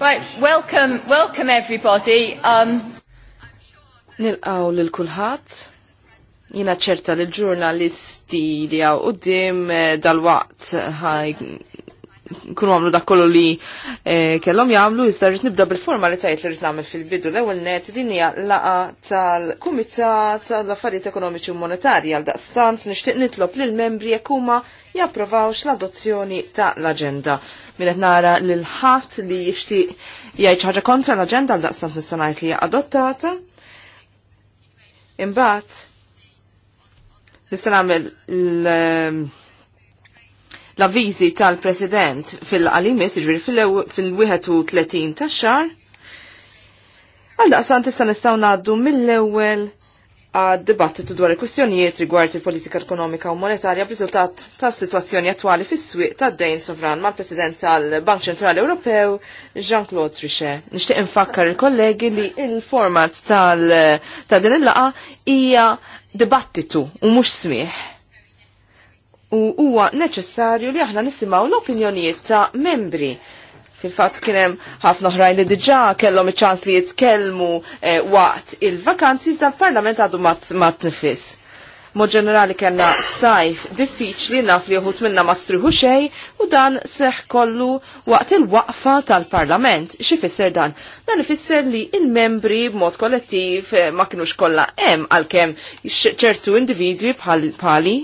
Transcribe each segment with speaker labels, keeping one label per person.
Speaker 1: Right, welcome, welcome everybody. Um... Nilqaw lil kulħat Jina ċerta li l-ġurnalisti li għaw u dim eh, dal-waqt ħaj kunu għamlu dak kollu li eh, kellhom jagħmlu iżda rrit nibda bil forma li rrit nagħmel fil-bidu l-ewwel net din hija laqa tal-Kumitat tal-Affarijiet Ekonomiċi u Monetarji għal daqstant nixtieq nitlob lil membri jekk huma japprovawx l-adozzjoni ta' l-aġenda. Min qed nara lil ħadd li jixtieq jgħid ħaġa kontra l-aġenda għal daqstant nista' ngħid li hija adottata. Imbagħad nista' nagħmel l- l-avviżi tal-President fil-qalimis, ġviri fil-31 ta' xar. Għal daqsan tista' nistgħu ngħaddu mill-ewwel għad dibattitu dwar il-kwistjonijiet rigward il-politika ekonomika u monetarja b'riżultat ta' situazzjoni attwali fis-swieq tad dejn sovran mal-President tal-Bank Ċentrali Ewropew Jean-Claude Trichet. Nixtieq infakkar il-kollegi li il-format tal ta' din il-laqa hija dibattitu u mhux smieħ u huwa neċessarju li aħna nisimgħu l-opinjonijiet ta' membri. Fil-fatt kienem ħafna oħrajn li diġà kellhom iċ-ċans li jitkellmu eh, waqt il-vakanzi iżda l-Parlament għadu mat tnifis. Mod ġenerali kellna sajf diffiċli naf li uħut minna ma striħu xej u dan seħ kollu waqt il-waqfa tal-parlament. Xifisser dan? Dan ifisser li il-membri b'mod kollettiv eh, ma kienux kollha hemm għalkemm ċertu individwi bħali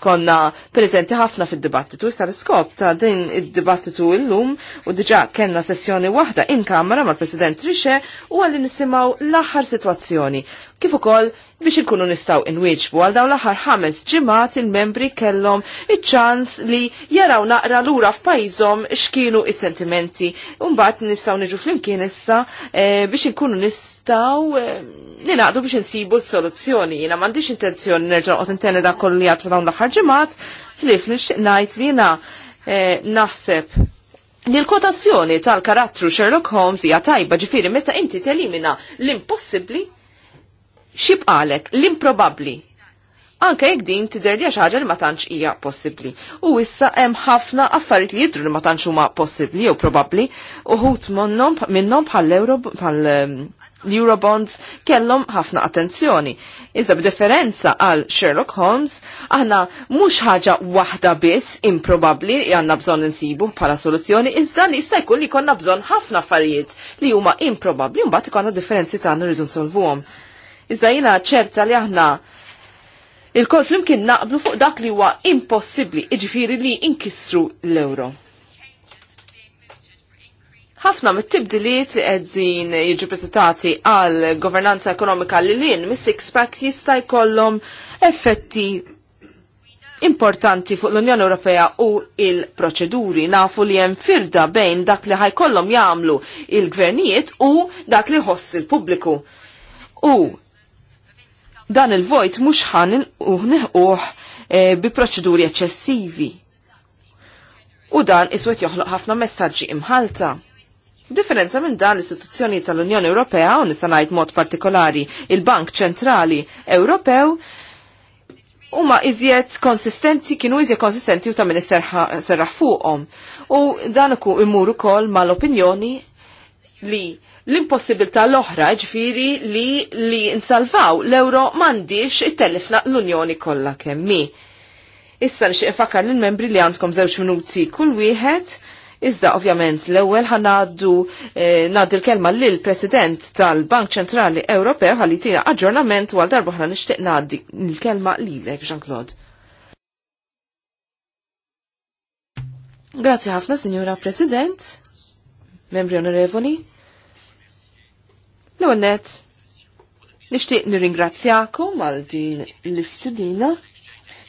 Speaker 1: konna prezenti ħafna fid-dibattitu. Issa l-iskop ta' din id-dibattitu illum u diġa' kellna sessjoni waħda in kamra mal-President Trixe u għallin nisimaw l-aħħar situazzjoni. Kif ukoll biex ikunu nistaw inwiġbu għal dawn l-aħħar ħames ġimgħat il-membri kellhom iċ-ċans li jaraw naqra lura f'pajjiżhom x'kienu is-sentimenti. Mbagħad nistgħu niġu flimkien issa eh, biex inkunu nistgħu eh, ninaqdu biex insibu s-soluzzjoni. Jiena m'għandix intenzjoni nerġa' noqgħod intenni dak kollu li għad dawn l-aħħar ġimgħat, ħlief nixtieq ngħid li jiena eh, naħseb li l-kotazzjoni tal-karattru Sherlock Holmes hija tajba ġifieri meta inti telimina l-impossibbli xibqalek l-improbabli. Anke jekk din tidher li ħaġa li ma tantx hija possibbli. U issa hemm ħafna affarijiet li jidru li ma tantx huma possibbli jew probabbli uħut minnhom bħal l-Eurobonds ehm, kellhom ħafna attenzjoni. Iżda b'differenza għal Sherlock Holmes, aħna mhux ħaġa waħda biss improbabbli li għandna bżonn insibu bħala soluzzjoni, iżda nista' jista' jkun li konna bżonn ħafna affarijiet li huma improbabbli u mbagħad ikollna differenzi tagħna rridu nsolvuhom. Iżda jina ċerta li aħna il-kol flimkien naqblu fuq dak li huwa impossibbli iġifiri li inkissru l-euro. Ħafna mit-tibdiliet edzin jiġu prezentati għal governanza ekonomika li lin mis-six pack jista' jkollhom effetti importanti fuq l-Unjoni Ewropea u il-proċeduri. Nafu li hemm firda bejn dak li ħajkollhom jagħmlu il-gvernijiet u dak li ħoss il-pubbliku. U dan il-vojt mhux ħan il-uħ eh, bi proċeduri eċċessivi. U dan iswet joħloq ħafna messaġġi imħalta. Differenza minn dan l-istituzzjoni tal-Unjoni Ewropea u nista' ngħid mod partikolari il-Bank Ċentrali Ewropew huma iżjed konsistenti kienu iżjed konsistenti u ta' minn serraħ fuqhom. U dan ukoll imur ukoll mal-opinjoni li l impossibilta l-oħra ġifiri li li insalvaw l-euro mandiġ it tellifna l-Unjoni kollha kemmi. Issa nxie fakar lill-membri li għandkom żewġ minuti kull wieħed Iżda ovvjament l-ewwel ħanaddu eh, ngħaddi l-kelma l President tal-Bank Ċentrali Ewropew ħalli tina aġġornament għal darba ħana nixtieq ngħaddi l-kelma lilek Jean-Claude. Grazzi ħafna, Sinjura President, membri onorevoli. L-għonet, nishtiq nir-ingrazzjakum għal din l-istidina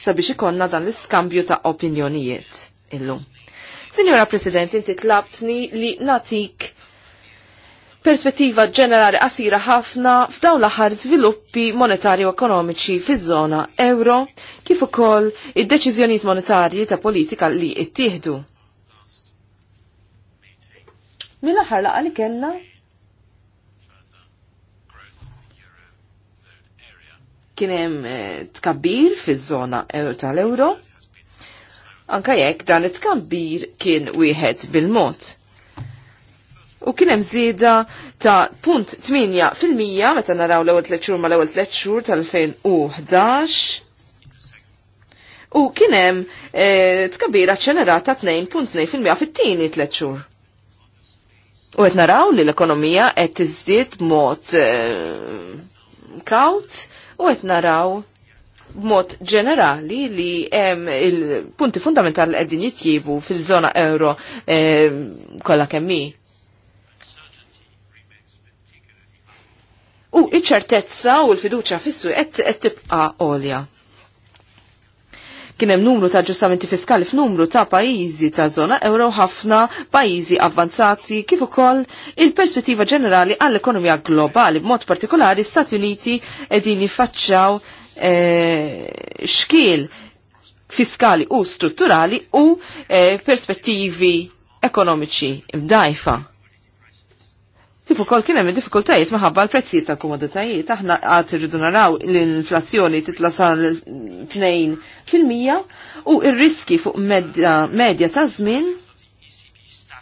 Speaker 1: sabiex ikonna dan l-iskambju ta' opinjonijiet illum. Signora President, inti tlabtni li natik perspettiva ġenerali qasira ħafna f'dawn l-aħħar żviluppi monetarji u ekonomiċi fiż-żona euro kif ukoll id-deċiżjonijiet monetarji ta' politika li ttieħdu. Mill-aħħar laqgħa li kellna kienem eh, tkabbir fiż-żona e- tal-euro. Anka jekk dan it-tkabbir kien wieħed bil-mod. U kien hemm żieda ta' punt 8% meta naraw l-ewwel tliet ma mal ewwel tliet xhur tal-2011. U kien hemm e, tkabbir fil 2.2% fit-tieni tliet U qed naraw li l-ekonomija qed tiżdied mod e, eh, kaut u qed naraw b'mod ġenerali li hemm il-punti fundamentali li qegħdin jitjiebu fil-żona euro eh, kollha kemm hi. U iċ-ċertezza u l-fiduċja fis-suq qed tibqa' għolja. Kien hemm numru ta' ġustamenti fiskali f'numru ta' pajjiżi ta' żona euro ħafna pajjiżi avvanzati kif ukoll il-perspettiva ġenerali għall-ekonomija globali b'mod partikolari Stati Uniti qegħdin jiffaċċjaw eh, xkiel fiskali u strutturali u eh, perspettivi ekonomiċi mdajfa Kifu kol kien hemm diffikultajiet maħabba l-prezzijiet tal-komoditajiet, aħna qatt irridu naraw l-inflazzjoni titla sal 2 fil-mija u r-riski fuq medja ta' żmien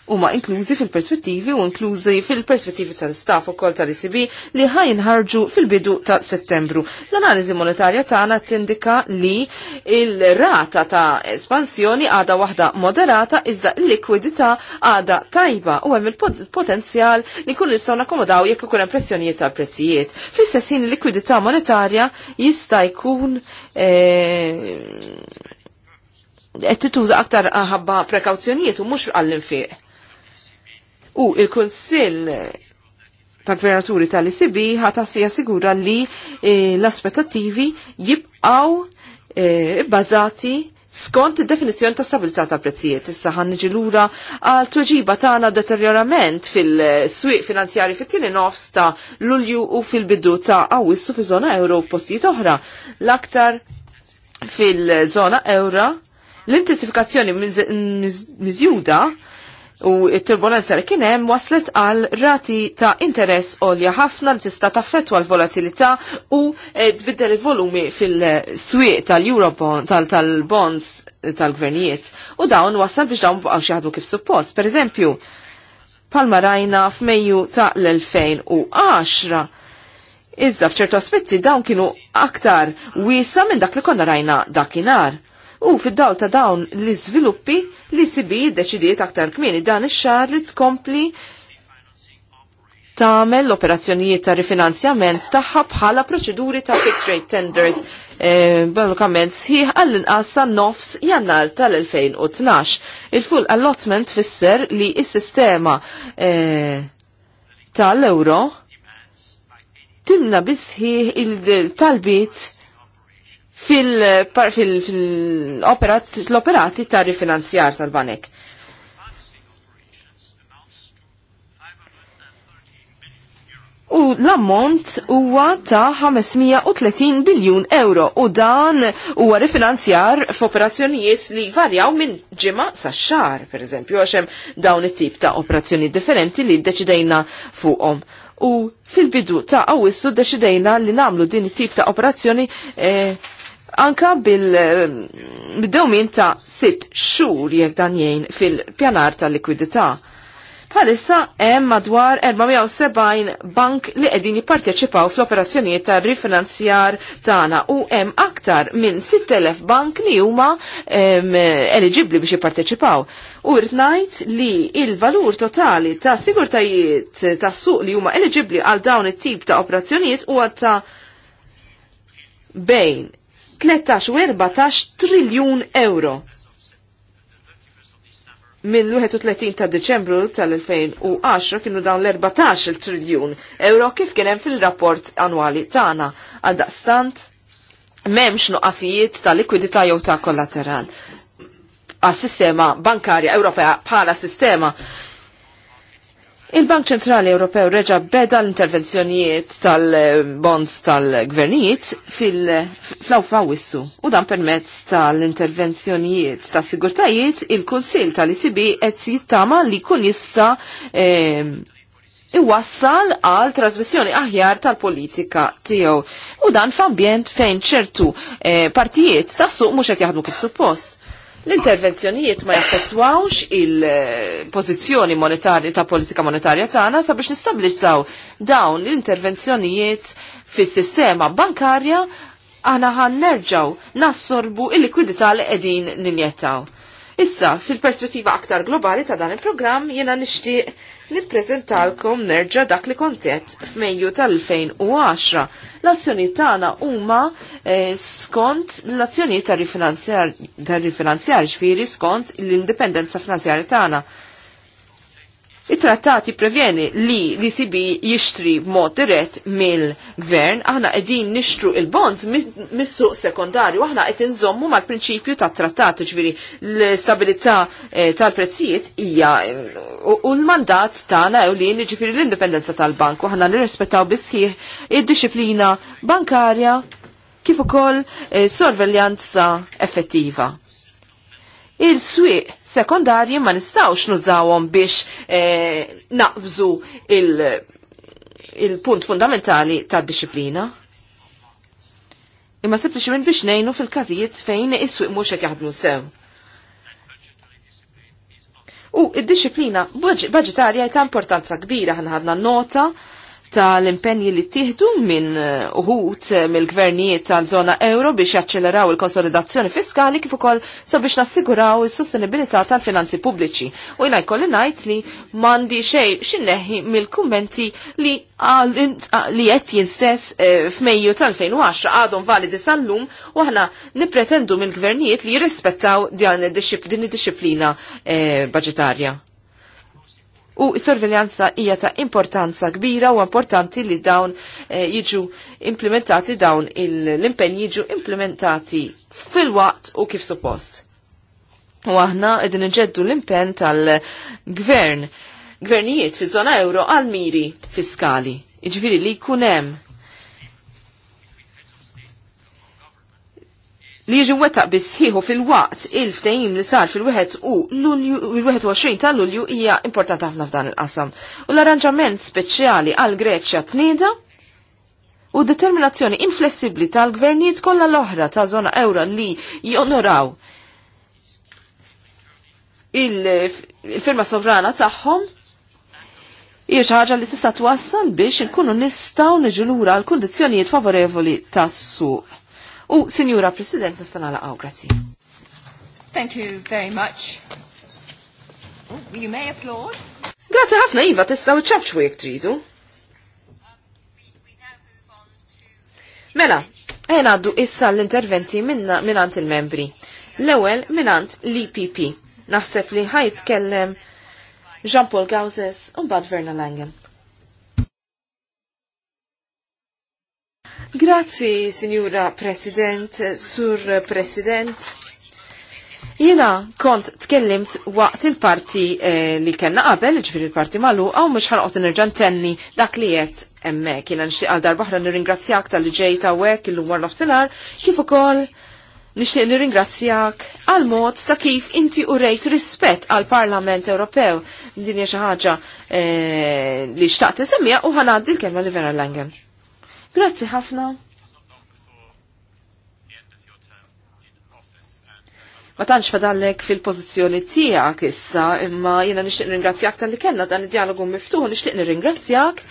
Speaker 1: huma inklużi fil-perspettivi u inklużi fil-perspettivi tal u ukoll tal-ICB li ħajnħarġu fil-bidu ta' Settembru. L-analiżi monetarja tagħna tindika li il-rata ta' espansjoni għada waħda moderata iżda l-likwidità għada tajba u hemm il-potenzjal li kun nistgħu nakkomodaw jekk ikun hemm pressjonijiet tal-prezzijiet. Fl-istess il-likwidità monetarja jista' jkun eh, qed tituża aktar ħabba prekawzjonijiet u mhux għall-infiq u il-Kunsill tal-Gvernaturi tal ħata ħatassija sigura li eh, l-aspettativi jibqaw eh, bazati skont id-definizzjoni ta' stabilità ta' prezzijiet. Issa ħan ġilura għal tweġiba tagħna deterjorament fil-swieq finanzjari fit-tieni nofs ta' Lulju u fil-bidu ta' Awwissu fi żona euro u postijiet oħra. L-aktar fil-żona euro l-intensifikazzjoni miżjuda miz U il turbulenza li kien hemm waslet għal rati ta' interess għolja ħafna li tista' taffettwa l-volatilità u eh, tbiddel il-volumi fil-swieq tal-Eurobond tal-bonds eh, tal-gvernijiet. U dawn wasal biex dawn baqgħu xi kif suppost. Pereżempju, palma rajna f'Mejju ta' l-2010 Iżda f'ċertu aspetti dawn kienu aktar wiesa minn dak li konna rajna dakinhar. U fid-dawl ta' dawn li sviluppi li sibi deċidiet aktar kmini dan ix-xar li tkompli tagħmel l-operazzjonijiet ta' rifinanzjament tagħha bħala proċeduri ta' fixed rate tenders e, b'allokament sħiħ għall-inqas sa' nofs jannar tal-2012. Il-full allotment fisser li s-sistema eh, tal-euro timna bisħiħ il-talbiet fil-operati ta' rifinanzjar tal-banek. U l-ammont huwa ta' 530 biljun euro u dan huwa rifinanzjar f'operazzjonijiet li varjaw minn ġimma sa xar, per eżempju, għax hemm dawn it-tip ta' operazzjoni differenti li ddeċidejna fuqhom. U fil-bidu ta' awissu deċidejna li namlu din it-tip ta' operazzjoni eh, anka bil-dewmin ta' sitt xhur jekk dan jgħin fil-pjanar tal-likwidità. Bħalissa hemm madwar 470 bank li qegħdin jipparteċipaw fl-operazzjonijiet ta' rifinanzjar tagħna u hemm aktar minn 6000 bank li huma eliġibbli biex jipparteċipaw. U rrid li il-valur totali ta' sigurtajiet tas suq li huma eliġibbli għal dawn it-tip ta' operazzjonijiet huwa ta' bejn 13 u 14 triljun euro. Minn l-31 ta' Deċembru tal-2010 kienu dawn l-14 il-triljun euro kif kien hemm fil-rapport annwali tagħna għal stant m'hemmx nuqqasijiet ta' likwidità jew ta' kollateral għas-sistema bankarja Ewropea bħala sistema Il-Bank Ċentrali Ewropew reġa' beda l-intervenzjonijiet tal-bonds tal-gvernijiet fil-flawfawissu u dan permezz tal-intervenzjonijiet ta' sigurtajiet il-Kunsil tal-ICB qed jittama li kun jista' ehm, iwassal għal trasmissjoni aħjar tal-politika tiegħu u dan f'ambjent fejn ċertu eh, partijiet tas suq mhux qed jaħdmu kif suppost. L-intervenzjonijiet ma jaffettwawx il-pozizjoni monetarja ta' politika monetarja tagħna sabiex nistabilizzaw dawn l-intervenzjonijiet fis-sistema bankarja aħna ħan nerġaw nassorbu il-likwidità li qegħdin ninjettaw. Issa, fil-perspettiva aktar globali ta' dan il-programm, jena nishtiq nipprezentalkom nerġa dak li kontet f'Mejju tal-2010. L-azzjoni tagħna huma eh, skont l-azzjoni tar-rifinanzjar ġifieri skont l-indipendenza finanzjarja tagħna il trattati prevjeni li li sibi jixtri b'mod dirett mill-gvern, aħna qegħdin nixtru il-bonds mis-suq sekondarju, aħna qed inżommu mal-prinċipju tat trattati ġviri l-stabilità eh, tal-prezzijiet hija eh, u l-mandat tagħna li niġifieri l-indipendenza tal-bank u aħna nirrispettaw bisħieħ id-dixxiplina bankarja kif ukoll eh, sorveljanza effettiva il-swiq sekundarji ma nistawx nużawhom biex eh, naqbżu il-punt il fundamentali tad-disciplina. Imma sempliċiment biex nejnu fil-każijiet fejn is-swiq mhux qed jaħdmu sew. U id-disciplina budgetarja ta' importanza kbira ħanħadna nota tal-impenji li tieħdu minn uh, uħut uh, mill-gvernijiet tal-żona euro biex jaċċeleraw il-konsolidazzjoni fiskali kif ukoll sabiex nassiguraw is-sostenibilità tal-finanzi pubbliċi. U jnaj kolli ngħid li m'għandi xejn xinneħi mill-kummenti li li qed jinstess uh, f'Mejju tal-2010 għadhom validi sal-lum u aħna nippretendu mill-gvernijiet li jirrispettaw din id dixxiplina budgetarja. U sorveljanza hija ta' importanza kbira u importanti li dawn eh, jiġu implementati dawn l-impenji jiġu implementati fil-waqt u kif suppost. U aħna edin nġeddu l-impen tal-gvern, gvernijiet fi zona euro għal miri fiskali. Iġviri li kunem li jiġi wetaq bisħiħu fil-waqt il ftajim li sar fil 21 ta' Lulju hija importanti ħafna f'dan il-qasam. U l-arranġament speċjali għal Greċja tnieda u determinazzjoni inflessibbli tal-gvernijiet kollha l-oħra ta' zona ewra li jonoraw il-firma sovrana tagħhom hija xi ħaġa li tista' twassal biex inkunu nistgħu niġu lura l-kundizzjonijiet favorevoli tas-suq U, Sinjura President, nistana laqaw, grazzi. Thank you very much. You may applaud. Grazzi ħafna, Iva, tistaw ċabċu jek tridu. Mela, għen għaddu issa l-interventi minna minant il-membri. L-ewel minant l-IPP. Naħseb li ħajt kellem Jean-Paul Gauzes un bad Verna Langen. Grazzi, Signora President, Sur President. Jena kont tkellimt waqt il-parti eh, li kena qabel, ġifir il-parti malu, għaw mux ħalqot nerġan tenni dak li jett emme, kiena nxtiq għal darbaħra nirringrazzjak tal-li ġej ta' wek il war warlof senar, kif ukoll nixtieq nirringrazzjak għal mod ta' kif inti u rejt rispett għal Parlament Ewropew. Din hija xi ħaġa eh, li xtaqt isemmija u ħanaddi l-kelma li vera Langen. Grazzi ħafna. Ma tantx fadallek fil-pożizzjoni tiegħek issa, imma jiena nixtieq nirringrazzjak tal-li kellna dan id-dialogu miftuħ, nixtieq nirringrazzjak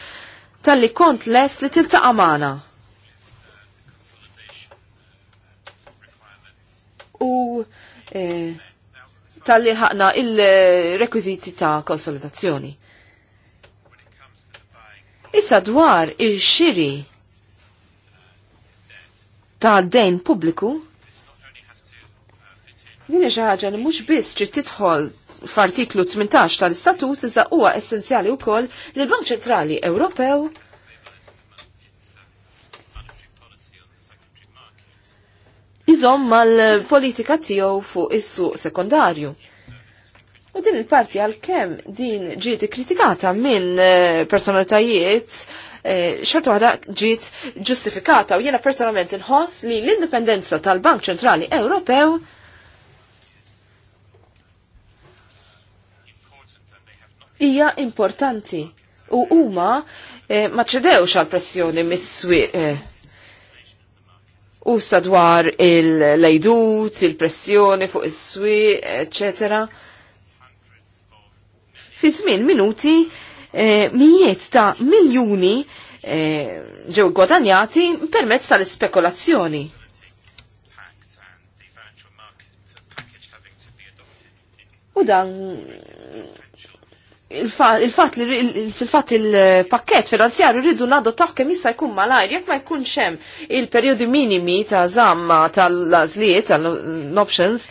Speaker 1: tal-li kont lest li tiltaqa' magħna. U eh, tal-li ħaqna il-rekwiziti ta' konsolidazzjoni. Issa dwar il-xiri ta' dejn pubbliku din xi ħaġa li mhux biss ġi tidħol f'artiklu 18 tal-istatus iżda huwa essenzjali wkoll li l-Bank Ċentrali Ewropew iżom mal-politika tiegħu fuq is-suq sekondarju. U din il-parti għal-kem din ġiet kritikata minn eh, personalitajiet xartu għada ġiet ġustifikata u jiena personalment inħoss li l-indipendenza tal-Bank Ċentrali Ewropew hija importanti u huma eh, ma ċedewx għal pressjoni mis-swieq eh, u sadwar il-lejdut, il-pressjoni fuq is-swieq, eccetera fi żmien minuti eh, mijiet ta' miljuni E, ġew gwadanjati permezz tal-spekulazzjoni. U dan il-fat fat il-pakket finanzjarju rridu naddu taħ kem jista' jkun malajr jekk ma jkunx hemm il-perjodi minimi ta' zamma tal azliet tal-options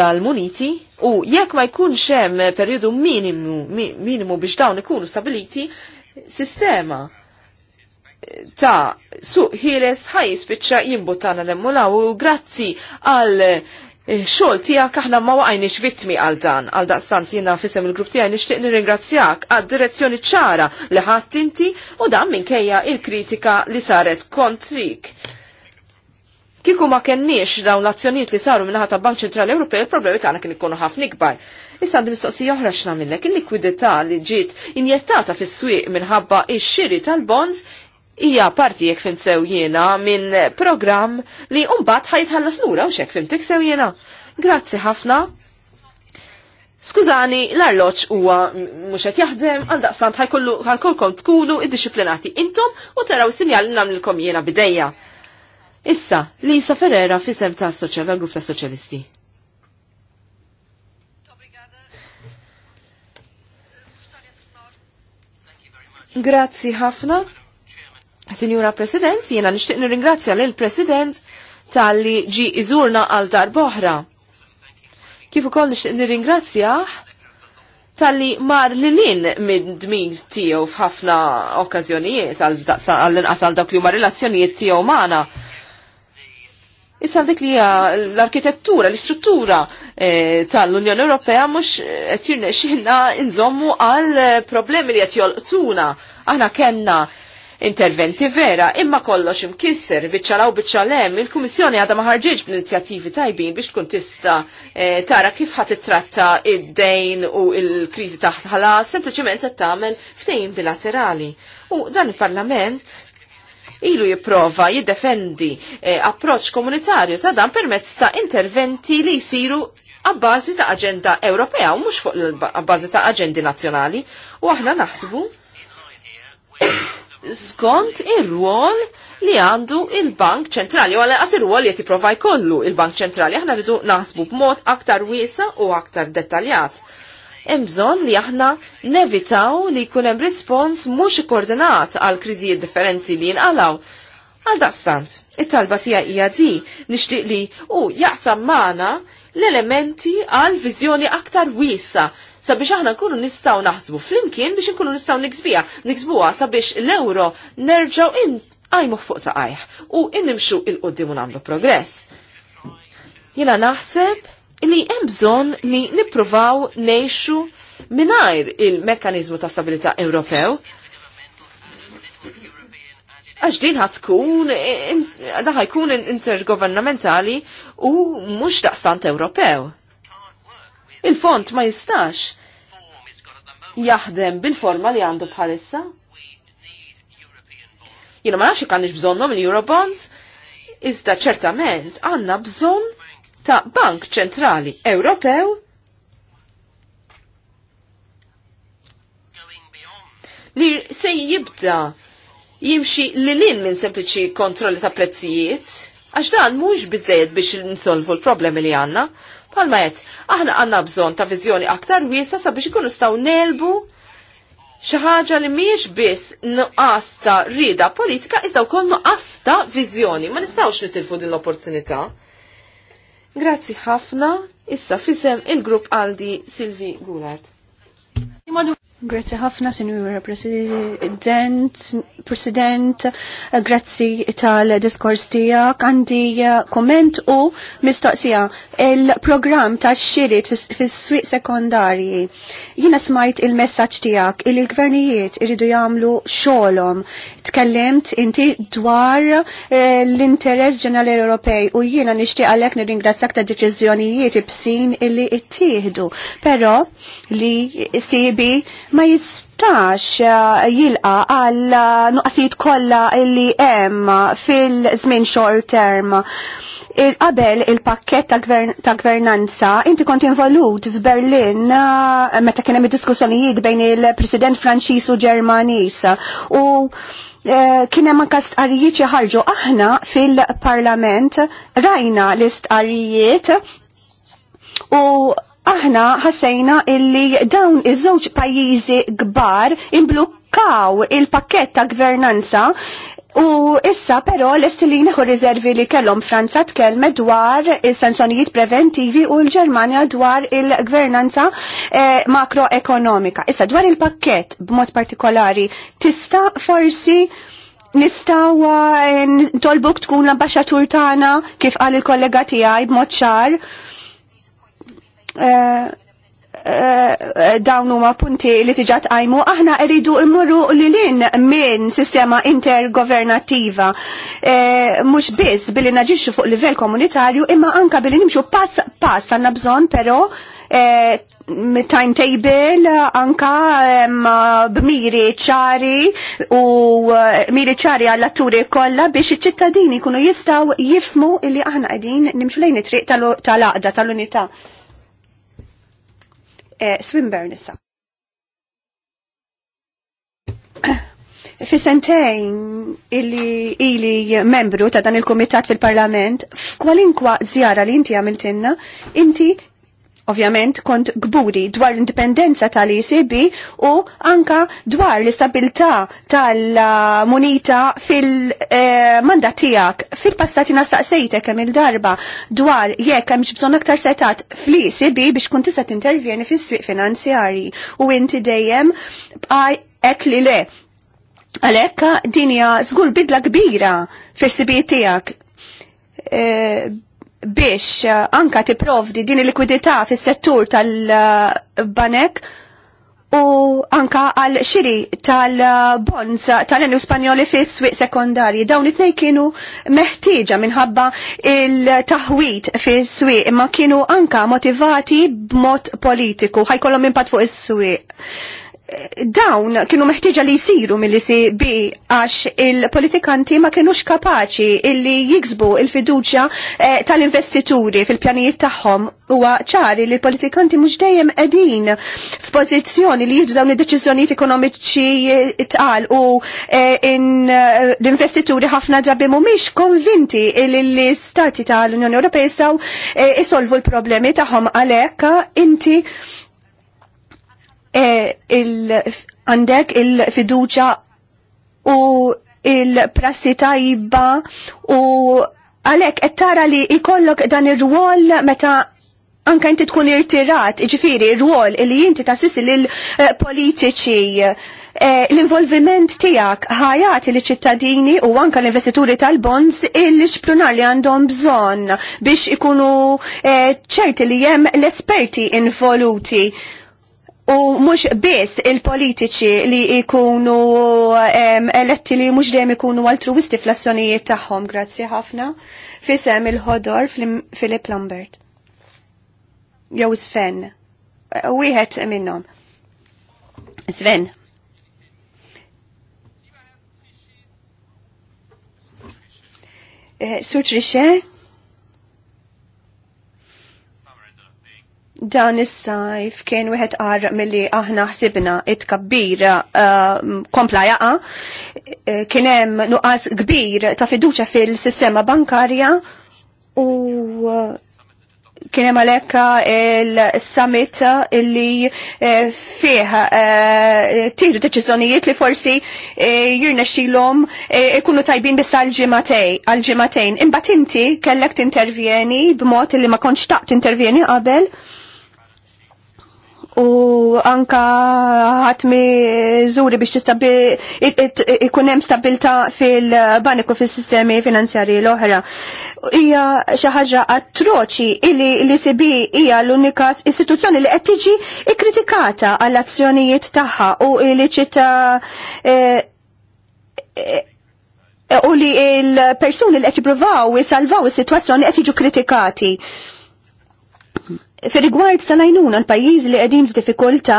Speaker 1: tal-muniti u jekk ma jkunx hemm perjodu minimu minimu biex dawn ikunu stabiliti, sistema ta' suq ħieles ħaj jispiċċa jimbutana l-emmulaw u grazzi għal eh, xol tijak aħna ma waqajni vittmi għal dan, għal daqstant jina fissem il-grupp tijaj nishtiq nirringrazzjak għad direzzjoni ċara li ħadd inti u dan minkejja il-kritika li saret kontrik. Kiku ma kenniex dawn l-azzjonijiet li saru minnaħat ta' Bank Ċentrali Ewropej, il-problemi tagħna kien ikunu ħafna ikbar. Issa għandi mistoqsija oħra x'namillek, il-likwidità li ġiet injettata fis-swieq minħabba ix-xiri tal-bonds hija parti jekk fim jiena minn programm li mbagħad ħajtħallas lura u x'hekk fimtek jiena. Grazzi ħafna. Skużani, l-arloċ huwa mhux qed jaħdem, għaldaqsant ħajkollu ħalkolkom tkunu id-disciplinati intom u taraw sinjal li nagħmlilkom jiena bidejja. Issa, Lisa Ferrera sem ta' soċjal grupp ta' soċjalisti. Grazzi ħafna. Signora President, jiena nixtieq nirringrazzja lill President tal-li ġi iżurna għal dar boħra. Kif ukoll nixtieq nirringrazzja tal-li mar li lin minn dmin tiegħu f'ħafna okkażjonijiet għall-inqas għal dawk li huma relazzjonijiet tiegħu magħna Issa dik li l-arkitettura, l-istruttura eh, tal-Unjoni Ewropea mhux qed jirnexxinna inżommu għal problemi li qed jolqtuna. Aħna kellna interventi vera, imma kollox imkisser biċċalaw biċċalem, il-Kummissjoni għadha ma ħarġitx bl-inizjattivi tajbin biex tkun tista eh, tara kif ħadd titratta id-dejn u l-kriżi taħt ħala, sempliċement qed tagħmel ftehim bilaterali. U dan il-Parlament ilu jipprova jiddefendi eh, approċ komunitarju ta' dan permezz ta' interventi li jisiru għabbażi ta' aġenda Ewropea u mhux fuq għabbażi ta' aġendi nazzjonali u aħna naħsbu skont ir-rwol li għandu il-Bank Ċentrali, u għalli għasir għal jeti provaj kollu il-Bank Ċentrali, aħna rridu naħsbu b'mod aktar wiesa u aktar dettaljat hemm bżonn li aħna nevitaw li jkun hemm rispons mhux ikkoordinat għal kriżijiet differenti li jinqalaw. Għal daqstant, it-talba tija hija di nixtieq li u jaqsam maħna l-elementi għal viżjoni aktar wiesa sabiex aħna nkunu nistgħu naħdmu flimkien biex nkunu nistgħu niksbija, niksbuha sabiex l-euro nerġgħu in għajmuh fuq saqajh u innimxu il qoddimu u nagħmlu progress. Jina naħseb li hemm bżonn li nippruvaw neħxu mingħajr il-mekkaniżmu ta' stabilità Ewropew għax din ħatkun, daħħa jkun intergovernamentali u mux daqstant Ewropew. Il-font ma jistax jaħdem bil-forma li għandu bħalissa. Jina ma nafx kanniex bżonnom il-Eurobonds, iżda ċertament għanna bżonn ta' Bank Ċentrali Ewropew li se jibda jimxi li lin minn sempliċi kontrolli ta' prezzijiet, għax dan mhux biżejjed biex nsolvu l-problemi li għandna. Palma jett, aħna għanna bżon ta' viżjoni aktar wiesa sabiex ikunu staw nelbu xi ħaġa li mhijiex biss nuqqas ta' rieda politika iżda wkoll nuqqas ta' viżjoni. Ma nistgħux nitilfu din l-opportunità. Grazzi ħafna, issa fisem il-grupp Aldi Silvi Gulat.
Speaker 2: Grazie ħafna, Sinjura President, President, grazzi tal-diskors tijak. Għandi eh, komment u mistoqsija il-program ta' xirit fis-swiq sekondarji. Jina smajt il-messagġ tijak il-gvernijiet irridu jamlu xolom tkellimt inti dwar eh, l-interess ġenerali Ewropej u jiena nixtieq għalhekk nirringrazzjak ta' deċiżjonijiet ibsin illi ttieħdu, però li sibi ma jistax eh, jilqa għal nuqqasijiet kollha illi hemm fil-żmien short term il-qabel il-pakket ta', gvernanza, inti kont involut f'Berlin eh, meta kien hemm id diskussjonijiet bejn il-President Franċis u Ġermanis. U Eh, kien hemm anke stqarrijiet ħarġu aħna fil-Parlament rajna l-istqarrijiet u aħna ħassejna illi dawn iż-żewġ pajjiżi kbar imblukkaw il-pakket ta' gvernanza U issa però l-estilin hu rizervi li kellhom Franza tkellmet dwar is-sanzjonijiet preventivi u l-Ġermanja dwar il-gvernanza eh, makroekonomika. Issa dwar il-pakket b'mod partikolari tista' forsi nistaw eh, tolbuk tkun l-ambasċatur tagħna kif qal il-kollega tiegħi b'mod ċar. Eh, Eh, dawn huma punti li tiġat tqajmu, aħna rridu li lilin minn sistema intergovernattiva. Eh, mhux biss billi naġixxu fuq livell komunitarju, imma anka billi nimxu pass pass għandna bżonn però eh, timetable anka b'miri ċari u miri ċari għall-atturi kollha biex iċ-ċittadini jkunu jistgħu jifmu illi aħna qegħdin nimxu lejn it-triq tal-għaqda tal-unità. tal aqda tal unità tal tal unità Eh, Swinburne issa. Fi sentejn illi ili membru ta' dan il-komitat fil-parlament, f'kwalinkwa zjara li inti għamiltinna, inti Ovvjament kont gburi dwar l-indipendenza tal-ECB u anka dwar l-istabilità tal-munita fil mandatijak tijak. Fil-passati nastaqsejtek kem il-darba dwar jekk hemm bżonn aktar setat fl-ECB biex kun tista' tintervjeni fis-swieq finanzjarji u inti dejjem bqaj ek li le. Għalhekk din hija żgur bidla kbira fis-sibijiet tiegħek eh, biex eh, anka tipprovdi din il-likwidità fis-settur tal-banek u anka għal xiri tal-bonds tal-enu spanjoli fis swieq sekondarji. Dawn it tnejn kienu meħtieġa minħabba il-taħwit fis swieq imma kienu anka motivati b'mod politiku ħajkollhom impatt fuq is-swieq dawn kienu meħtieġa li jisiru mill bi għax il-politikanti ma kienux kapaċi illi jiksbu il-fiduċja eh, tal-investituri fil-pjanijiet tagħhom huwa ċari li l-politikanti mhux dejjem qegħdin f'pożizzjoni li jieħdu dawn id-deċiżjonijiet ekonomiċi tqal u eh, eh l-investituri ħafna drabi mhumiex konvinti li l-istati tal-Unjoni Ewropea jistgħu eh, isolvu l-problemi tagħhom għalhekk inti Eh, għandek il-fiduċa u il-prassi tajba u għalek qed tara li ikollok dan ir-rwol meta anka inti tkun irtirat, ġifiri, ir-rwol li jinti tassissi l eh, politiċi eh, l-involviment tijak ħajat li ċittadini u anka l-investituri tal-bonds il-xprunar li għandhom bżon biex ikunu ċerti li jem l-esperti involuti u mux biss il-politiċi li ikunu eletti li mux dem ikunu altruisti fl-azzjonijiet tagħhom, grazzi ħafna, fisem il-ħodor Filip Lambert. Jew Sven, wieħed minnhom. Sven. Eh, Sur Trichet, Dan is-sajf kien wieħed qar milli aħna ħsibna it tkabbir uh, kompla jaqa, eh, kien hemm nuqqas kbir ta' fiduċa fil-sistema bankarja u eh, hemm għalekka il-summit illi eh, fih tiru deċiżjonijiet li forsi jirna ikunu tajbin biss għal-ġimatejn. Imbagħad inti kellek tintervjeni b'mod li ma kontx taqt intervjeni qabel u anka ħatmi zuri biex ikun hemm stabilta fil-baniku fis-sistemi finanzjarji l-oħra. Ija xi ħaġa atroċi illi l-ECB hija l-unika istituzzjoni li qed tiġi ikkritikata għall azzjonijiet tagħha u li ċita e, e, u li l-persuni li qed jippruvaw isalvaw is-sitwazzjoni qed jiġu kritikati fir-rigward tal-għajnuna l pajiz li qegħdin f'diffikultà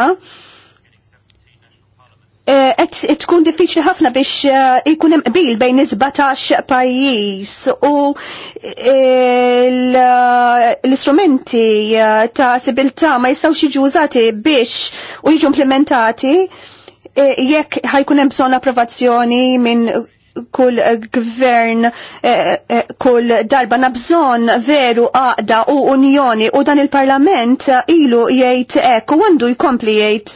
Speaker 2: eh, qed tkun diffiċli ħafna biex ikun eh, hemm qbil bejn 17 pajjiż u eh, l-istrumenti ta' sibiltà ma jistgħux jiġu użati biex u jiġu implementati jekk ħajkun hemm bżonn approvazzjoni minn kull gvern, eh, eh, kull darba nabżon veru għaqda u unjoni u dan il-parlament ilu jgħid ek u għandu jkompli jgħid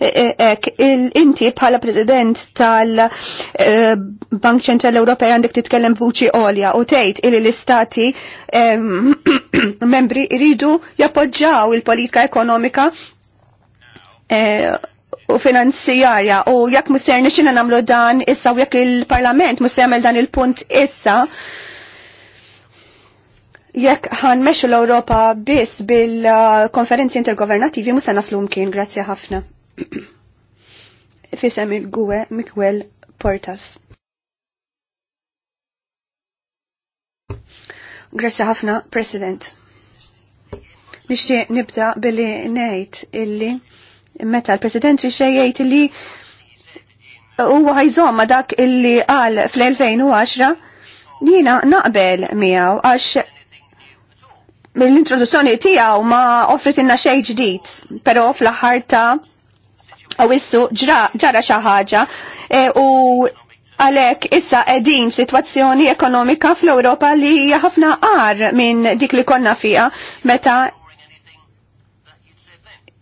Speaker 2: eh, ek inti bħala president tal-Bank Ċentral Ewropej għandek titkellem vuċi olja u tgħid illi l-istati membri iridu jappoġġaw il-politika ekonomika u finanzjarja u jekk muster nixina namlu dan issa u jekk il-parlament muster jamel dan il-punt issa jekk ħan meċu l-Europa bis bil-konferenzi intergovernativi musa naslu mkien, grazzi ħafna. Fisem il-gwe Mikwel Portas. Grazie ħafna, President. Nishtiq nibda billi nejt illi meta l-President Trixej jgħid li huwa ħajżomm ma dak illi qal fl-2010 jiena naqbel miegħu għax mill-introduzzjoni tiegħu ma offrit inna xejn ġdid, però fl-aħħar ta' għawissu ġara xi ħaġa e, u għalek issa edin situazzjoni ekonomika fl-Europa li hija ħafna qar minn dik li konna fija meta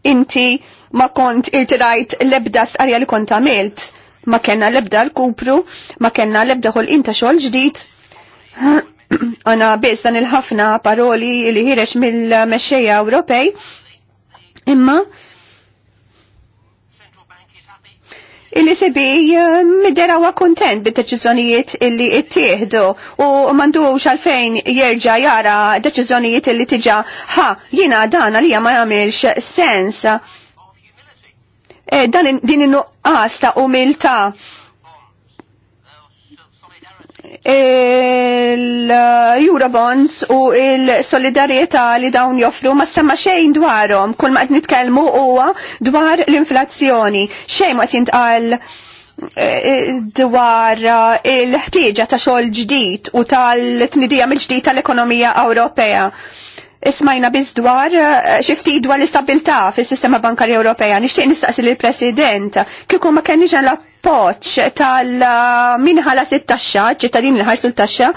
Speaker 2: inti ma kont irtirajt lebda stqarja li kont għamilt. Ma kena lebda l-kupru, ma kena lebda xol inta xol ġdid. Għana biz dan il-ħafna paroli li ħireċ mill mesċeja Ewropej. Imma illi sebi eh, middera wa kontent bit-deċizjonijiet illi ittieħdu u mandu għalfejn jerġa jara deċizjonijiet illi tiġa ha jina dana li ma jamilx sens eh, dan din innu nuqqas ta' umilta' il-Eurobonds u il-solidarieta li dawn joffru ma semma xejn dwarhom kull ma qed nitkellmu huwa dwar l-inflazzjoni. Xejn ma tintqal eh, dwar eh, il-ħtieġa ta' xogħol ġdid u tal-tnidija mill-ġdid tal-ekonomija Ewropea. Ismajna biz dwar eh, xifti dwar l-istabilta fil-sistema bankarja Ewropeja. Nixtieq nistaqsi lill-President kieku ma ġan l poċ tal-minħala sitt taxxa ċittadin l-ħarsu l-taxxa,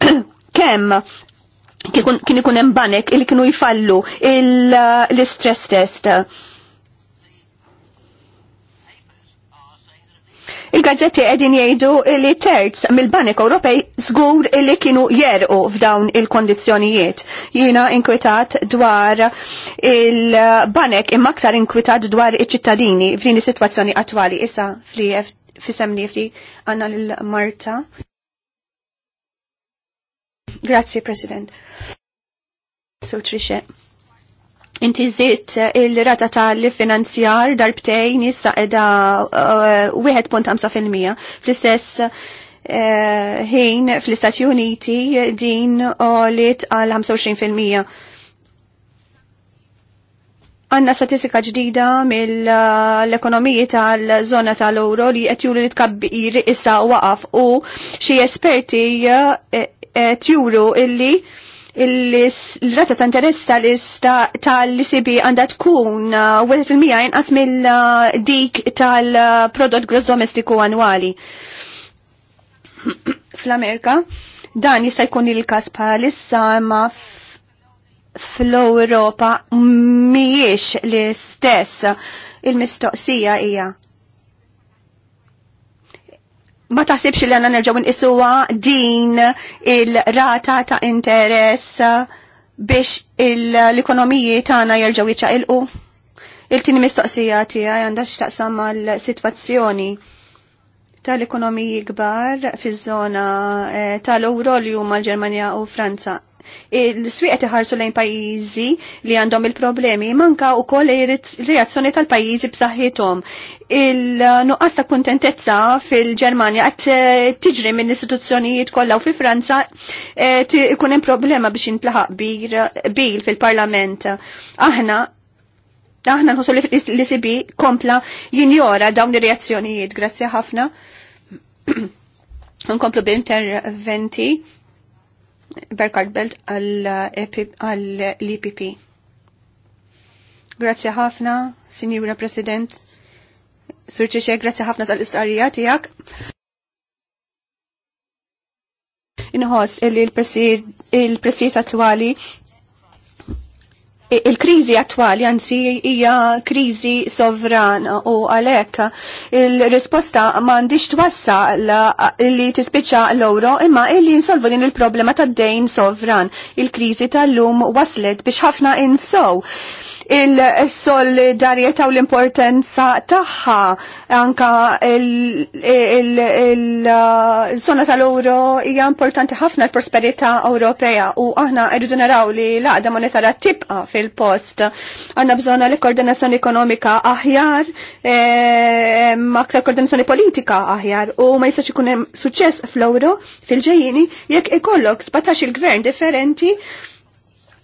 Speaker 2: kemm kien ikun hemm banek il kienu jfallu l-istress test. Il-gazzetti edin jgħidu li terz mill-Banek Ewropej żgur li kienu jerqu f'dawn il-kondizzjonijiet. Jiena inkwetat dwar il-Banek imma aktar inkwetat dwar iċ-ċittadini f'din is-sitwazzjoni attwali issa fisem nifti għanna l-Marta. Grazie, President. So, Trisha. Inti zitt eh, il-rata tal-finanzjar darbtejn issa edha 1.5% eh, fl-istess eh, ħin fl-Istati Uniti din olit għal 25%. Għanna statistika ġdida mill-ekonomiji tal-zona tal-euro li qed juru li tkabbir issa waqaf u xi esperti qed juru illi il razza ta' interess tal-ICB għandha tkun uh, il-mija inqas mill-dik uh, tal-prodott gross domestiku annwali. Fl-Amerika, dan jista' jkun il-każ bħalissa ma fl-Ewropa mhijiex l-istess il-mistoqsija hija ma taħsibx li għanna nerġaw nqisuwa din il-rata ta' interess biex l-ekonomiji tagħna jerġgħu jiċċaqilqu? Il-tieni mistoqsija tiegħi għandha x'taqsam mal-sitwazzjoni tal-ekonomiji kbar fiż-żona eh, tal-Ewro li huma l-Ġermanja u Franza. Eh, l-swieqet iħarsu lejn pajjiżi li għandhom il-problemi, manka u koll reazzjoni tal-pajjiżi b'saħħithom. Il-nuqqas ta' kuntentezza fil-Ġermanja qed eh, tiġri minn istituzzjonijiet kollha u fi Franza eh, ikun hemm problema biex intlaħaq bil fil-Parlament. Aħna aħna nħossu li l-ICB kompla jinjora dawn ir-reazzjonijiet. Grazzi ħafna. Nkomplu b'interventi. Berkard Belt għall-EPP. E grazie ħafna, Signora President. Surċi xie, grazie ħafna tal-istqarija tijak. Inħoss li presid presijiet attuali il-krizi attwali anzi hija krizi sovrana u għalhekk il-risposta m'għandix twassal li tispiċċa l-ewro imma illi insolvu din il-problema tad-dejn sovran. Il-krizi tal-lum waslet biex ħafna insow il-solidarieta u l-importanza tagħha anka il-zona tal-euro hija importanti ħafna l-prosperità Ewropea u aħna rridu naraw li l-għaqda monetarja tibqa' fil-post. Għanna bżonna li koordinazzjoni ekonomika aħjar, e, aktar koordinazzjoni politika aħjar u ma jistax ikun hemm suċċess fl ewro fil-ġejjini jekk ikollok 17 il-gvern differenti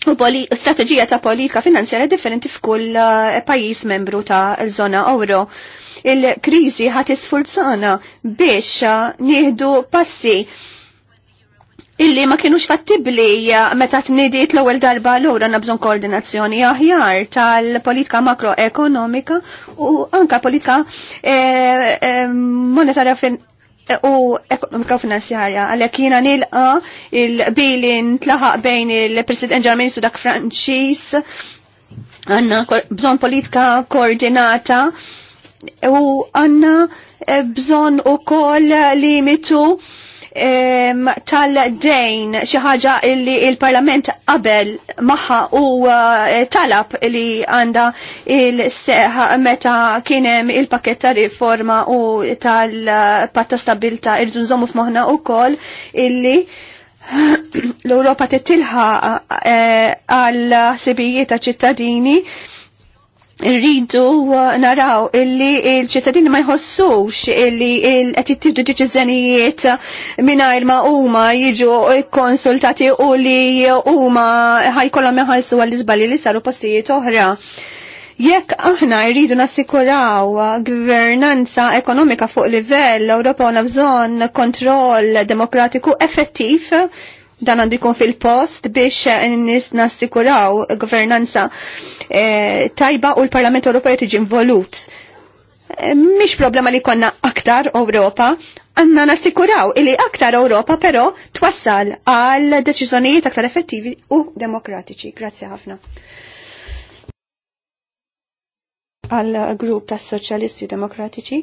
Speaker 2: u strategija ta' politika finanzjarja differenti f'kull e, pajjiż membru ta' zona euro. Il-krizi ħat isfulzana biex e, nieħdu passi illi ma kienux fattibli eh, meta t-nidiet l ewwel darba l għura nabżon koordinazzjoni aħjar tal-politika makroekonomika u anka politika eh, eh, monetarja u ekonomika finanzjarja. Għalek jina nilqa il-bilin tlaħaq bejn il-President Ġermin Sudak Franċis għanna bżon politika koordinata u għanna bżon u koll limitu tal-dejn xi ħaġa illi il-Parlament qabel magħha u eh, talab li għandha il-seħ meta kien hemm il-pakett ta' riforma u tal-patta stabilta irdu nżommu f'moħħna wkoll illi l-Europa t-tilħa eh, għal sibijiet ta' ċittadini rridu uh, naraw illi il-ċittadini ma jħossux illi qed jittieħdu deċiżjonijiet mingħajr ma huma jiġu konsultati u li huma ħajkollhom iħallsu għall-iżbalji li saru postijiet oħra. Jekk aħna jridu nassikuraw gvernanza ekonomika fuq livell Ewropa għandna bżonn kontroll demokratiku effettiv dan għandu jkun fil-post biex eh, nassikuraw governanza eh, tajba u l-Parlament Ewropew tiġi involut. E, Mhix problema li konna aktar Ewropa, għanna nassikuraw illi aktar Ewropa però twassal għal deċiżjonijiet aktar effettivi u demokratiċi. Grazzi ħafna. Għal grupp tas-Soċjalisti Demokratiċi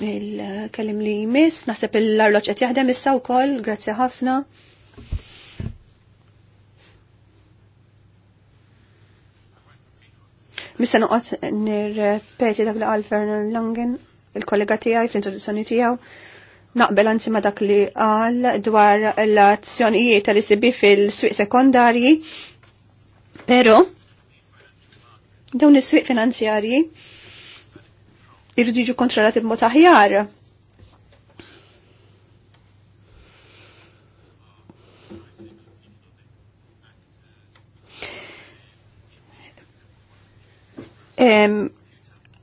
Speaker 2: il kellim li jmiss, naħseb l-arloċ qed jaħdem issa wkoll, grazzi ħafna. Missa noqgħod nirrepeti dak li qal Ferner Langen, il-kollega tiegħi fl-introduzzjoni tiegħu. Naqbel anzi ma dak li qal dwar l-azzjonijiet tal-ICB fil-swieq sekondarji, però dawn is-swieq finanzjarji irridu jiġu kontrollati b'mod aħjar.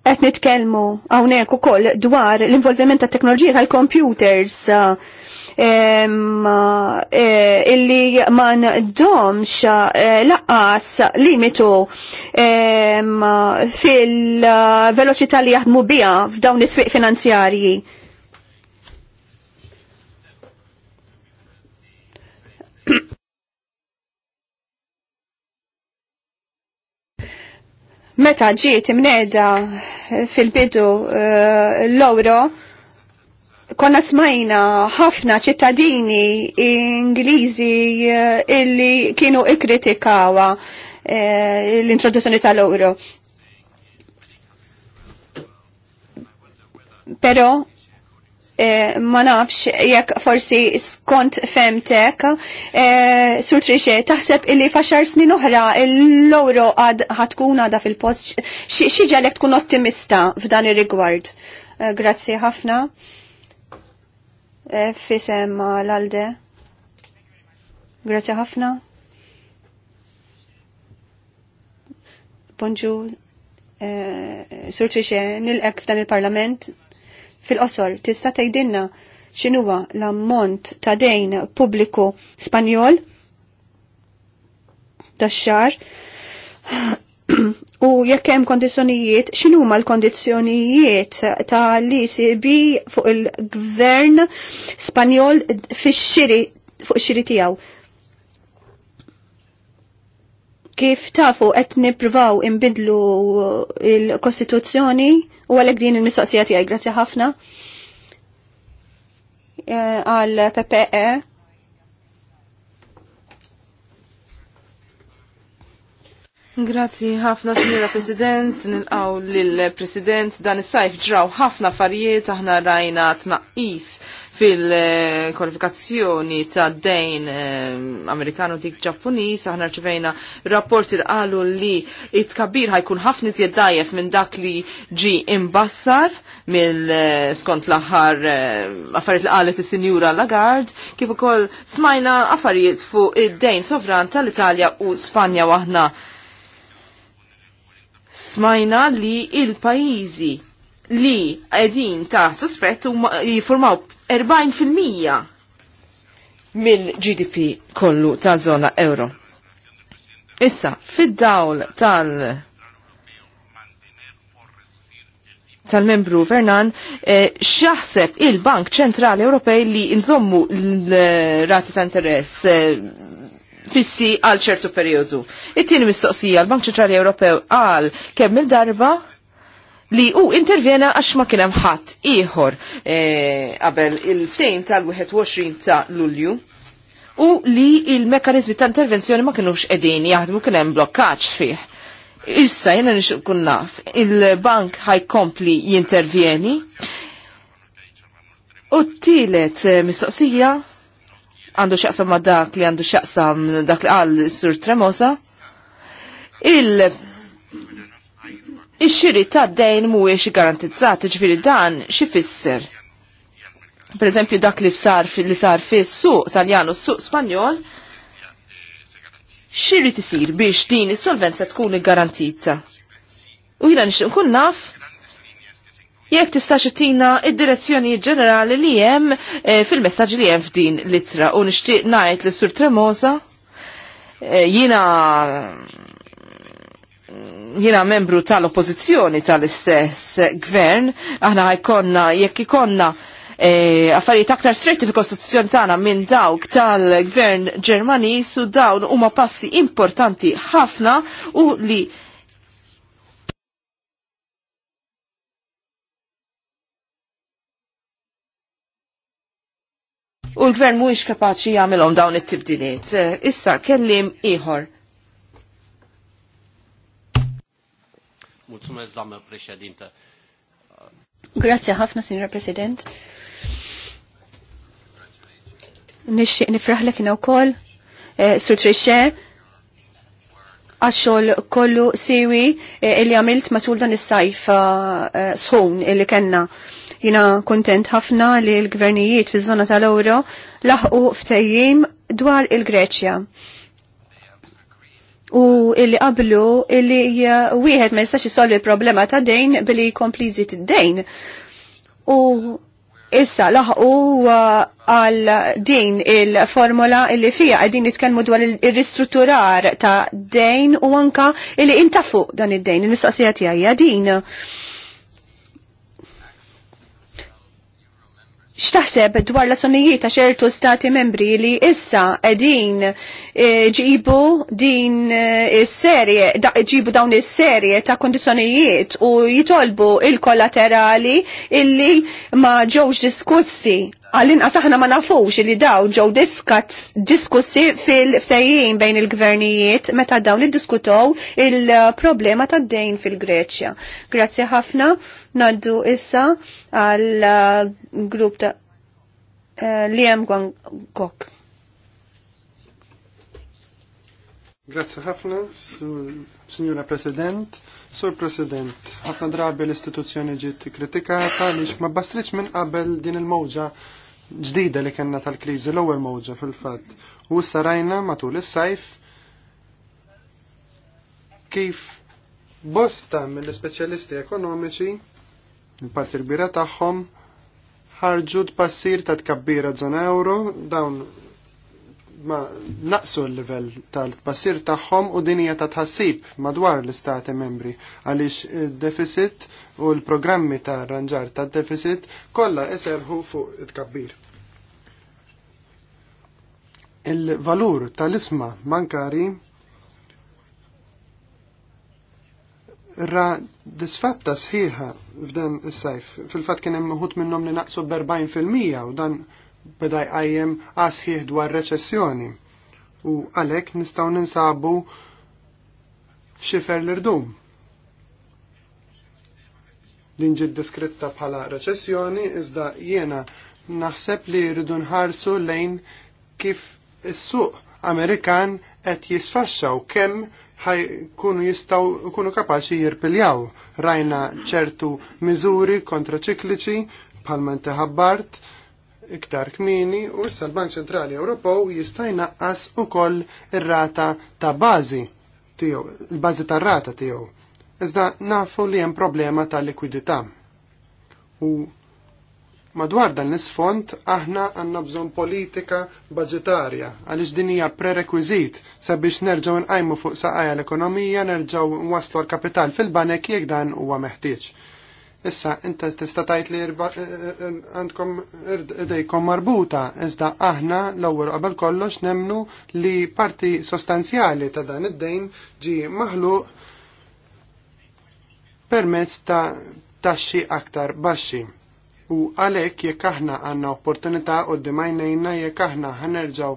Speaker 2: Qed nitkellmu hawnhekk ukoll dwar l-involviment tat teknoloġija tal-computers Eh, illi man domx eh, laqas limitu fil-veloċità li jaħdmu bija f'dawn is-swieq finanzjarji. Meta ġiet imneda fil-bidu eh, l-ewro, konna smajna ħafna ċittadini Ingliżi eh, illi kienu ikkritikawa eh, l-introduzzjoni tal-euro. Pero eh, ma nafx jekk forsi skont femtek, sur trixe, taħseb illi faxar snin oħra l-euro għad ħatkun għada fil-post, xieġa tkun ottimista f'dan ir-rigward. Grazzi ħafna. E, fisem eh, l-alde. Grazie ħafna. Bonġu, eh, surċi xe, nil-ek f'dan il-parlament. Fil-qosor, tista tgħidilna x'inhuwa l-ammont ta' dejn pubbliku Spanjol tax-xar u jekk hemm kondizzjonijiet, x'inhuma l-kondizzjonijiet tal-ECB fuq il-gvern Spanjol fix-xiri fuq ix-xiri tiegħu. Kif tafu qed nippruvaw inbidlu il-Kostituzzjoni u għalhekk din il-mistoqsija tiegħi grazzi ħafna eh, għal PPE Grazzi ħafna, Signora President,
Speaker 1: nilqaw lill-President dan is-sajf ġraw ħafna affarijiet, aħna rajna tnaqqis fil-kwalifikazzjoni ta' dejn ehm, Amerikanu dik Ġappuniż, aħna rċevejna rapporti li qalu li it-kabir ħajkun ħafna iżjed dajjef minn dak li ġi imbassar mill-skont eh, l-aħħar eh, affarijiet li qalet is-Sinjura Lagard, kif ukoll smajna affarijiet fuq id-dejn sovran tal-Italja u Spanja waħna. aħna smajna li il-pajizi li għedin ta' suspett jiformaw 40% mill-GDP kollu ta' zona euro. Issa, fid-dawl tal- tal-membru Fernan, eh, xaħseb il-Bank Ċentrali Ewropej li nżommu l-rati eh, ta' interess eh, fissi għal ċertu periodu. It-tieni mistoqsija l-Bank Ċentrali Ewropew għal kemm il-darba li u intervjena għax ma kienem ħadd ieħor eh, qabel il-ftejn tal-21 ta' Lulju u li il-mekanizmi ta' intervenzjoni ma kienux qegħdin jaħdmu kien hemm blokkaġġ fih. Issa jena nixkun naf, il-bank ħajkompli jintervjeni u t-tielet eh, mistoqsija għandu xaqsam ma dak li għandu xaqsam dak li għal sur Tremosa. Il- Ix-xiri ta' dejn mhuwiex garantizzat, ġifieri dan x'ifisser. fisser. Per eżempju dak li sar li sar fis-suq Taljan u s-suq Spanjol, xirri tisir biex din is-solvenza tkun garantita. U jina nix nkun naf jekk tista' xittina id-direzzjoni ġenerali li hemm eh, fil-messaġġ li hemm f'din litra u nixtieq ngħid li sur Tremosa eh, jiena jina membru tal-oppozizjoni tal-istess gvern, aħna ħajkonna, jekk ikonna eh, affarijiet aktar stretti fil-Kostituzzjoni tagħna minn dawk tal-Gvern Ġermaniż u dawn huma passi importanti ħafna u li u l-gvern mhuwiex kapaċi jagħmilhom dawn it-tibdiliet. Eh, issa kellim ieħor.
Speaker 3: Mulțumesc, doamnă președintă.
Speaker 2: Grazie ħafna, Sinjora President. Nixtieq nifraħlek inha wkoll eh, Sur Trixxe għax-xogħol kollu siwi eh, li għamilt matul dan is-sajf sħun li kellna. Jina kontent ħafna li l-gvernijiet fi zona tal-Euro laħqu ftejjim dwar il-Greċja. U illi qablu illi wieħed ma jistax isolvi problema ta' dejn billi kompliżit id-dejn. U issa laħqu uh, għal din il-formula illi fija għadin nitkellmu dwar il-ristrutturar ta' dejn u anka illi intafu dan id-dejn. Il-mistoqsija tiegħi din xtaħseb dwar l-azzjonijiet ta' ċertu stati membri li issa edin eh, ġibu din eh, is-serje, ġibu dawn is-serje ta' kondizjonijiet u jitolbu il-kollaterali illi ma ġewx diskussi għallin inqas aħna ma nafux li daw ġew diskussi fil fsejjien bejn il-gvernijiet meta dawn iddiskutaw il-problema tad dejn fil-Greċja. Grazzi ħafna naddu issa għal uh, grupp ta' uh, Liam Gwangok.
Speaker 3: Grazzi ħafna, Signora President. Sur President, ħafna drabi l-istituzzjoni ġiet kritikata għaliex ma bastriċ minn qabel din il-mowġa ġdida li kena tal-krizi l-ewwel mowġa fil-fatt. U issa rajna matul is-sajf kif bosta mill-speċjalisti ekonomiċi il-parti l-bira tagħhom ħarġu tpassir ta' tkabbira żona euro dawn ma naqsu l-level tal basir tagħhom u dinija ta' tħassib madwar l-istati membri għaliex il-deficit u l-programmi ta' ranġar ta' deficit kollha eserħu fuq it-kabbir. Il-valur tal-isma mankari ra disfatta sħiħa f'dan is-sajf. Fil-fatt kien hemm uħud minnhom li naqsu b'40 fil-mija u dan beda jgħajjem għasħiħ dwar reċessjoni u għalek nistaw ninsabu x'ifer l-irdum. Din ġid diskritta bħala reċessjoni iżda jiena naħseb li rridu nħarsu lejn kif is-suq Amerikan qed jisfaxxaw kemm ħajkunu jistaw kunu kapaċi jirpiljaw. Rajna ċertu miżuri kontraċikliċi bħalma inti ħabbart iktar kmini u issa l-Bank Ċentrali Ewropew jista' jnaqqas ukoll ir-rata ta' bażi tiegħu, il-bażi tar-rata tiegħu. Iżda nafu li hemm problema ta' likwidità. U madwar dan l-isfond aħna għandna bżonn politika budgetarja għaliex din hija prerekwiżit sabiex nerġgħu nqajmu fuq saqajja l-ekonomija, nerġgħu nwasslu l-kapital fil-banek jekk dan huwa meħtieġ Issa, inta tista' tajt li e- e- e- għandkom id-dejkom marbuta, iżda aħna l-ewwel qabel kollox nemnu li parti sostanzjali ta' dan id-dejn ġi maħluq permezz ta' taxxi aktar baxxi. U għalhekk jekk aħna għandna opportunità qudiem għajnejna jekk aħna ħanerġgħu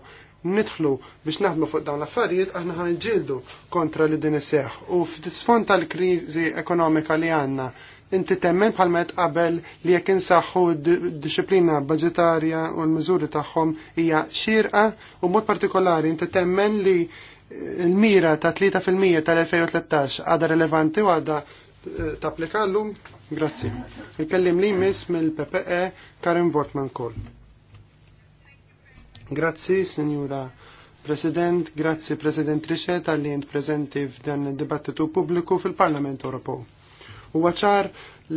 Speaker 3: nidħlu biex naħdmu fuq dawn l-affarijiet, aħna ħanġieldu kontra li din iseħħ. U f'isfond tal-kriżi ekonomika li għandna Inti temmen bħalma qabel li jekk insaħħu d-disciplina budgetarja u l-miżuri tagħhom hija xirqa u mod partikolari inti temmen li l-mira ta' 3% tal-2013 għada relevanti u għada eh, tapplika llum? Grazzi. Il-kellim li miss mill-PPE Karim Vortman Kol. Grazzi, Signora President, grazzi President Trichet għalli jint prezenti f'dan dibattitu pubbliku fil-Parlament Ewropew. Huwa ċar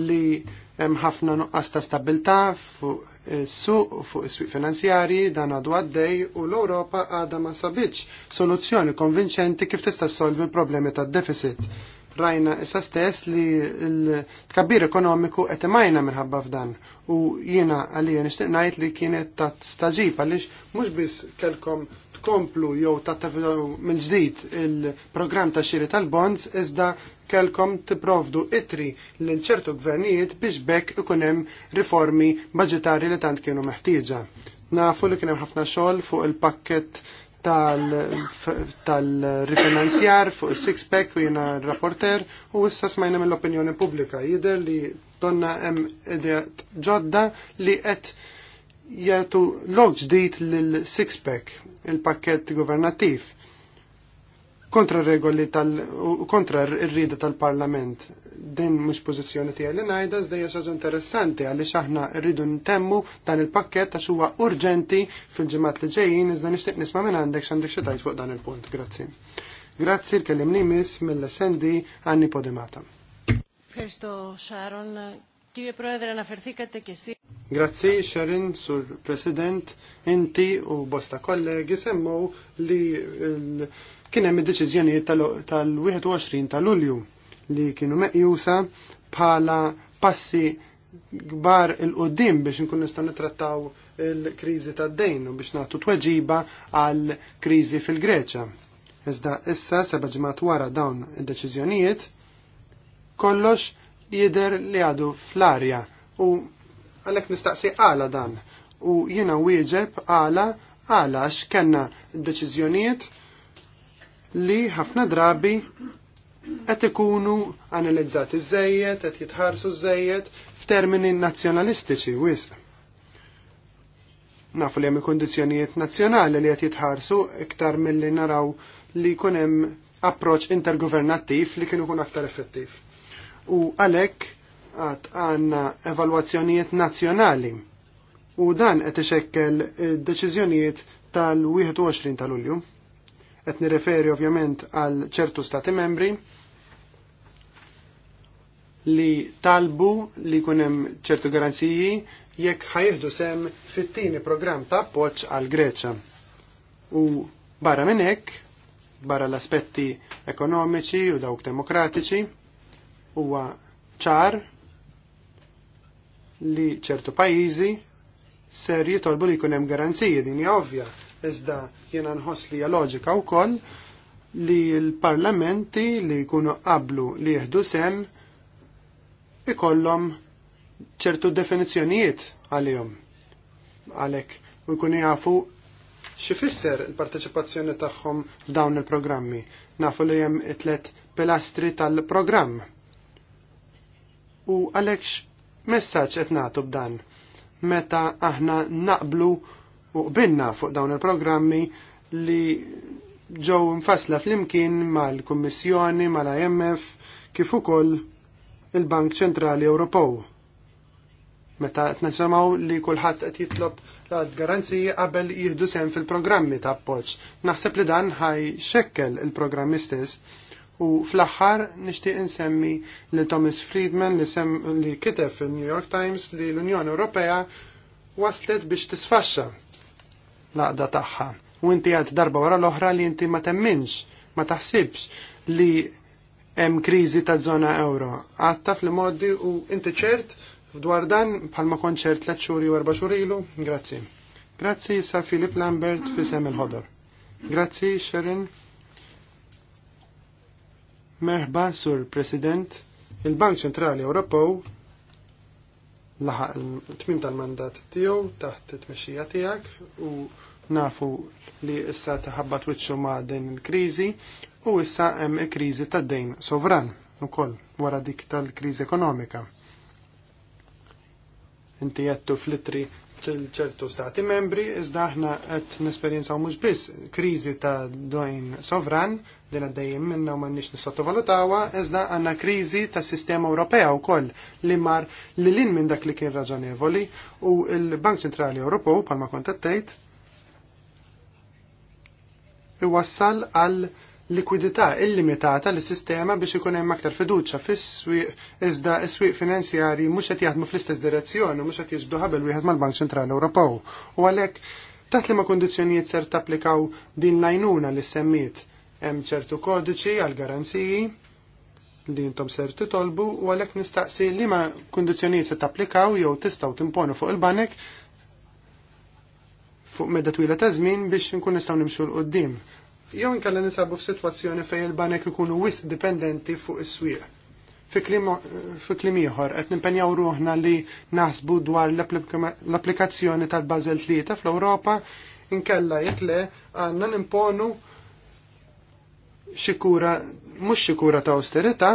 Speaker 3: li hemm ħafna nuqqas ta' stabilità fuq is-suq fuq is-swieq finanzjarji dan għadu għaddej u l-Ewropa għadha ma sabiċ soluzzjoni konvinċenti kif tista' solvi l-problemi tad-deficit. Rajna issa stess li l-tkabbir ekonomiku qed imajna minħabba f'dan u jiena għalija nixtieq ngħid li kienet ta' staġib għaliex mhux biss kelkom tkomplu jew tattavilu mill-ġdid il-programm ta' xiri tal-bonds iżda kelkom tipprovdu itri l ċertu gvernijiet biex bekk ikun hemm riformi budgetari li tant kienu meħtieġa. Nafu li kien hemm ħafna xogħol fuq il-pakket tal-rifinanzjar fuq il-six-pack u jena rapporter u issa smajna mill-opinjoni pubblika. Jider li donna hemm ġodda li qed jgħatu log ġdid lil six-pack il-pakket governattiv kontra regoli tal kontra r-rida tal-Parlament. Din mhux pożizzjoni tiegħi li ngħidha żdejja xaġa interessanti għaliex aħna rridu ntemmu dan il-pakkett għax huwa urġenti fil-ġimgħat li ġejjin iżda nixtieq nisma' minn għandek x'għandek xi tajt fuq dan il-punt. Grazzi. Grazzi l-kellim miss mill-Sendi Anni Podimata. Presto, Sharon, Κύριε na αναφερθήκατε κι εσείς. Grazzi, Sharon, sur President, inti u bosta kollegi semmu li kien hemm id-deċiżjonijiet tal-21 ta' Lulju li kienu meqjusa bħala passi kbar il-qoddim biex nkun nistgħu nittrattaw il-kriżi tad-dejn u biex nagħtu tweġiba għal kriżi fil-Greċja. Iżda issa seba' ġimgħat wara dawn id-deċiżjonijiet kollox jidher li għadu fl-arja u għalhekk nistaqsi għala dan u jiena wieġeb għala għala d deċiżjonijiet li ħafna drabi qed ikunu analizzati żejjed, qed jitħarsu żejjed f'termini nazzjonalistiċi wisq. Nafu li hemm il-kundizzjonijiet nazzjonali li qed jitħarsu iktar milli naraw li jkun hemm approċċ intergovernattiv li kien ikun aktar effettiv. U għalhekk għad għandna evalwazzjonijiet nazzjonali u dan qed ixekkel deċiżjonijiet tal-21 tal-Ulju. tal 21 u ulju qed nirreferi ovvjament għal ċertu stati membri li talbu li jkun hemm ċertu garanziji jekk ħajħdu sem fit-tieni programm ta' appoġġ għal Greċa. U barra minn hekk, barra l-aspetti ekonomiċi u dawk demokratiċi, huwa ċar li ċertu pajjiżi ser jitolbu li jkun hemm garanziji din hija ovvja iżda jiena nħoss li loġika wkoll li l-parlamenti li jkunu qablu li jieħdu sem ikollhom ċertu definizzjonijiet għalihom. Għalhekk u jkunu jafu xifisser il-parteċipazzjoni tagħhom f'dawn il-programmi. Nafu li hemm it-tlet pilastri tal-programm. U għalhekk messaġġ qed nagħtu b'dan meta aħna naqblu u qbilna fuq dawn il-programmi li ġew infasla flimkien mal-Kummissjoni, mal-IMF, kif ukoll il-Bank Ċentrali Ewropew. Meta qed nisimgħu li kulħadd qed jitlob l garanziji qabel jieħdu sem fil-programmi ta' appoġġ. Naħseb li dan ħaj xekkel il-programmi stess u fl-aħħar nixtieq insemmi li Thomas Friedman li, sem, li kitef fil-New York Times li l-Unjoni Ewropea waslet biex tisfaxxa Laqda taħħa. tagħha. U inti għad darba wara l-oħra li inti ma temminx, ma taħsibx li hemm kriżi ta' zona euro. taf li modi u inti ċert dwar dan bħalma konċert tliet xuri u erba' xhur ilu. Grazzi. Grazzi sa Filip Lambert fi sem il-ħodor. Grazzi Sherin. Merħba sur President. Il-Bank Ċentrali Ewropew laħaq il-tmim tal-mandat tiegħu taħt it-tmexxija tiegħek u nafu li issa taħabbat wiċċu ma' din il-kriżi u issa hemm il-kriżi tad-dejn sovran ukoll wara dik tal-kriżi ekonomika. Inti jettu flittri ċertu stati membri, iżda aħna qed nesperjenzaw mhux biss kriżi ta' dojn sovran din għaddejjem minna u m'għandniex nissottovalutawha, iżda għandna kriżi ta' sistema Ewropea wkoll li mar li lin minn dak li kien raġonevoli u l-Bank Ċentrali Ewropew palma kont tgħid iwassal għal likwidità illimitata lis sistema biex ikun hemm aktar fiduċja fis-swieq iżda s-swieq finanzjarji mhux qed jaħdmu fl-istess direzzjoni mhux qed jiġdu ħabel wieħed mal-Bank Ċentrali Ewropew. U għalhekk taħt liema kundizzjonijiet ser tapplikaw din l-għajnuna li semmiet hemm ċertu kodiċi għal garanziji li jintom ser titolbu u għalhekk nistaqsi liema kundizzjonijiet se tapplikaw jew tistgħu timponu fuq il-banek fuq medda twila ta' żmien biex nkun nistgħu nimxu l qudiem jew inkella nisabu f'sitwazzjoni fejn il-banek ikunu wisq dipendenti fuq is-swieq. Fi klim ieħor qed nimpenjaw ruħna li naħsbu dwar l-applikazzjoni tal-Basel tlieta fl-Ewropa inkella jekk le għandna nimponu xikura mhux xikura ta' austerità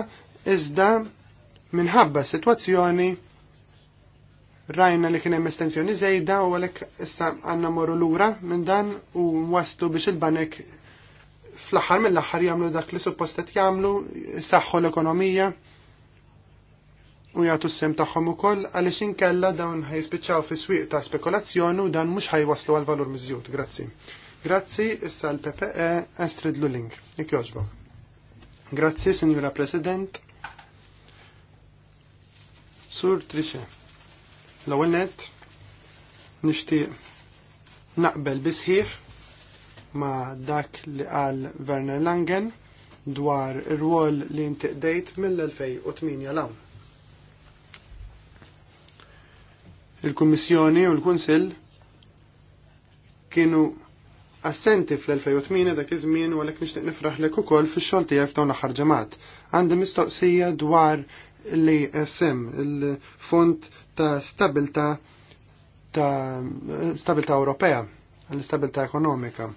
Speaker 3: iżda minħabba sitwazzjoni rajna li kien hemm estensjoni żejda u għalhekk issa għandna morru lura minn dan u waslu biex il-banek fl-aħħar mill-aħħar jagħmlu dak li suppost qed jagħmlu, saħħu l-ekonomija u jagħtu s-sem tagħhom ukoll għaliex inkella dawn ħajspiċċaw fi swieq ta' spekulazzjoni u dan mhux ħajwaslu għal valur miżjud. Grazzi. Grazzi issa l-PPE Astrid Luling. Ik jogħġbok. Grazzi, Signora President. Sur Trixe, l-ewwel net nixtieq naqbel bisħiħ ma' dak li qal Werner Langen dwar ir-rwol li intiqdejt mill-2008 l-hawn. Il-Kummissjoni u l-Kunsill kienu assenti fl-2008 dak iż-żmien u għalhekk nixtieq nifraħ lek ukoll fix-xogħol tiegħek f'dawn l-aħħar ġemat. Għandi mistoqsija dwar l-ASM, il-Fond ta' Stabilta ta' Stabilta Ewropea, l-Stabilta Ekonomika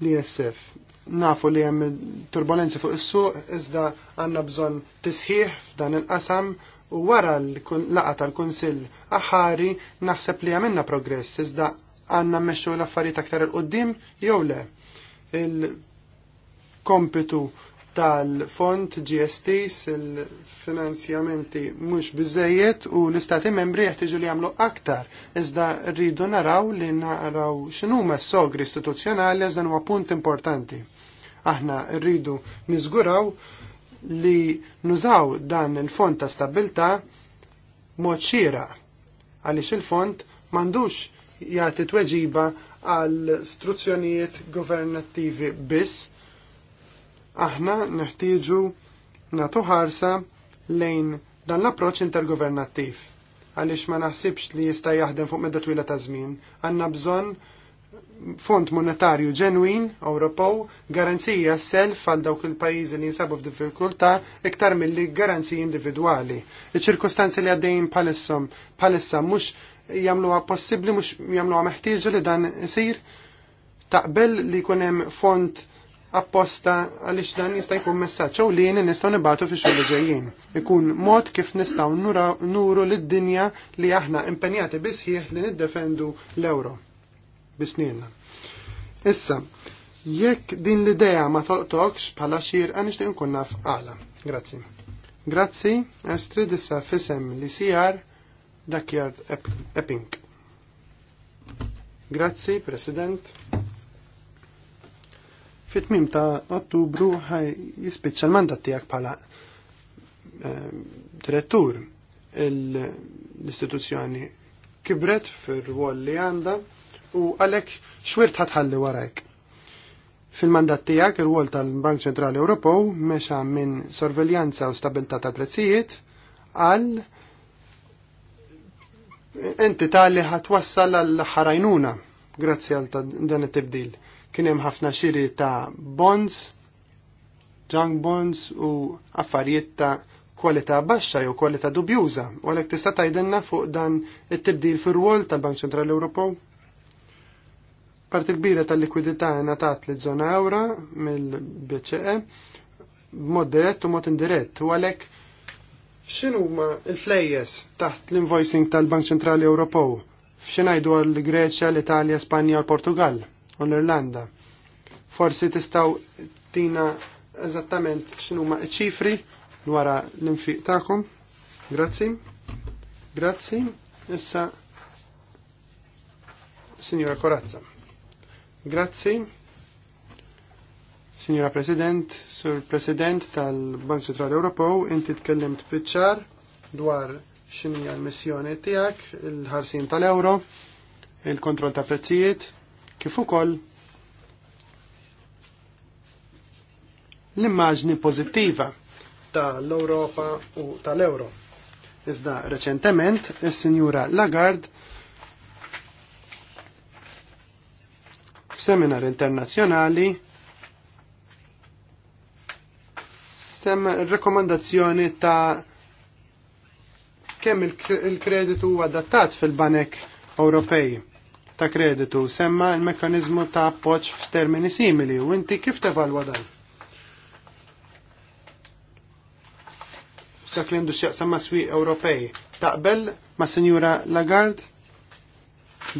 Speaker 3: l-ISF. Nafu li hemm turbulenzi fuq is-suq iżda għandna bżonn tisħiħ f'dan il-qasam u wara l laqata tal-Kunsill aħari naħseb li għamilna progress iżda għandna mmexxu l-affarijiet aktar il-qoddim jew le. Il-kompitu tal-fond GSTs il-finanzjamenti mhux biżejjed u l-istati membri jeħtieġu li jagħmlu aktar iżda rridu naraw li naraw x'inhuma s-sogri istituzzjonali iżda huwa punt importanti. Aħna rridu niżguraw li nużaw dan il-fond ta' stabilta mod għalix għaliex il-fond m'għandux jagħti weġiba għal struzzjonijiet governattivi biss aħna neħtieġu nagħtu ħarsa lejn dan l-approċċ intergovernattiv għaliex ma naħsibx li jista' jaħdem fuq medda twila ta' żmien. Għandna bżonn fond monetarju ġenwin Ewropew, garanzija self għal dawk il-pajjiżi li jinsabu f'diffikultà iktar milli garanziji individwali. Iċ-ċirkustanzi li għaddejjin bħalissom bħalissa mhux jagħmluha possibbli mhux jagħmluha meħtieġa li dan isir taqbel li jkun hemm fond apposta għaliex dan jista' jkun messaġġ ewlieni nistgħu nibgħatu fi xogħol ġejjin. Ikun mod kif nistgħu nuru lid-dinja li aħna impenjati bisħieħ li niddefendu l-ewro bisnienna. Issa, jekk din l-idea ma toqtokx bħala xir għan nixtieq nkun naf għala. Grazzi. Grazzi, Astrid issa fisem li sijar dakjard Epping. Grazzi, President fit-tmim ta' ottubru ħaj jispiċċa l-mandat tiegħek bħala eh, direttur l-istituzzjoni kibret fir-rwol li għandha u għalhekk xwirt ħatħalli warajk. Fil-mandat tiegħek ir-rwol tal-Bank Ċentrali Ewropew mexa minn sorveljanza u stabilità ta' prezzijiet għal entità li ħatwassal għal ħarajnuna grazzi għal dan it-tibdil. Kien hemm ħafna xiri ta' bonds, junk bonds u affarijiet ta' kwalità baxxa jew kwalità dubjuża, u għalhekk tista' tgħidilna fuq dan it-tibdil fir-rwol tal-Bank Ċentrali Ewropew? Parti kbira tal-likwidità ngħatat li żona ewra mill-BCE b'mod dirett u mod indirett u għalhekk x'inhu huma l-flejjes taħt l-invoicing tal-Bank Ċentrali Ewropew? X'ingħidu għall-Greċja, l-Italja, Spanja u l-Portugal? u l-Irlanda. Forsi tistaw tina eżattament x'inhu ma' ċifri wara l-infiq tagħkom. Grazzi. Grazzi. Issa Signora Corazza. Grazzi. Signora President, Sur President tal-Bank Centrale Ewropew, inti tkellimt biċċar dwar x'inhi l-missjoni tiegħek, il-ħarsin tal-euro, il-kontroll ta' prezzijiet, kif ukoll l-immaġni pożittiva tal-Europa u tal-Euro. Iżda reċentement is-Sinjura Lagarde seminar internazzjonali sem rekomandazzjoni ta' kemm il-kreditu adattat fil-banek Ewropej ta' kreditu semma il mekanizmu ta' appoġġ f'termini simili u inti kif tevalwa dan? dak li għandu jaqsamma swi Ewropej. Taqbel ma' Senjura Lagarde?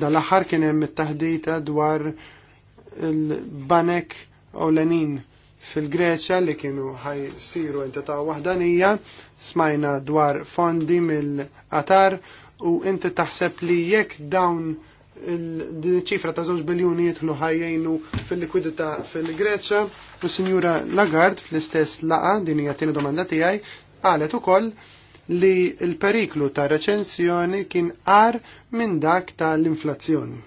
Speaker 3: Da' aħħar kien hemm it-taħdita dwar il-banek ewlenin fil-Greċja li kienu inti ta' wahdanija, smajna dwar fondi mill-qatar u inti taħseb li jekk dawn din ċifra ta' 2 biljuni jitħlu ħajjajnu fil-likwidità fil-Greċja u Sinjura Lagarde fl-istess laqa din hija tieni domanda tiegħi qalet ukoll li l-periklu ta' reċensjoni kien qar minn dak tal-inflazzjoni.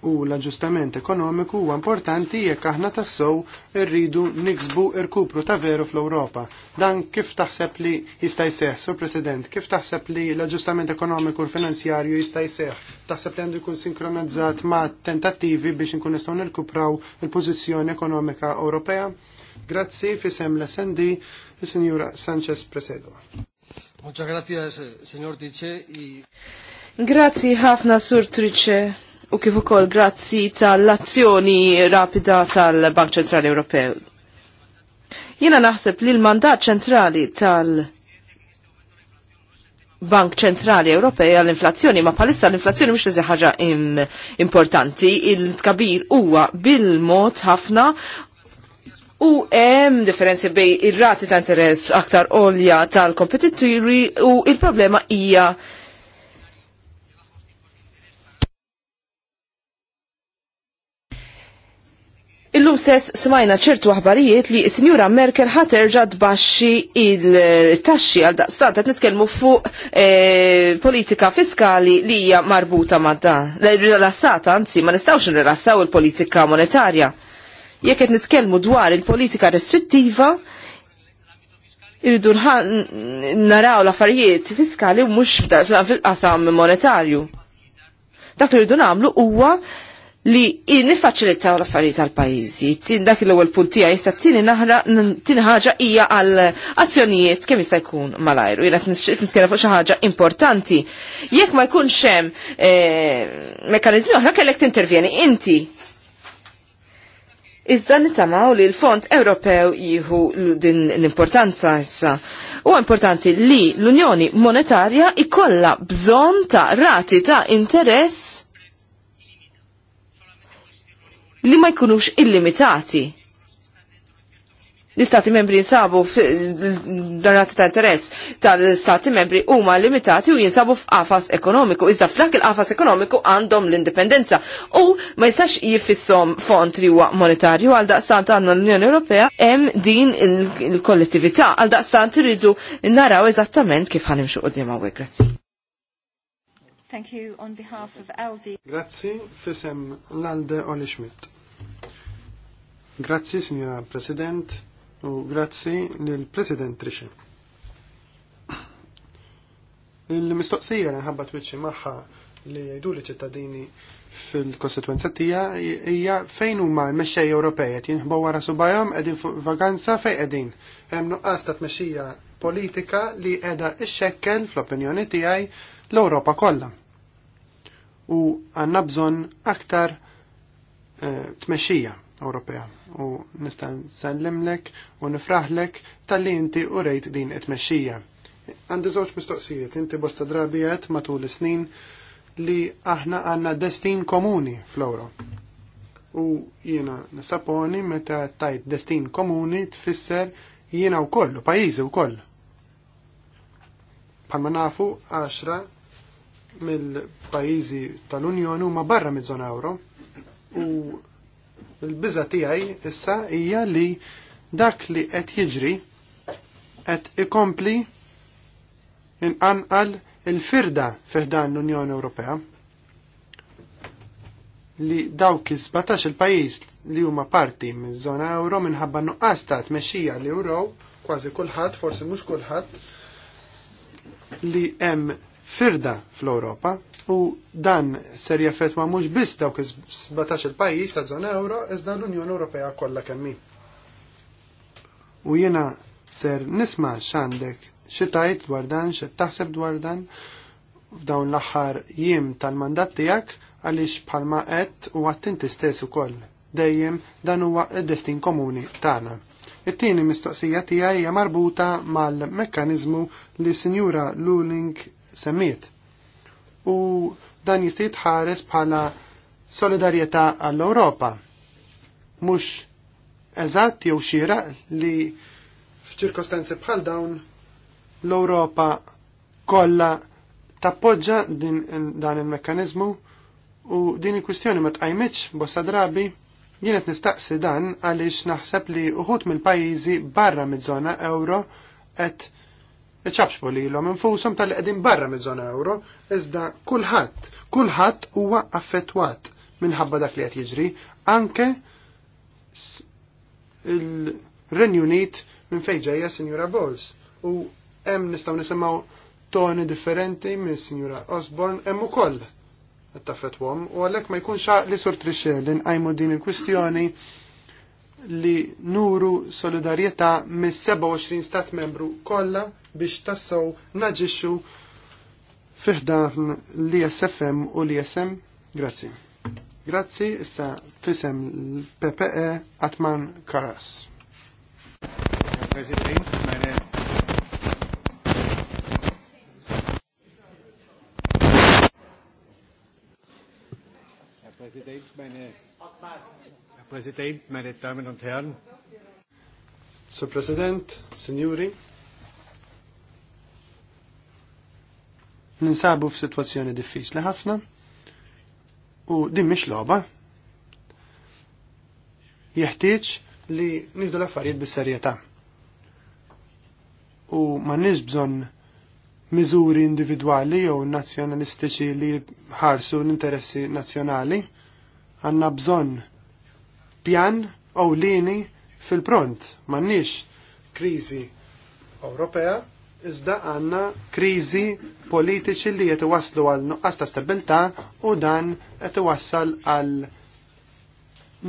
Speaker 3: u l-aġġustament ekonomiku huwa importanti jekk aħna tassew irridu niksbu irkupru ta' veru fl-Ewropa. Dan kif taħseb li jista' jseħħ, Sur President, kif taħseb li l-aġġustament ekonomiku u finanzjarju jista' jseħħ? Taħseb li għandu jkun sinkronizzat ma' tentattivi biex inkun nistgħu nirkupraw il-pożizzjoni ekonomika Ewropea? Grazzi fisem l-SND, il-Sinjura Sanchez Presedo. Muchas gracias, eh, Y...
Speaker 1: Grazzi ħafna, Sur Trice u kif ukoll grazzi tal-azzjoni rapida tal-Bank Ċentrali Ewropew. Jiena naħseb li l-mandat ċentrali tal- Bank Ċentrali Ewropej għall-inflazzjoni, ma palissa l-inflazzjoni mhux li ħaġa importanti, il-tkabir huwa bil-mod ħafna U hemm differenzi bej ir-rati ta' interess aktar olja tal-kompetituri u il-problema hija Illum sess smajna ċertu aħbarijiet li s Sinjura Merkel ħaterġa tbaxxi il-taxxi għal daqstat qed nitkellmu fuq eh, politika fiskali li hija marbuta ma' dan. Rilassata anzi ma nistgħux nirilassaw il-politika monetarja. Jekk qed nitkellmu dwar il-politika restrittiva, irridu naraw l-affarijiet fiskali u mhux fil-qasam monetarju. Dak li rridu nagħmlu huwa li nifaċilitaw l-affarijiet għal pajjiżi Tin dak l-ewwel punt tiegħi sa tieni naħra tieni ħaġa hija għal azzjonijiet kemm jista' jkun malajru. Jiena qed fuq xi ħaġa importanti. Jekk ma jkunx hemm eh, mekkaniżmi oħra kellek tintervjeni inti. Iżda nitamaw li l-Fond Ewropew jieħu din l-importanza issa. U importanti li l-Unjoni Monetarja ikolla bżonn ta' rati ta' interess li ma jkunux illimitati. L-istati membri jinsabu f'darrati ta' interess tal-istati membri huma limitati u jinsabu f'qafas ekonomiku. Iżda f'dak il-qafas ekonomiku għandhom l-indipendenza u ma jistax jifissom font li huwa monetarju għal daqstant għandna l-Unjoni Ewropea hemm din il-kollettività għal daqstant iridu naraw eżattament kif ħanimxu qudiem għawek. Grazie.
Speaker 2: Thank you on behalf of Aldi.
Speaker 3: Grazzi, fisem lalde Oli Schmidt. Grazzi, signora President, u grazzi l-President Trisha. Il-mistoqsija li nħabba twitxi maħħa li jajdu li ċittadini fil-kostituenza tija hija fejn huma l-mexxej Ewropej qed jinħbu wara subajhom qegħdin fuq vaganza fejn qegħdin. Hemm nuqqas ta' tmexxija politika li qiegħda xxekkel fl-opinjoni tiegħi l-Ewropa kollha u għanna bżon aktar eh, tmexxija Ewropea u nista' nsellimlek u nifraħlek tal-li inti u rejt din it-tmexxija. Għandi żewġ mistoqsijiet, inti bosta drabijiet matul is-snin li aħna għandna destin komuni fl-Ewro. U jiena nisaponi meta tajt destin komuni tfisser jiena wkoll u pajjiżi wkoll. Palma nafu 10 mill-pajjiżi tal-Unjoni huma barra miż-żona euro u l-biża tiegħi issa hija li dak li qed jiġri qed ikompli inqanqal il-firda fiħdan l-Unjoni Ewropea li dawk iż-17 il-pajjiż li huma parti miż-żona euro minħabba nuqqas ta' tmexxija li uraw kważi kulħadd, forsi mhux kulħadd, li hemm firda fl-Ewropa u dan ser jaffetwa mhux biss dawk 17 il-pajjiż ta' żona euro iżda l-Unjoni Ewropea kollha kemm U jiena ser nisma' x'għandek xi tajt dwar dan, xi taħseb dwar dan f'dawn l-aħħar jiem tal-mandat tiegħek għaliex bħalma qed u għattinti stess ukoll. Dejjem dan huwa d-destin komuni tagħna. It-tieni mistoqsija tiegħi hija marbuta mal-mekkaniżmu li Sinjura Luling semmiet. U dan jista' jitħares bħala solidarjetà għall-Ewropa. Mhux eżatt jew xira li f'ċirkostanzi bħal dawn l-Ewropa kollha tappoġġa dan il-mekkaniżmu u din il-kwistjoni ma tqajmitx bosta drabi jien qed nistaqsi dan għaliex naħseb li uħut mill-pajjiżi barra miż-żona euro qed iċabxbu li l-om tal-qedin barra mid-zona euro, iżda kulħadd, kulħadd huwa affettwat minħabba dak li qed jiġri, anke il-Renju Unit minn fejn ġejja Sinjura Bowles. U hemm nistgħu nisimgħu toni differenti minn Sinjura Osborne hemm ukoll taffetwom u għalhekk ma jkunx li sur trixxel li nqajmu din il-kwistjoni li nuru solidarieta mis-27 stat membru kollha biex tassow naġixxu fiħdan l-ISFM u l-ISM. Grazzi. Grazzi, issa fisem l-PPE Atman Karas. President, meine
Speaker 2: Herr Präsident, meine
Speaker 3: President, meine Damen und Herren. So, President, Signori. Ninsabu f'sitwazzjoni diffiċli ħafna u din mhix logħba. Jeħtieġ li nieħdu l-affarijiet bis-serjetà. U m'għandniex bżonn miżuri individwali jew nazzjonalistiċi li ħarsu l-interessi nazzjonali għanna bżonn pjan ewlieni fil-pront. M'għandniex kriżi Ewropea, iżda għandna kriżi politiċi li qed iwasslu għal nuqqas ta' stabilità u dan qed iwassal għal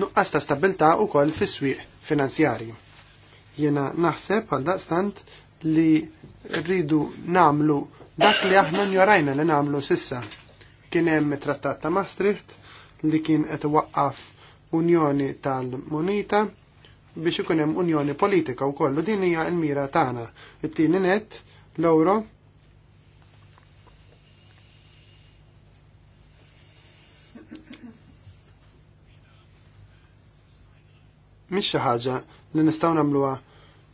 Speaker 3: nuqqas ta' u wkoll fis-swieq finanzjarji. Jiena naħseb għal daqstant li rridu namlu dak li aħna njorajna li namlu sissa. Kien hemm trattat ta' Maastricht li kien qed waqqaf unjoni tal-munita biex ikun hemm unjoni politika wkoll kollu din hija l-mira tagħna. It-tieni net l-euro mhix xi ħaġa li nistgħu nagħmluha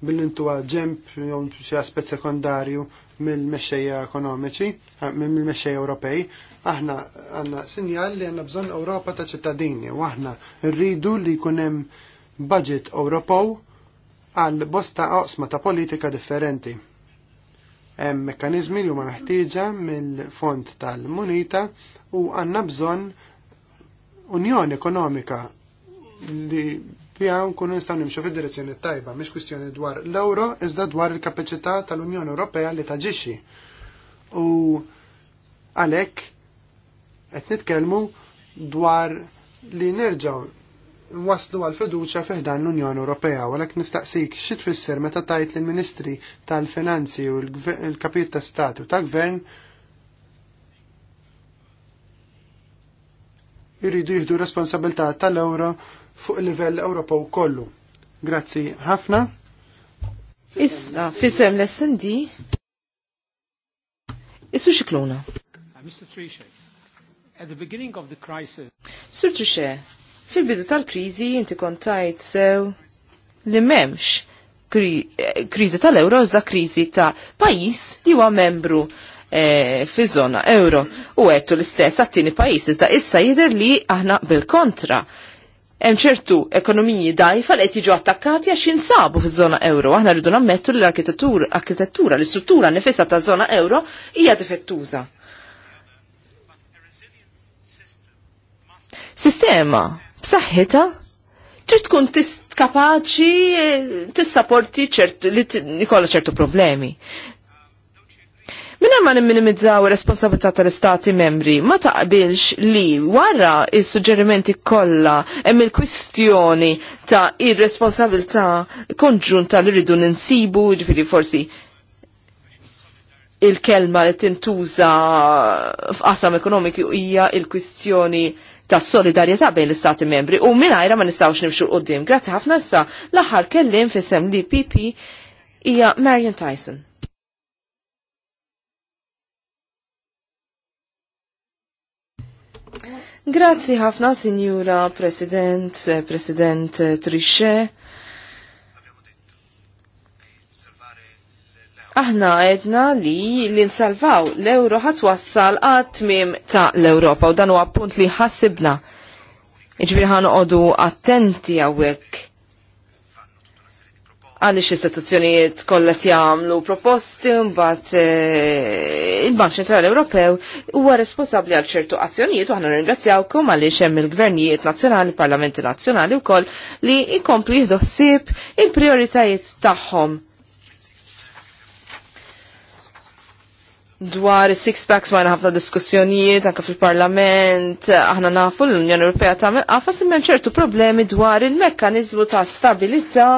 Speaker 3: billi intuwa ġemp jew xi aspett sekondarju mill-mexxejja ekonomiċi, mill-mexxejja Ewropej, Aħna għanna sinjal li għanna bżon Ewropa ta' ċittadini u aħna rridu li kunem budget Ewropew għal bosta oqsma ta' politika differenti. Hemm mekkaniżmi li huma meħtieġa mill-fond tal-munita u għanna bżon unjoni ekonomika li bija nkunu nistgħu nimxu fid-direzzjoni tajba, mhix kwistjoni dwar l-euro, iżda dwar il-kapaċità tal-Unjoni Ewropea li taġixxi. U għalhekk Qed nitkellmu dwar li nerġgħu waslu għal fiduċa fiħdan l-Unjoni Ewropea, għalhekk nistaqsik xi tfisser meta tajt lill ministri tal-Finanzi u l-Kapit ta' Stati u tal-Gvern jridu jieħdu responsabilità tal-euro fuq il-livell Ewropew kollu. Grazzi ħafna. Issa, fisem l-SND.
Speaker 1: Issu xikluna.
Speaker 3: Uh, Mr at the beginning of the crisis.
Speaker 1: Sur Trixe, fil-bidu tal-krizi inti kontajt sew li memx krizi tal-euro za krizi ta' pajis li huwa membru eh, fi zona euro. U għettu l-istess għattini pajis iżda issa jider li aħna bil-kontra. Hemm ċertu ekonomiji dajfa li qed jiġu attakkati għax jinsabu fiż-żona euro. Aħna rridu nammettu li l-arkitettura, l-istruttura nifisa ta' żona euro hija defettuża. sistema b'saħħitha trid tkun kapaċi e, tissapporti ċertu li jkollha ċertu problemi. Minna ma nimminimizzaw responsabilità tal-istati membri, ma taqbilx li wara il-suġġerimenti kollha hemm il-kwistjoni ta' ir-responsabilità konġunta li rridu ninsibu, ġifiri forsi il-kelma li tintuża f'qasam ekonomiku hija il-kwistjoni il kwistjoni ta' solidarjetà bejn l-istati membri u mingħajra ma nistgħux nimxu qudiem. Grazzi ħafna issa l-aħħar kellim fissem li PP hija Marion Tyson. Grazzi ħafna, Signora President, President Trichet. aħna għedna li l-insalvaw l-euro ħatwassal għat-tmim ta' l-Europa u dan huwa punt li ħassibna. Iġbir ħan għodu attenti għawek għalix istituzzjonijiet kollet jagħmlu proposti mbagħad eh, il-Bank Ċentrali Ewropew huwa responsabbli għal ċertu azzjonijiet u aħna nirringrazzjawkom għaliex hemm il-gvernijiet nazzjonali, parlamenti nazzjonali wkoll li jkomplu jieħdu ħsieb il-prijoritajiet tagħhom dwar six packs ma ħafna diskussjonijiet anke fil-Parlament, aħna nafu l-Unjoni Ewropea tagħmel qafas imma ċertu problemi dwar il-mekkaniżmu ta' stabilità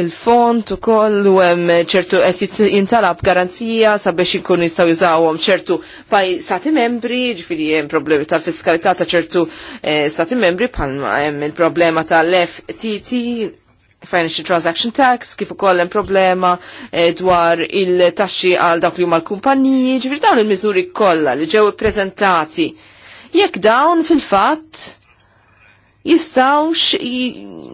Speaker 1: il-font u koll u hemm ċertu qed jintalab garanzija sabiex inkunu jistgħu jużawhom ċertu paj stati membri, ġifieri hemm problemi ta' fiskalità ta' ċertu eh, stati membri bħalma hemm il-problema tal-FTT financial transaction tax, kif ukoll hemm problema eh, dwar il-taxxi għal dawk li huma l-kumpaniji, ġifier dawn il-miżuri kollha li ġew ippreżentati. Jekk dawn fil-fatt jistawx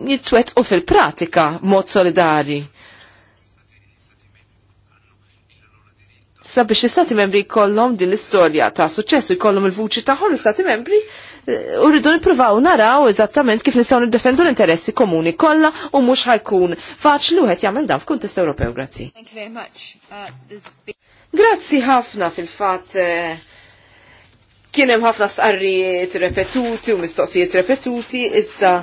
Speaker 1: jitwetqu fil-pratika mod solidari. Sabiex l-istati membri jkollhom din l-istorja ta' suċċessu jkollhom il-vuċi tagħhom l-istati membri urridu nippruvaw naraw eżattament kif nistgħu niddefendu l-interessi komuni kollha u mhux ħajkun faċli wieħed jagħmel dan f'kuntest Ewropew. Grazzi. Uh, Grazzi ħafna fil-fatt eh, kien hemm ħafna stqarrijiet repetuti u mistoqsijiet repetuti iżda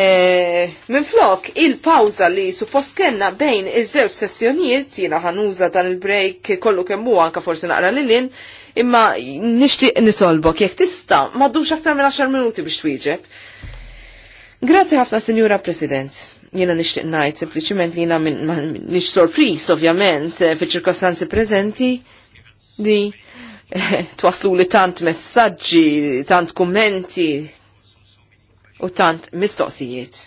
Speaker 1: E, Minn flok, il-pawza li suppost kenna bejn iż-żewġ sessjonijiet, jiena ħanuża dan il-break kollu kemm hu anke forsi naqra lilin, imma nixtieq nitolbok jekk tista maddux aktar minn 10 minuti biex twieġeb. Grazzi ħafna Sinjura President. Jiena nixtieq ngħid sempliċement li jiena nix sorpris, ovvjament eh, fiċ-ċirkostanzi preżenti li eh, twaslu li tant messaġġi, tant kummenti u tant mistoqsijiet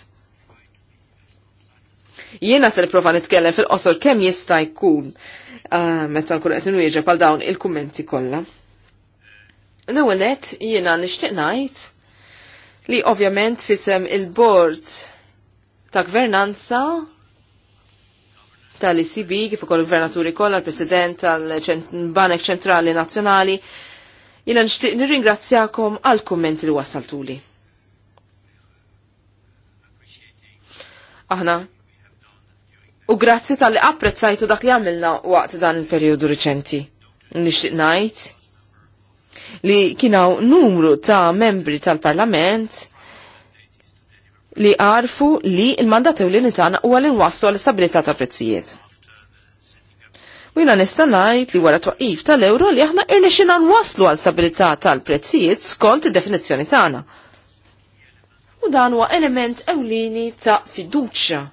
Speaker 1: jiena se prova nitkellem fil-qosor kemm jista' jkun Ah, meta kull qed inwieġeb għal dawn il-kummenti kollha. L-ewwel nett jiena nixtieq ngħid li ovvjament fisem il-bord ta' gvernanza tal-ICB kif ukoll il-gvernaturi kollha l-President tal-Banek Ċentrali Nazzjonali jiena nixtieq nirringrazzjakom għal kummenti li wasaltuli. Aħna U grazzi tal-li apprezzajtu dak li għamilna waqt dan il-periodu riċenti. Nixtieq ngħid li kienaw numru ta' membri tal-Parlament li għarfu li il-mandat u li nitana u għal inwassu għal stabilità ta' prezzijiet. U jina nistanajt li wara twaqif tal-euro li aħna irnexina nwaslu għal stabilità tal-prezzijiet skont id-definizzjoni tagħna. U dan huwa element ewlieni ta' fiduċja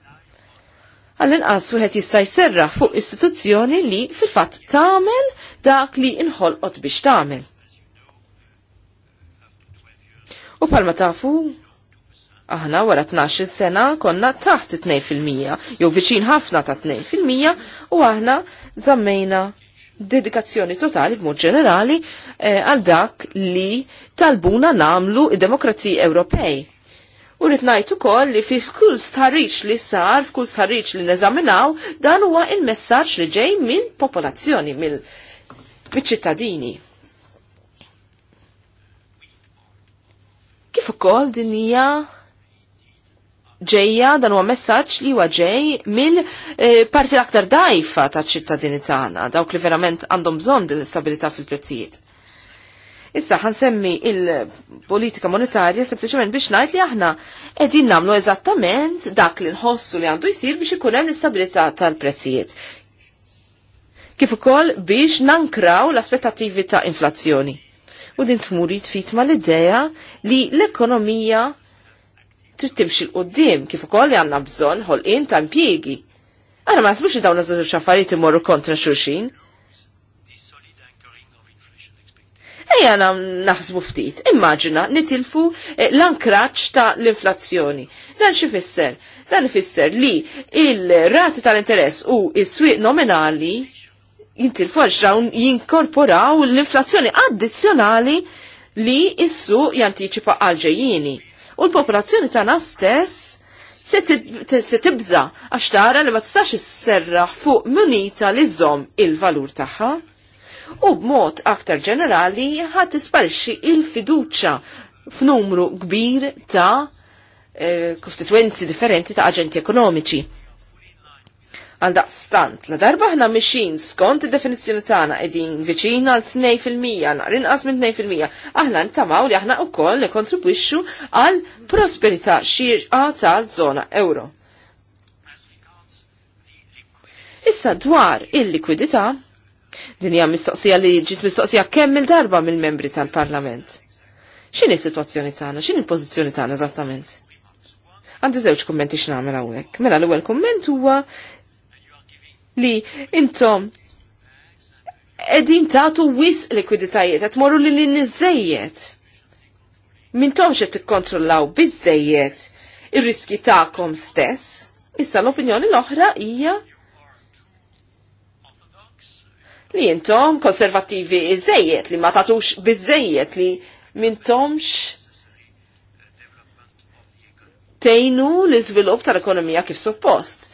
Speaker 1: għall-inqas wieħed jista' jserraħ fuq istituzzjoni li fil-fatt tagħmel dak li inħolqot biex tagħmel. U palma tafu, aħna wara 12 sena konna taħt 2% jew viċin ħafna ta' 2% u aħna zammejna dedikazzjoni totali b'mod ġenerali eh, għal dak li talbuna namlu id-demokrazija Ewropej U ritnajt ukoll li fi kull starriċ li sar, f'kull starriċ li neżaminaw, dan huwa il-messaġġ li ġej minn popolazzjoni, mill ċittadini. Kif ukoll din hija ġejja dan huwa messaġġ li huwa ġej mill eh, parti l-aktar dajfa taċ ċittadini tagħna, dawk li verament għandhom bżonn din l-istabilità fil-prezzijiet. Issa ħansemmi il-politika monetarja sempliċement biex ngħid li aħna qegħdin nagħmlu eżattament dak li nħossu li għandu jsir biex ikun hemm l-istabilità tal-prezzijiet. Kif ukoll biex nankraw l-aspettattivi ta' inflazzjoni. U din tmuri tfit ma l-idea li l-ekonomija trid timxi l-qoddim kif ukoll li għandna bżonn ħolqien ta' impjiegi. Ara ma sbux li dawn iż-żewġ affarijiet imorru kontra xulxin. Ejja naħsbu ftit, immaġina nitilfu eh, l-ankraċ ta' l-inflazzjoni. Dan xi fisser? Dan ifisser li il-rati tal-interess u is-swieq nominali jintilfu għal jinkorporaw l-inflazzjoni addizzjonali li issu jantiċipa għalġejjini. U l-popolazzjoni tagħna stess se tibża għax tara li ma tistax isserraħ fuq munita li zom il-valur tagħha u b'mod aktar ġenerali ħad tisparixxi il fiduċja f'numru kbir ta' eh, kostituenzi differenti ta' aġenti ekonomiċi. Għal daqstant, la darba ħna mixin skont id-definizzjoni tagħna qegħdin viċin għal 2% na' inqas minn 2%. Aħna ntamaw li aħna wkoll nikkontribwixxu għal prosperità xirqa' tal-żona euro. Issa dwar il-likwidità, Din hija mistoqsija li ġiet mistoqsija kemm il-darba mill-membri tal-Parlament. X'inhi s-sitwazzjoni tagħna, x'inhi l-pożizzjoni tagħna eżattament? Għandi żewġ kummenti x'nagħmel hawnhekk. Mela l-ewwel kumment huwa li intom edin tatu wis likwiditajiet, għet morru li l-nizzejiet. Mintom xe t-kontrollaw bizzejiet riski ta'kom stess. Issa l-opinjoni l-oħra hija li jintom konservativi iżejjed li ma tatux bizzejiet li mintomx tejnu l iżvilupp tal-ekonomija kif suppost.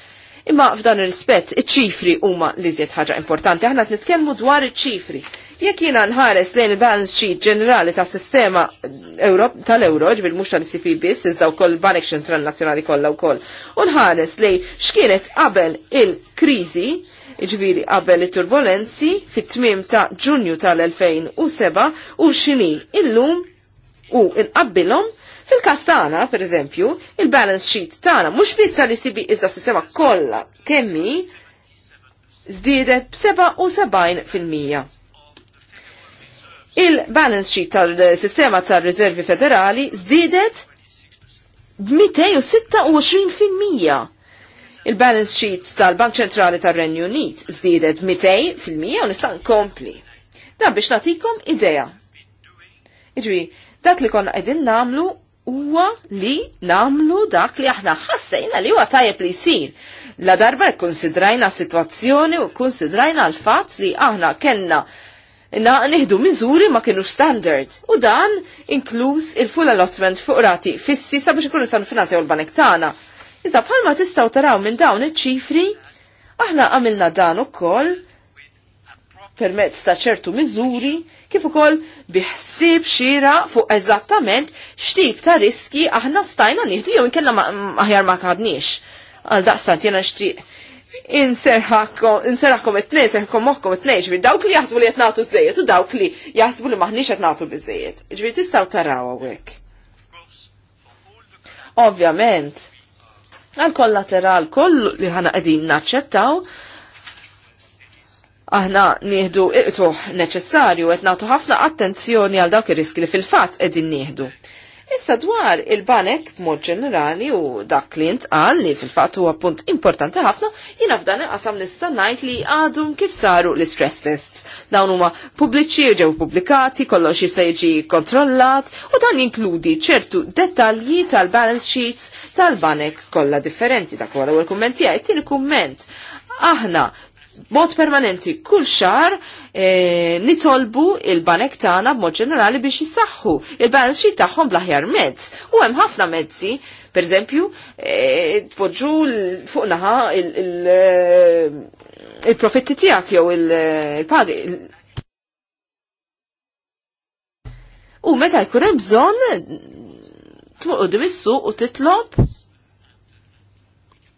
Speaker 1: Imma f'dan ir-rispett, iċ-ċifri huma li żied ħaġa importanti. Aħna qed nitkellmu dwar iċ-ċifri. Jekk jiena nħares lejn il-balance sheet ġenerali tas sistema tal-euro, ġbil mhux tal-CP biss, iżda wkoll Bank Central Nazzjonali kollha wkoll, u nħares lejn x'kienet qabel il-kriżi, iġviri qabel it-turbulenzi fit-tmim ta' ġunju tal-2007 u xini illum u inqabbilhom Fil-kas tagħna, pereżempju, il-balance sheet tagħna mhux biss tal sibi iżda sistema kollha kemmi żdiedet mija Il-balance sheet tal-sistema tal-Riservi Federali żdiedet fil-mija. Il-balance sheet tal-Bank Ċentrali tar-Renju Unit zdidet 200 fil-mija u nista' nkompli. Dan biex nagħtikom idea. Iġri, dak li konna qegħdin namlu huwa li namlu dak li aħna ħassejna li huwa tajjeb li jsir. La darba konsidrajna situazzjoni u konsidrajna l-fatt li aħna kenna na nieħdu miżuri ma kienu standard u dan inkluż il-full allotment fuq rati fissi sabiex ikun san finanzjaw l-banek tagħna Iżda bħalma tistaw taraw minn dawn iċ-ċifri, aħna għamilna dan ukoll permezz ta' ċertu miżuri kif ukoll biħsib xira fuq eżattament x'tip ta' riski aħna stajna nieħdu jew inkella aħjar ma kadniex. Għal daqstant jiena xtieq inserħakom it-nej, serħakom moħkom it-nej, ġbir dawk li jaħsbu li qed nagħtu u dawk li jaħsbu li maħniex qed nagħtu biżejjed. Ġbir tistgħu taraw hawnhekk. Ovvjament, għal-kollateral koll li ħana qegħdin naċċettaw aħna nieħdu iqtuħ neċessarju qed nagħtu ħafna attenzjoni għal dawk ir-riski li fil-fatt qegħdin nieħdu. Issa dwar il-banek b'mod ġenerali u dak li ntqal li fil-fatt huwa punt importanti ħafna, jiena f'dan il-qasam nista' ngħid li għadhom kif saru l-stress tests. Dawn huma pubbliċi u ġew pubblikati, kollox jista' jiġi kontrollat u dan jinkludi ċertu dettalji tal-balance sheets tal-banek kollha differenti dak wara l-kumment tiegħi. Tieni kumment aħna mod permanenti kull xar e, nitolbu il-banek tagħna b'mod ġenerali biex jisaxħu il-balance sheet tagħhom bl-aħjar mezz. U hemm ħafna mezzi, per eżempju, e, tpoġġu fuq naħa il-profitti il, il e, tiegħek jew il-pagi. Il u meta jkun hemm bżonn tmuqdu mis-suq u titlob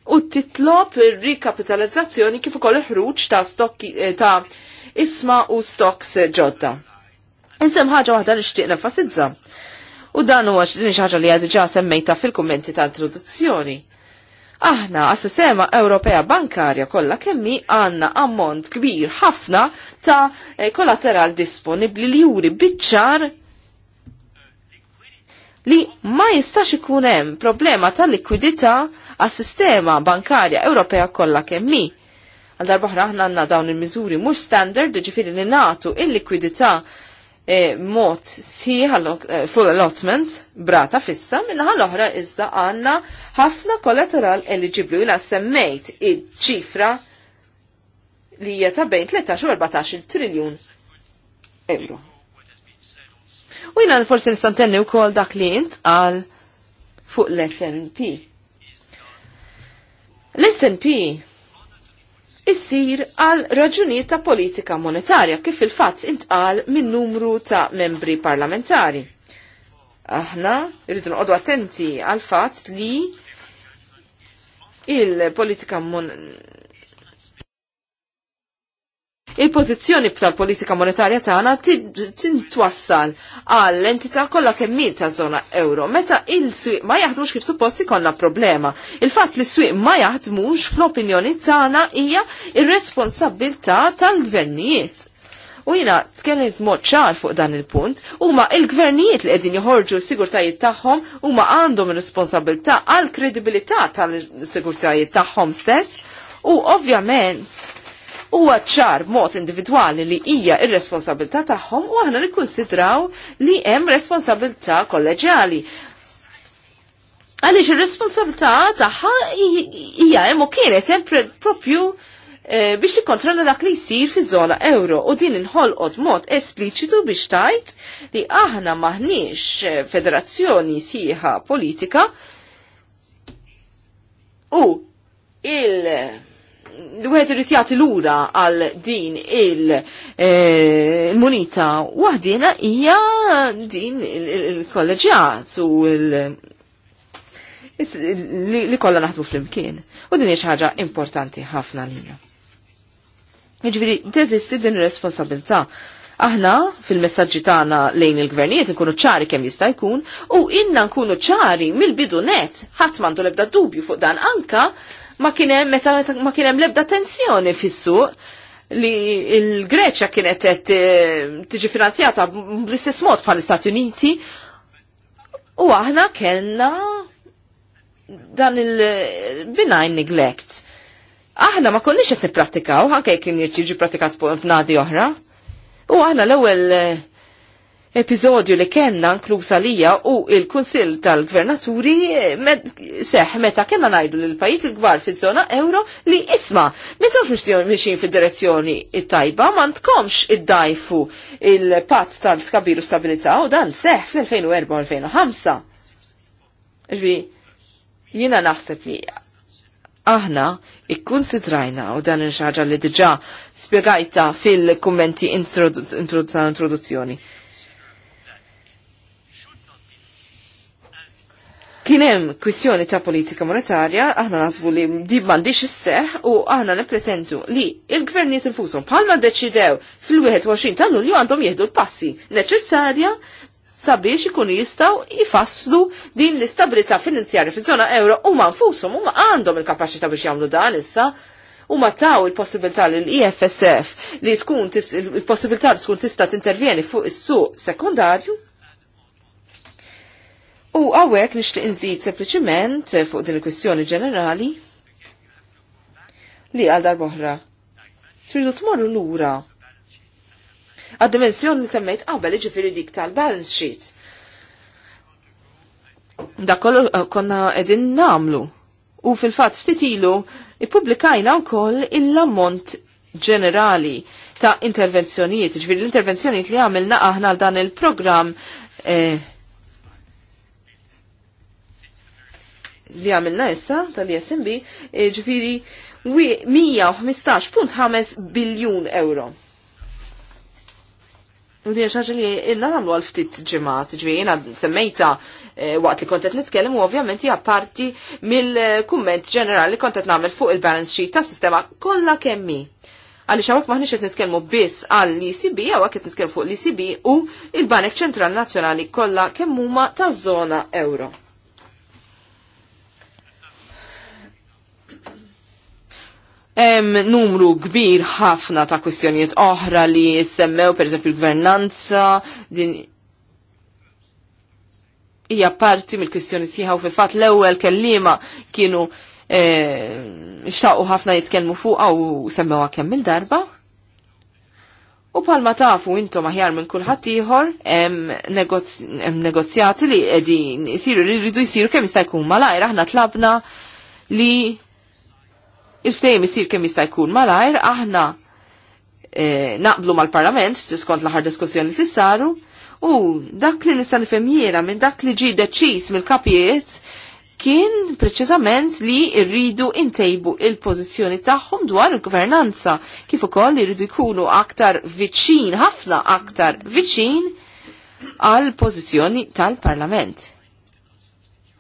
Speaker 1: u titlob rikapitalizzazzjoni kif ukoll il-ħruġ ta' stokki eh, ta' isma u stocks ġodda. Insem ħaġa waħda li xtieq nefasizza. U dan huwa din ħaġa li diġà semmejta fil-kummenti ta' introduzzjoni. Aħna għas sistema Ewropea bankarja kollha kemmi għandna ammont kbir ħafna ta' eh, kollateral disponibbli li juri biċċar li ma jistax ikun hemm problema tal-likwidità għas-sistema bankarja Ewropea kollha kemm hi. Għal darbaħra aħna għandna dawn il-miżuri mhux standard, ġifieri li nagħtu il-likwidità e, mod sħiħ e, full allotment brata fissa minnaħa l-oħra iżda għanna ħafna kollateral eligibli jina semmejt il-ċifra li hija ta' bejn 13 u 14 triljun euro. U jina forse nistantenni u kol dak li jint għal fuq l-SNP. L-SNP jissir għal raġunijiet ta' politika monetarja kif il-fatt intqal minn numru ta' membri parlamentari. Aħna rridu noqogħdu attenti għal fatt li il-politika mon il-pozizjoni tal-politika monetarja tagħna tintwassal għall entità kollha kemmin ta' żona euro. Meta il-swieq ma jaħdmux kif supposti konna problema. Il-fatt li swieq ma jaħdmux fl-opinjoni tagħna hija ir-responsabilità tal-gvernijiet. U jina tkellimt mod ċar fuq dan il-punt, huma il-gvernijiet li qegħdin joħorġu s-sigurtajiet tagħhom huma għandhom responsabilità għall kredibilità tal-sigurtajiet tagħhom stess u ovvjament huwa ċar mod individwali li hija ir-responsabilità tagħhom u aħna nikkunsidraw li hemm responsabilità kolleġjali. Għaliex ir-responsabilità tagħha hija hemm u kienet hemm propju eh, biex ikkontrolla dak li jsir fi żona euro u din inħolqot mod espliċitu biex tajt li aħna maħniex eh, federazzjoni sieħa politika u il wieħed irid jagħti lura għal din eh, il-munita e, waħdina hija din il-kolleġjat u li kollha naħdmu flimkien. U din hija ħaġa importanti ħafna lina. Jiġifieri teżisti din ir-responsabilità aħna fil-messagġi tagħna lejn il-gvernijiet ikunu ċari kemm jista' jkun u inna nkunu ċari mill-bidu net ħadd m'għandu l-ebda dubju fuq dan anka ma kienem meta ma kienem lebda tensjoni fis-suq li il-Greċja kienet qed eh, tiġi finanzjata bl-istess mod pal istati Uniti u aħna kellna dan il-benign eh, neglect. Aħna ma konniex qed nippratikaw, anke kien jirtiġi pratikat f'nadi oħra. U aħna l-ewwel eh, episodju li kenna nklusa lija u il-Kunsil tal-Gvernaturi med, seħ meta kena najdu l pajjiż il-gbar fi zona euro li isma. Minn tafx miexin fi direzzjoni it-tajba, ma ntkomx id-dajfu il-pat tal skabiru stabilita u dan seħ fl-2004-2005. Ġvi, jina naħseb li aħna ikkonsidrajna u dan il-xaġa li diġa spiegajta fil-kommenti introduzzjoni. Introdu introdu kienem kwistjoni ta' politika monetarja, aħna nasbu li di mandiċ s-seħ u aħna nipretentu li il-gvernijiet infusom palma deċidew fil-21 ta' lulju għandhom jihdu l-passi neċessarja sabiex ikun jistaw jifasslu din l-istabilità finanzjarja fi zona euro u ma' nfusom u ma' għandhom il-kapacita biex jamlu dan issa u ma taw il-possibilità l-IFSF li tkun il-possibilità li tkun tista' t-intervjeni fuq is-suq sekundarju U għawek nishtiq nżid sempliciment eh, fuq din il-kwistjoni ġenerali li għal darboħra. Tridu tmorru l-ura. Għad-dimensjoni li semmejt qabel iġifiri dik tal-balance sheet. Da kollu eh, konna edin namlu. U fil-fat titilu, i-publikajna u koll il-lammont ġenerali ta' intervenzjonijiet, ġifiri l-intervenzjonijiet li għamilna aħna għal dan il-program eh, li għamilna issa tal-ISMB eh, ġifiri 115.5 biljun euro. U din xaġa li jenna namlu għal ftit ġemat, ġvi jena semmejta eh, waqt li kontet nitkellem u ovvjament hija parti mill-kumment ġenerali li kontet namel fuq il-balance sheet ta' sistema kollha kemmi. Għaliex hawnhekk maħniex qed nitkellmu biss għal ecb għawak qed nitkellmu fuq l-ECB u il-Banek Ċentral Nazzjonali kollha kemm huma taż-żona euro. Hemm numru kbir ħafna ta' kwistjonijiet oħra li semmew pereżempju l-gvernanza din hija parti mill-kwistjoni sħiħa u fil-fatt l-ewwel kellima kienu eh, xtaqu ħafna jitkellmu fuq u semmew kemm il-darba. U palma tafu intom aħjar minn kulħadd ieħor hemm negozjati li qegħdin isiru jridu jsiru kemm jista' jkun malajr aħna tlabna li il-ftejm isir kemm jista' jkun malajr, aħna e, naqblu mal-parlament, skont l-aħħar diskussjoni li saru, u dak li nista' nifhem jiena minn dak li ġie deċiż mill-kapijiet kien preċiżament li rridu intejbu il-pożizzjoni tagħhom dwar il-gvernanza kif ukoll irridu jkunu aktar viċin, ħafna aktar viċin għal pożizzjoni tal-Parlament.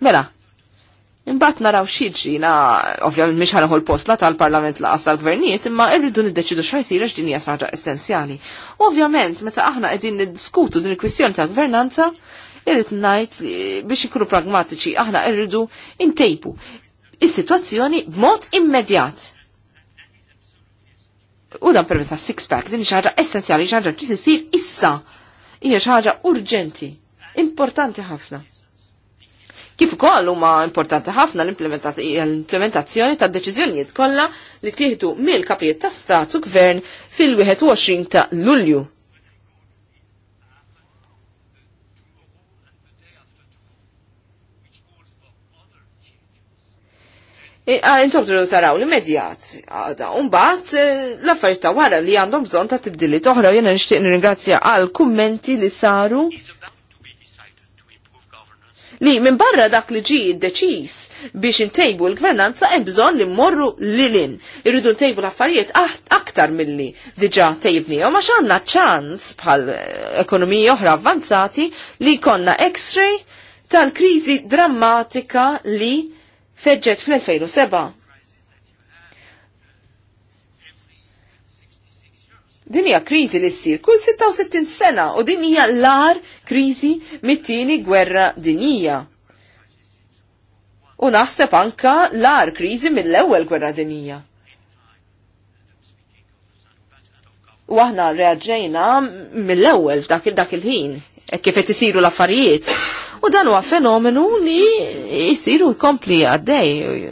Speaker 1: Mela, Imbat naraw xieġi, na, ovvjament miex post postla tal-parlament laqas tal-gvernijiet, imma irridu niddeċidu xħajsir għax din hija xaġa essenzjali. Ovvjament, meta aħna qegħdin niddiskutu din il-kwistjoni tal-gvernanza, irrid ngħid biex ikunu pragmatiċi, aħna irridu intejpu is-sitwazzjoni b'mod immedjat. U dan permessa six-pack, din xaġa essenzjali, xaġa ġi issir issa. Hija xaġa urġenti, importanti ħafna. Kif ukoll huma importanti ħafna l-implementazzjoni ta' deċiżjonijiet kollha li tieħdu mill-kapijiet ta' stat u gvern fil-21 ta' Lulju. E, intom taraw li medjat għada. unbat e, l-affarita wara li għandhom bżon ta' tibdili toħra jena nishtiq nirringrazzja għal kummenti li saru li minn barra dak li ġi deċis biex intejbu l-gvernanza hemm bżonn li mmorru lilin. Irridu ntejbu l-affarijiet aktar milli diġà u għax għandna ċans bħal eh, ekonomiji oħra avvanzati li konna x-ray tal-kriżi drammatika li feġġet fl-2007. Din hija kriżi li ssir kull 66 sena u din hija l-ar kriżi mit-tieni gwerra dinija. U naħseb anka l-ar kriżi mill-ewwel gwerra dinija. U aħna reaġġejna mill-ewwel dak il-ħin, kif qed isiru l-affarijiet. U dan huwa fenomenu li jsiru jkompli għaddej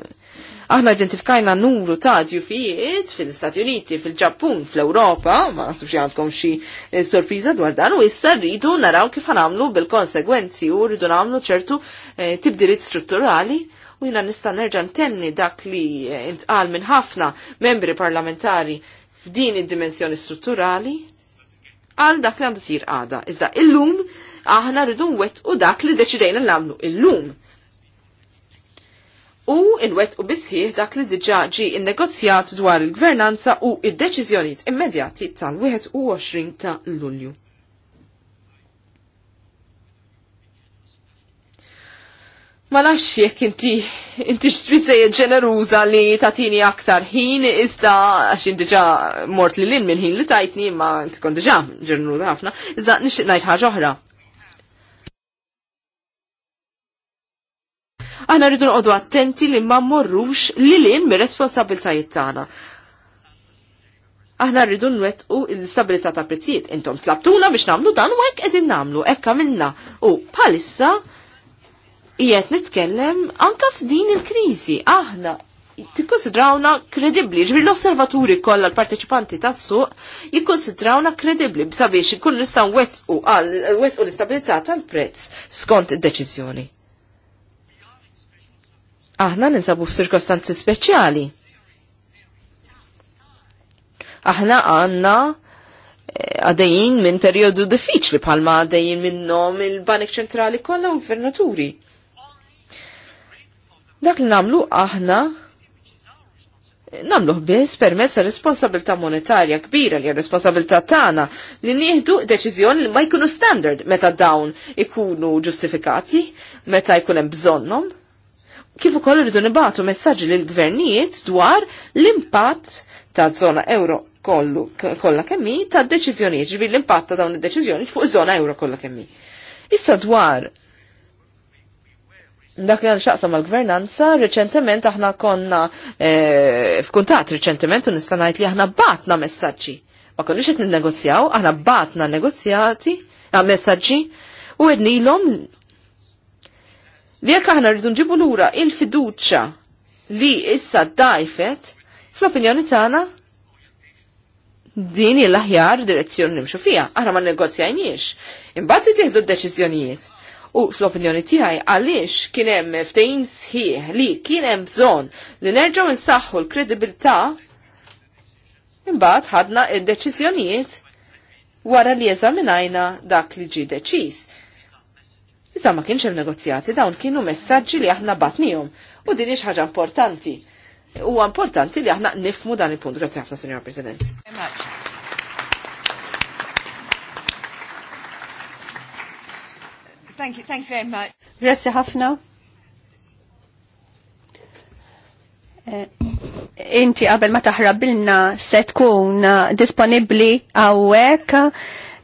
Speaker 1: Aħna identifikajna numru ta' djufijiet fil-Stati Uniti, fil-Ġappun, fl-Europa, ma nasibx għandkom xi eh, sorpriża dwar dan, u issa rridu naraw kif għamlu bil-konsegwenzi u rridu nagħmlu ċertu eh, tibdiriet strutturali u jina nista nerġa' ntenni dak li eh, intqal minn ħafna membri parlamentari f'din id-dimensjoni strutturali għal dak li għandu sir għada. Iżda illum aħna rridu nwettqu u dak li deċidejna l-għamlu illum u il-wet u bissieħ dak li diġa ġi innegozjat dwar il-gvernanza u il deċiżjonijiet immedjati tal-21 ta' Lulju. Ma nafx jekk inti inti xtrisejja ġeneruża li tatini aktar ħin iżda għax inti ġa mort li lin mill-ħin li tajtni ma inti kont diġà ġeneruża ħafna, iżda nixtieq ngħid ħaġa oħra. Aħna rridu noqogħdu attenti li ma mmorrux lilin mir-responsabiltajiet tagħna aħna rridu nwettqu l-istabilità ta' prezzijiet. Intom tlabtuna biex namlu dan u hekk qegħdin namlu, hekk għamilna. U bħalissa qiegħed nitkellem anka f'din il-kriżi. Aħna tikkonsidrawna kredibbli, ġbir l-osservaturi kollha l-parteċipanti tas-suq jikkonsidrawna kredibbli sabiex ikun nistgħu wettqu wettqu l-istabilità tal-prezz skont id-deċiżjoni aħna ninsabu f'sirkostanzi speċjali. Aħna għanna eh, għadajin minn periodu diffiċli palma għadajin nom il-Banek ċentrali kollha u gvernaturi Dak li namlu aħna namluħ biss permezz responsabilta monetarja kbira li responsabilta tagħna li nieħdu deċiżjoni li ma jkunu standard meta dawn ikunu ġustifikati, meta jkun hemm bżonnhom kif ukoll rridu nibatu messaġġi lil gvernijiet dwar l-impatt ta' zona euro kollu kollha kemmi ta' deċiżjonijiet, ġifieri l-impatt ta' dawn id-deċiżjonijiet fuq żona euro kollha kemmi. Issa dwar dak li xaqsam mal gvernanza reċentement aħna konna eh, f'kuntat reċentement u nistanajt li aħna batna messaġġi. Ma konniex qed negozjaw aħna batna negozjati, messaġġi u għednilhom li jekk aħna rridu nġibu lura il-fiduċa li issa dajfet, fl-opinjoni tagħna din l-aħjar direzzjoni nimxu fija, aħna ma negozjajniex. Imbagħad tieħdu d-deċiżjonijiet. U fl-opinjoni tiegħi għaliex kien hemm ftehim sħiħ li kien hemm bżonn li nerġgħu nsaħħu l-kredibilità imbagħad ħadna d deċiżjonijiet wara li eżaminajna dak li ġi deċiż. Iżda ma kienx hemm negozjati dawn kienu messaġġi li aħna batnihom u din hija ħaġa importanti. Huwa importanti li aħna nifmu dan il-punt. Grazzi ħafna, Sinjor President. Thank you, thank you very much.
Speaker 2: Grazie ħafna. Eh, inti qabel ma taħrabilna se tkun disponibbli hawnhekk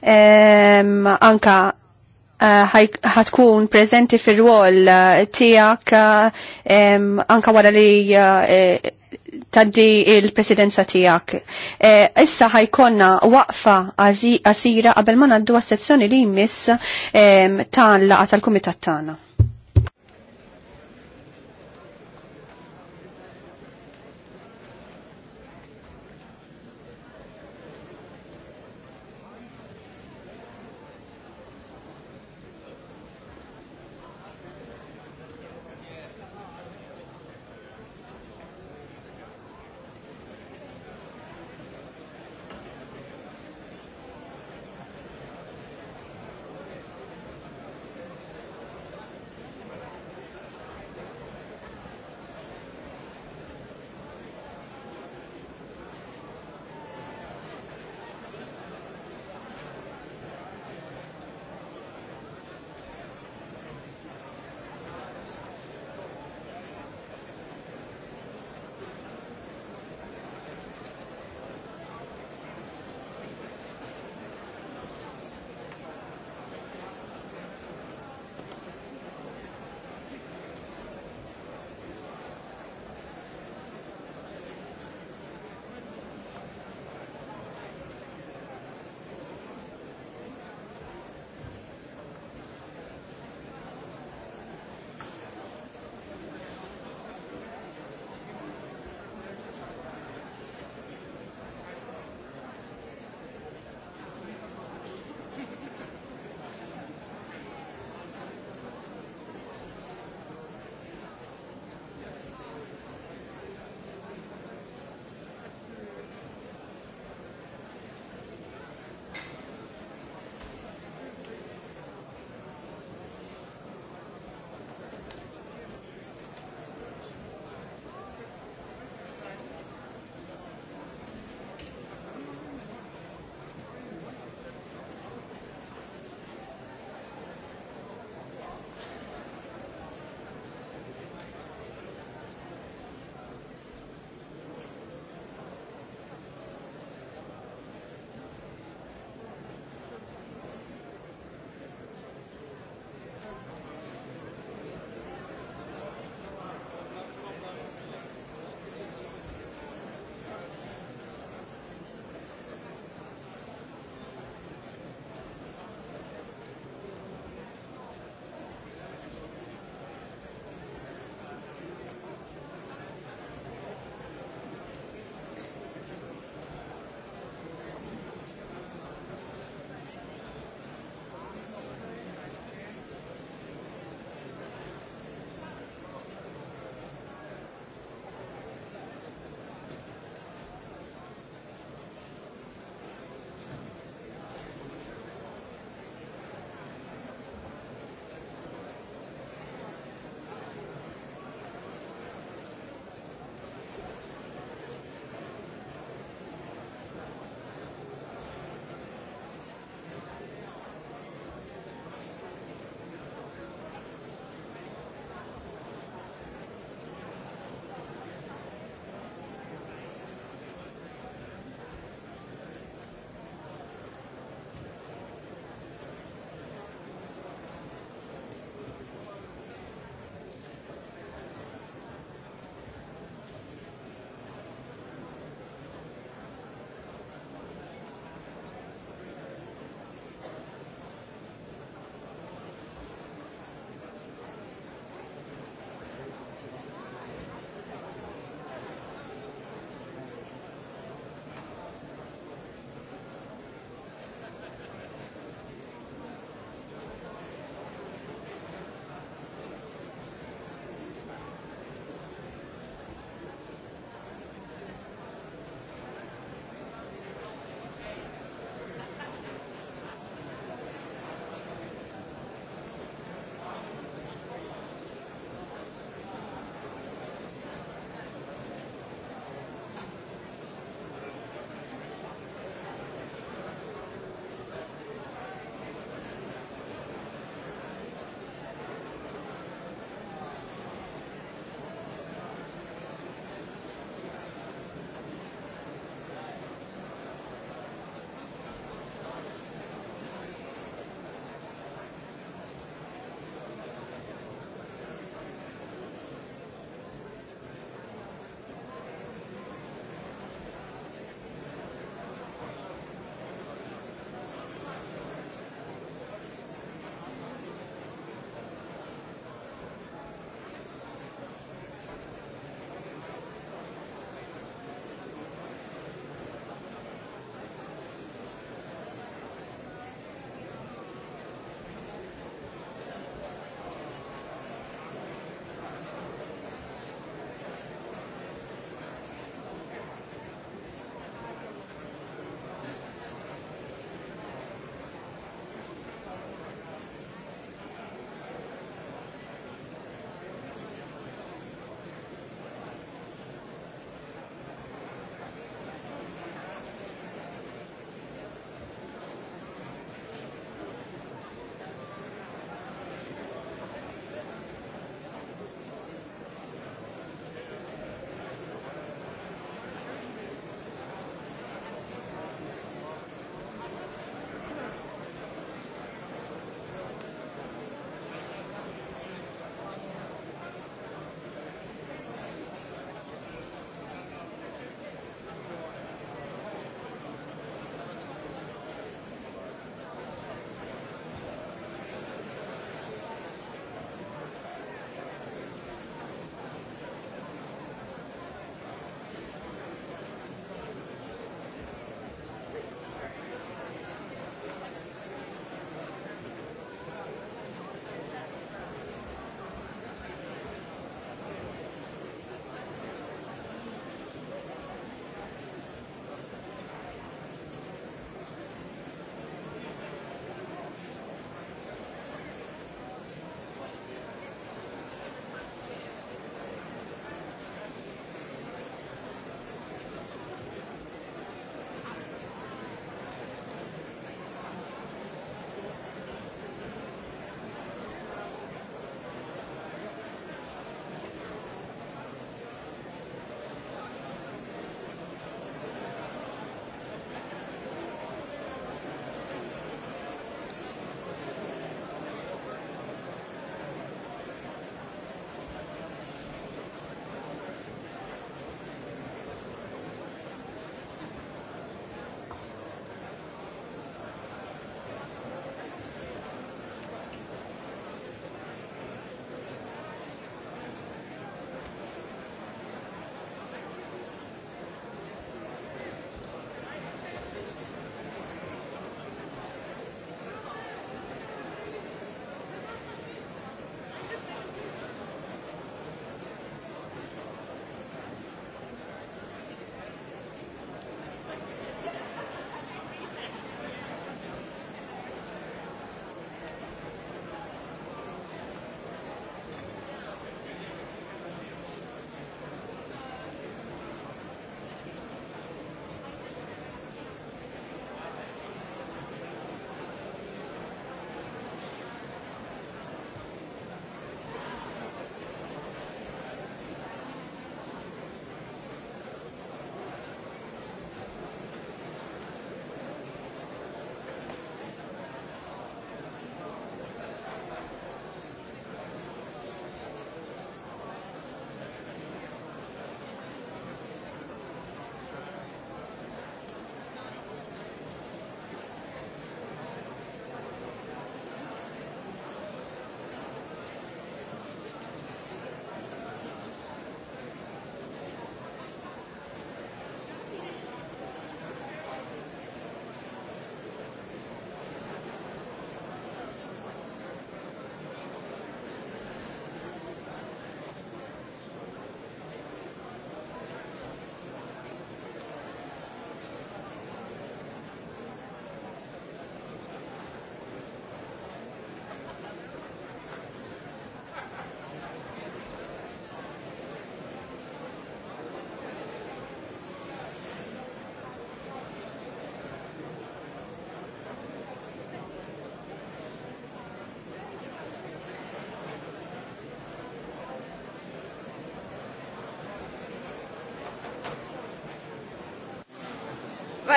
Speaker 2: ehm, anka Eh, ħatkun prezenti fir-rwol eh, tiegħek eh, anka wara li taddi il-presidenza tiegħek. Issa ħajkonna waqfa għasira qabel ma ngħaddu għas-sezzjoni li jmiss tal-laqa tal-kumitat tagħna.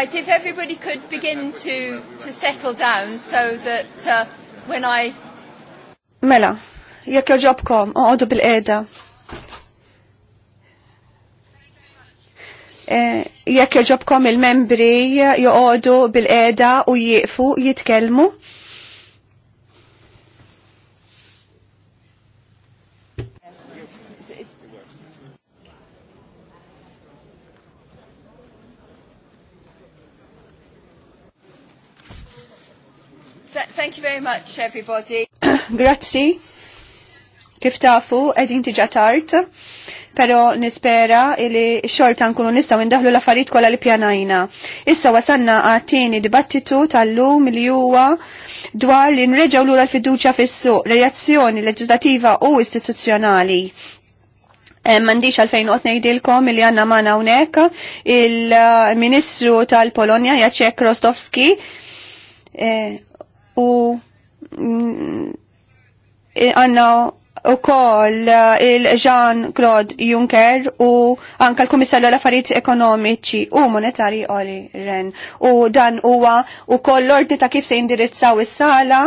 Speaker 1: Right, if everybody could begin to, to settle down so that uh, when I...
Speaker 2: Mela, jekk joġobkom, uqodu bil-qeda. Eh, jekk joġobkom il-membri joqodu bil-qeda u jieqfu jitkelmu. much everybody. Grazzi. Kif tafu, edin tiġa tard, pero nispera li xorta nkunu nistaw indahlu l-affarijiet kollha li pjanajna. Issa wasanna għatini dibattitu tal-lum li dwar li l lura l-fiduċja fis-suq, reazzjoni leġislativa u istituzzjonali eh, mandiċ għalfejn qot nejdilkom il għanna maħna unek il-ministru tal-Polonja Jacek Rostowski e, u Mm, għanna u koll eh, il-Jean-Claude Juncker u anka l-Komissarju l-Affarijiet Ekonomiċi u Monetari Oli Ren. U dan huwa u koll l-ordni ta' kif se jindirizzaw is-sala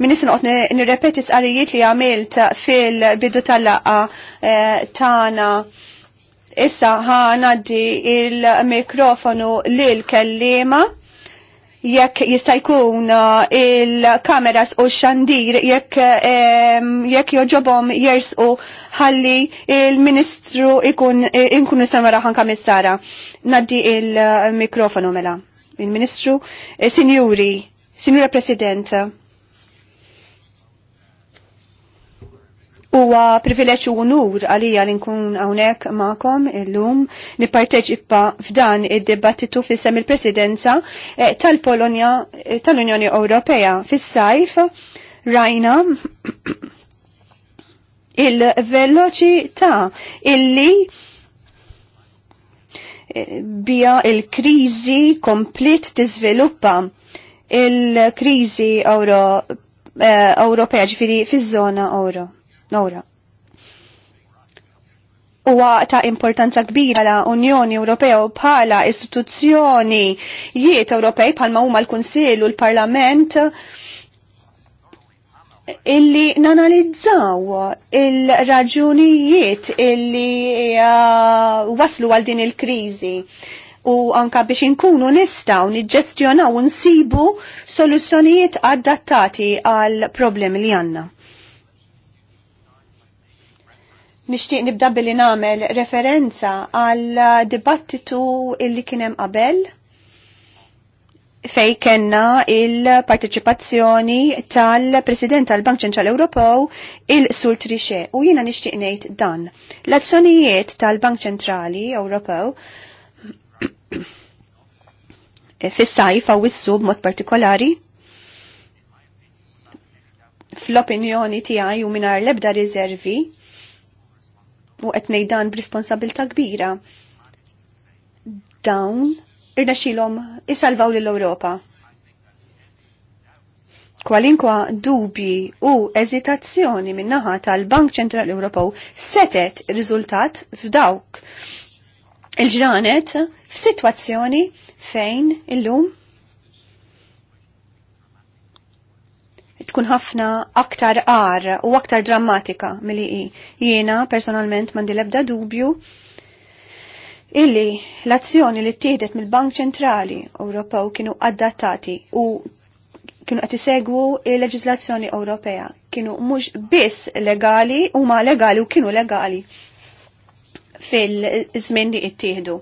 Speaker 2: minn nisnqot nirrepeti sqarijiet li għamilt fil-bidu tal laqgħa eh, tagħna tana. Issa ħanaddi il-mikrofonu lil kellima jekk jista' jkun uh, il-kameras u xandir jekk jekk joġobhom jersqu ħalli il-Ministru ikun inkunu samara ħanka sara Naddi il-mikrofonu mela. Il-Ministru, eh, Sinjuri, Sinjura President, Huwa privileġġ u unur għalija li nkun hawnhekk magħkom illum nipparteċipa f'dan id-dibattitu fissem il-Presidenza eh, tal-Polonja eh, tal-Unjoni Ewropea fis-sajf rajna il-veloċità illi eh, bija il-krizi komplit tiżviluppa il-krizi Ewropea ġifiri fiż-żona Euro. Nora. Huwa ta' importanza kbira la Unjoni Ewropea bħala istituzzjoni jiet Ewropej bħalma huma l-Kunsill u l-Parlament illi nanalizzaw il-raġunijiet illi eh, waslu għal din il-krizi u anka biex inkunu nistaw niġġestjonaw nsibu soluzzjonijiet adattati għal problemi li għanna. Nixtieq nibda billi nagħmel referenza għal dibattitu illi kien hemm qabel fej kenna il-parteċipazzjoni tal-President tal-Bank Ċentral Ewropew il-Sur Trixe u jiena nixtieq ngħid dan. L-azzjonijiet tal-Bank Ċentrali Ewropew fis-sajf għaw issu b'mod partikolari fl-opinjoni tiegħi u mingħajr l-ebda riservi u qed dan b'responsabilta kbira. Dawn irnexxilhom isalvaw lill-Ewropa. Kwalinkwa dubi u eżitazzjoni min-naħa tal-Bank Ċentrali Ewropew setet riżultat f'dawk il-ġranet f'sitwazzjoni fejn illum tkun ħafna aktar qar u aktar drammatika milli li Jiena personalment m'għandi l-ebda dubju illi l-azzjoni li ttieħdet mill-Bank Ċentrali Ewropew kienu adattati u kienu qed isegwu l-leġiżlazzjoni Ewropea. Kienu mhux biss legali huma legali u kienu legali fil-żmien li ttieħdu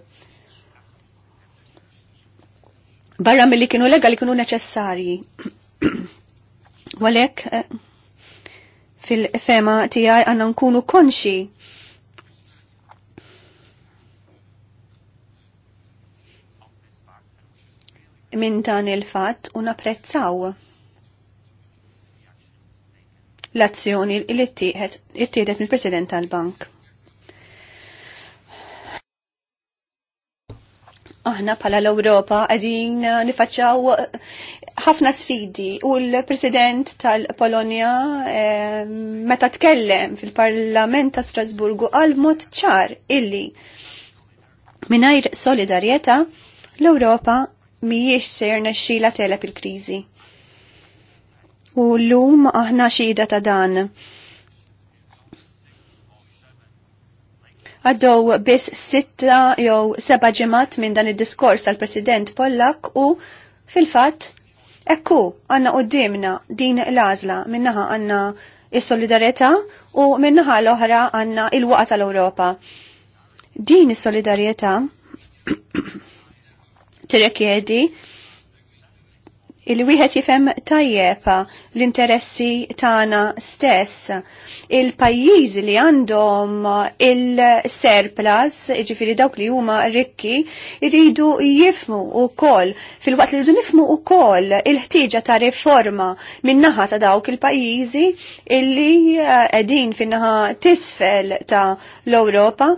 Speaker 2: barra mill-li kienu legali kienu neċessarji. Walek eh, fil-fema tijaj għanna nkunu konxi minn dan il-fat u napprezzaw l-azzjoni li ttieħed mill-President tal-Bank. Aħna pala l-Ewropa qegħdin nifaċċaw ħafna sfidi u l-President tal polonia eh, meta tkellem fil-Parlament ta' Strasburgu għal mod ċar illi minajr solidarieta l-Europa miex ser nexxila telep il-krizi. U l-lum aħna xida ta' dan. Għaddow bis sitta jew seba ġemat minn dan id-diskors tal-President Pollak u fil-fatt Ekku, għanna dimna din l-azla minnaħa għanna il-solidarieta u minnaħa l-oħra għanna il-waqa tal-Europa. Din il-solidarieta t-rekjedi il wieħed jifhem tajjeb l-interessi tagħna stess. Il-pajjiżi li għandhom il-surplus, jiġifieri dawk li huma rikki, jridu jifmu wkoll fil-waqt li rridu nifmu wkoll il-ħtieġa ta' riforma min-naħa ta' dawk il-pajjiżi illi eh, qegħdin fin-naħa tisfel ta' l-Ewropa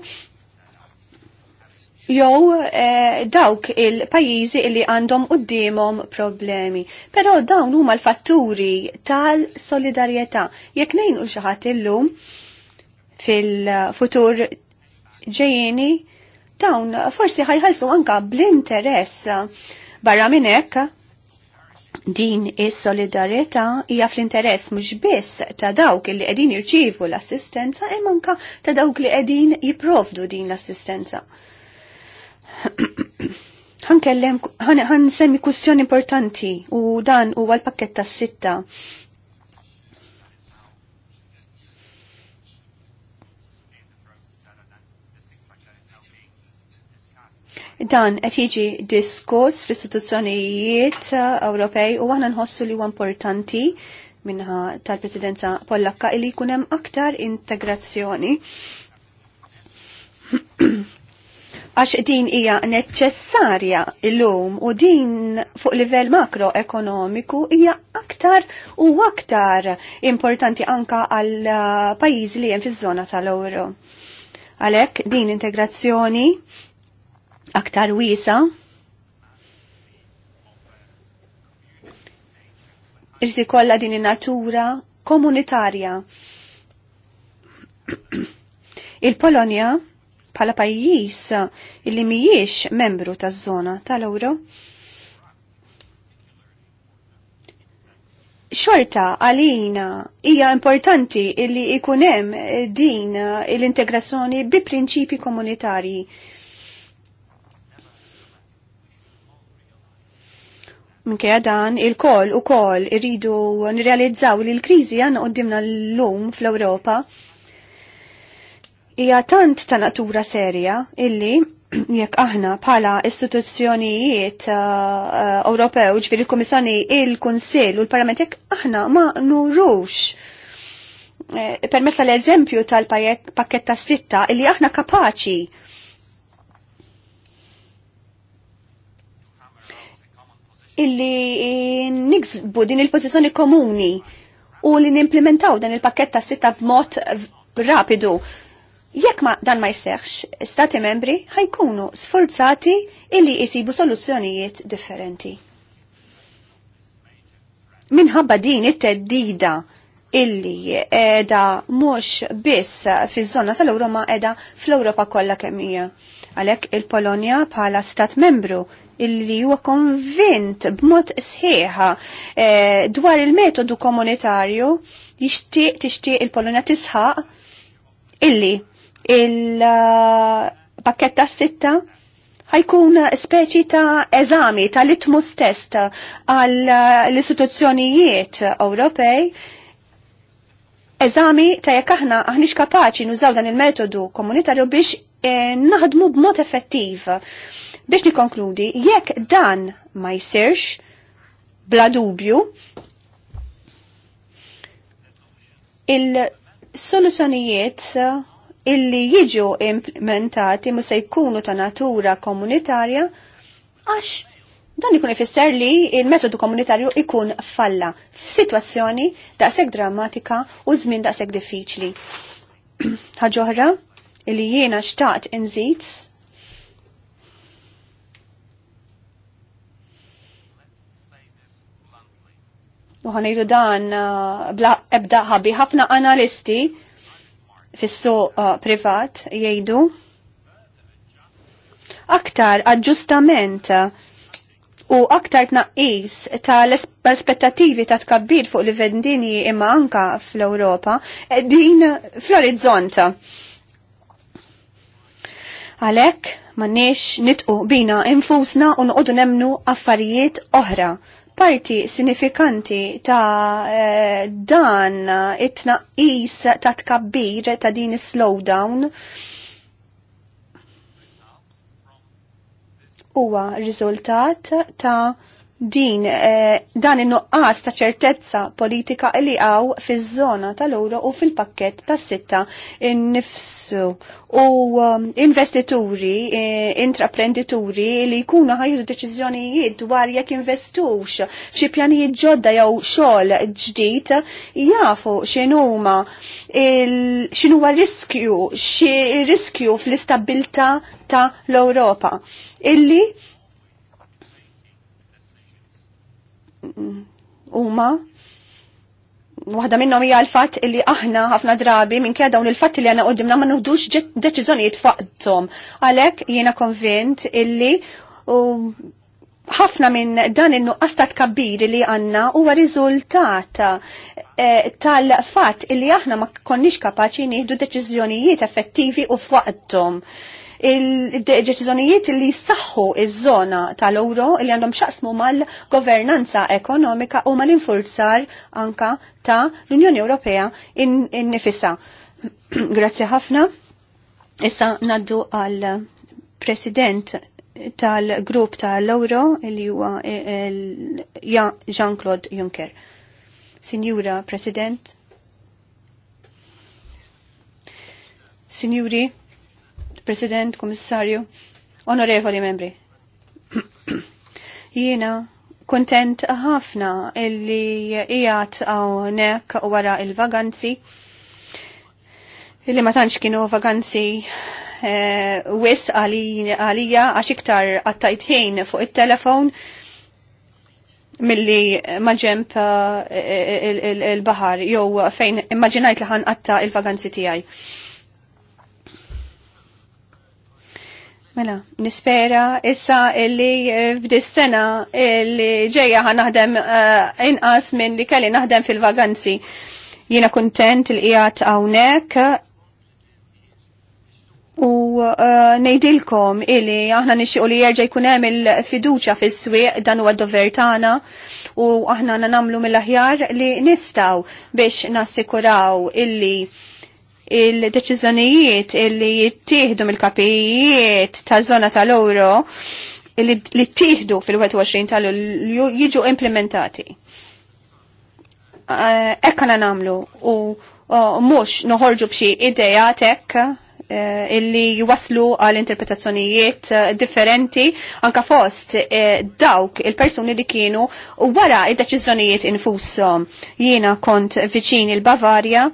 Speaker 2: jew eh, dawk il-pajjiżi li għandhom qudiemhom problemi. Però dawn huma l-fatturi tal-solidarjetà. Jekk ngħin u xi ħadd illum fil-futur ġejjeni, dawn forsi ħajħalsu anka bl-interess barra minn hekk din is-solidarjetà hija fl-interess mhux biss ta' dawk li qegħdin jirċievu l-assistenza imma anka ta' dawk li qegħdin jipprovdu din l-assistenza. ħankellem, ħan semmi kustjoni importanti u dan u għal-pakket tas sitta Dan qed jiġi diskuss fl-istituzzjonijiet Ewropej u aħna nħossu li huwa importanti minħa tal-Presidenza Pollakka li jkun hemm aktar integrazzjoni għax din hija neċessarja l-lum u din fuq livell makroekonomiku hija aktar u aktar importanti anka għal uh, pajjiżi li hemm fiż-żona tal-Ewro. Għalhekk din integrazzjoni aktar wiesa irsi kollha din in-natura komunitarja. Il-Polonja bħala pajjiż illi mhijiex membru taż-żona tal-Ewro. Xorta għalina hija importanti illi ikun hemm din l-integrazzjoni bi prinċipi komunitarji. Minkejja dan il-kol u kol irridu nirrealizzaw li l-kriżi għandna qoddimna l-lum fl-Ewropa hija tant ta' natura serja illi jekk aħna bħala istituzzjonijiet uh, uh, Ewropew, ġifieri il-Kummissjoni, il-Kunsill u l-Parlament jekk aħna ma nurux eh, permess l-eżempju tal-pakketta sitta illi aħna kapaċi illi eh, niksbu din il-pozizjoni komuni u li nimplementaw dan il-pakketta sitta b'mod rapidu Jekk ma dan ma jseħx, stati membri ħajkunu sforzati illi jisibu soluzzjonijiet differenti. Minħabba din it-teddida illi edha mux biss fi zona tal-Euro ma edha fl-Europa kollha kemmija. Għalek il-Polonja bħala stat membru illi huwa konvint b'mod sħiħa eh, dwar il-metodu komunitarju jixtieq tixtieq il-Polonja tisħaq illi il-pakketta sitta ħajkun speċi ta' eżami ta' litmus test għal l-istituzzjonijiet Ewropej eżami ta' jekk aħna aħniex kapaċi nużaw dan il-metodu komunitarju biex eh, naħdmu b'mod effettiv. Biex nikonkludi, jekk dan ma jsirx, bla dubju, il-soluzzjonijiet illi jiġu implementati mu se jkunu ta' natura komunitarja għax dan ikun ifisser li il-metodu komunitarju ikun falla f'sitwazzjoni daqshekk drammatika u żmien daqshekk diffiċli. Ħaġoħra illi jiena xtaqt inżid u ħanejdu dan uh, bla ebda ħabi ħafna analisti fis-suq uh, privat jgħidu aktar aġġustament uh, u aktar tnaqqis tal-aspettativi ta' tkabbir fuq li vendini imma anka fl-Ewropa eh, din fl-orizzont. Għalek, nix nitqu bina infusna u nqodu nemnu affarijiet oħra parti sinifikanti ta' eh, dan it-tnaqqis ta' tkabbir ta' din slowdown huwa riżultat ta' din eh, dan in-nuqqas ta' ċertezza politika li għaw fiż-żona tal uro u fil-pakket tas-sitta innifsu u um, investituri, eh, intraprendituri li jkunu ħajdu deċiżjonijiet dwar jekk investux f'xi pjanijiet ġodda jew xogħol ġdid jafu x'inhuma x'inhuwa riskju, xi riskju fl-istabilta ta' l-Ewropa illi huma waħda minnhom hija l-fatt illi aħna ħafna drabi minkejja dawn il-fatt li għandna qudiemna ma nuhdux deċiżjonijiet faqthom. Għalhekk jiena konvint illi ħafna minn dan in-nuqqas ta' tkabbir li għandna huwa riżultat eh, tal-fatt illi aħna ma konniex kapaċi nieħdu deċiżjonijiet effettivi u f'waqthom il deċizjonijiet li jissaħħu iż-żona tal-euro li għandhom xaqsmu mal-governanza ekonomika u mal-infurzar anka ta' l-Unjoni Ewropea innifisa. In Grazzi ħafna. Issa naddu għal President tal-grupp tal-Euro li huwa eh, eh, Jean-Claude Juncker. Signora President, Signori, President, Komissarju, Onorevoli Membri. Jiena kontent ħafna illi għaw nek wara il-vaganzi illi ma tantx kienu vaganzi e, wis għalija għax iktar għattajt ħin fuq it-telefon milli maġemp eh, il-bahar jew fejn immaġinajt li ħan għatta il-vaganzi tiegħi. Mela, nispera issa illi eh, f'dis sena illi ġeja ħan naħdem uh, inqas minn li kelli naħdem fil-vaganzi. Jiena kuntent il-qijat hawnhekk u uh, ngħidilkom illi aħna nixtiequ li jerġa' jkun hemm il-fiduċja fis-swieq dan huwa d-dover tagħna u aħna nagħmlu mill-aħjar li nistgħu biex nassikuraw illi il-deċiżjonijiet illi jittieħdu mill-kapijiet ta' zona tal-euro li ttieħdu fil-21 tal Lulju jiġu implementati. Eh, Ekkana namlu u mux noħorġu bxi ideja tek eh, illi jwaslu għal interpretazzjonijiet eh, differenti anka fost dawk il-persuni li kienu u wara id deċizjonijiet infushom. Jiena kont viċin il-Bavarja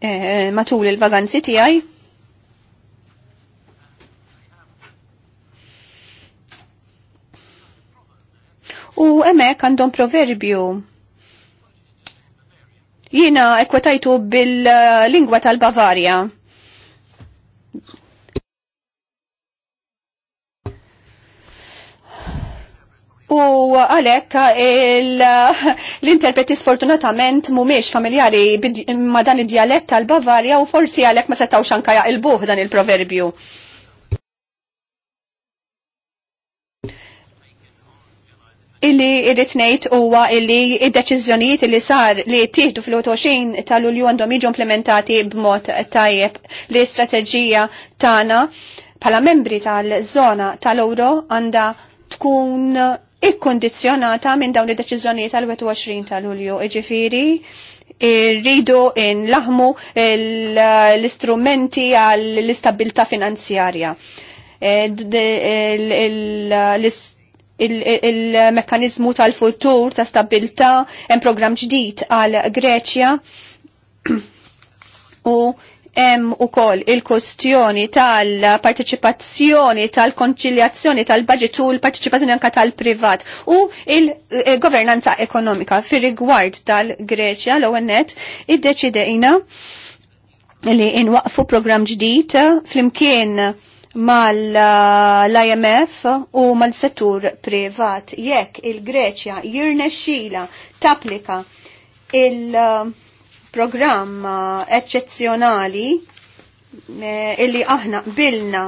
Speaker 2: Eh, matul il-vaganzi tiegħi. U emek għandhom proverbju. Jiena ekwetajtu bil-lingwa tal-Bavarja. U għalek l-interpreti sfortunatament mumiex familjari ma dan id-dialett tal-Bavarja u forsi għalek ma setaw xanka jaqilbuħ dan il-proverbju. Illi irrit ngħid huwa illi id-deċiżjonijiet li sar li tieħdu fil-20 tal-Ulju għandhom jiġu implementati b'mod tajjeb li strateġija tagħna bħala membri tal-żona tal-Ewro għandha tkun ikkondizjonata minn dawn id-deċiżjonijiet tal-21 tal-Ulju. Iġifieri rridu nlaħmu l-istrumenti għall-istabilità finanzjarja. Eh, Il-mekkanizmu tal-futur ta' stabilità hemm programm ġdid għal Greċja u hemm ukoll il-kustjoni tal-parteċipazzjoni tal-konċiljazzjoni tal-budget u l-parteċipazzjoni anka tal-privat u il-governanza ekonomika fir-rigward tal-Greċja l id iddeċidejna li inwaqfu programm ġdid flimkien mal-IMF u mal-settur privat jekk il-Greċja jirnexxila tapplika il- uh, programma eccezzjonali eh, illi aħna bilna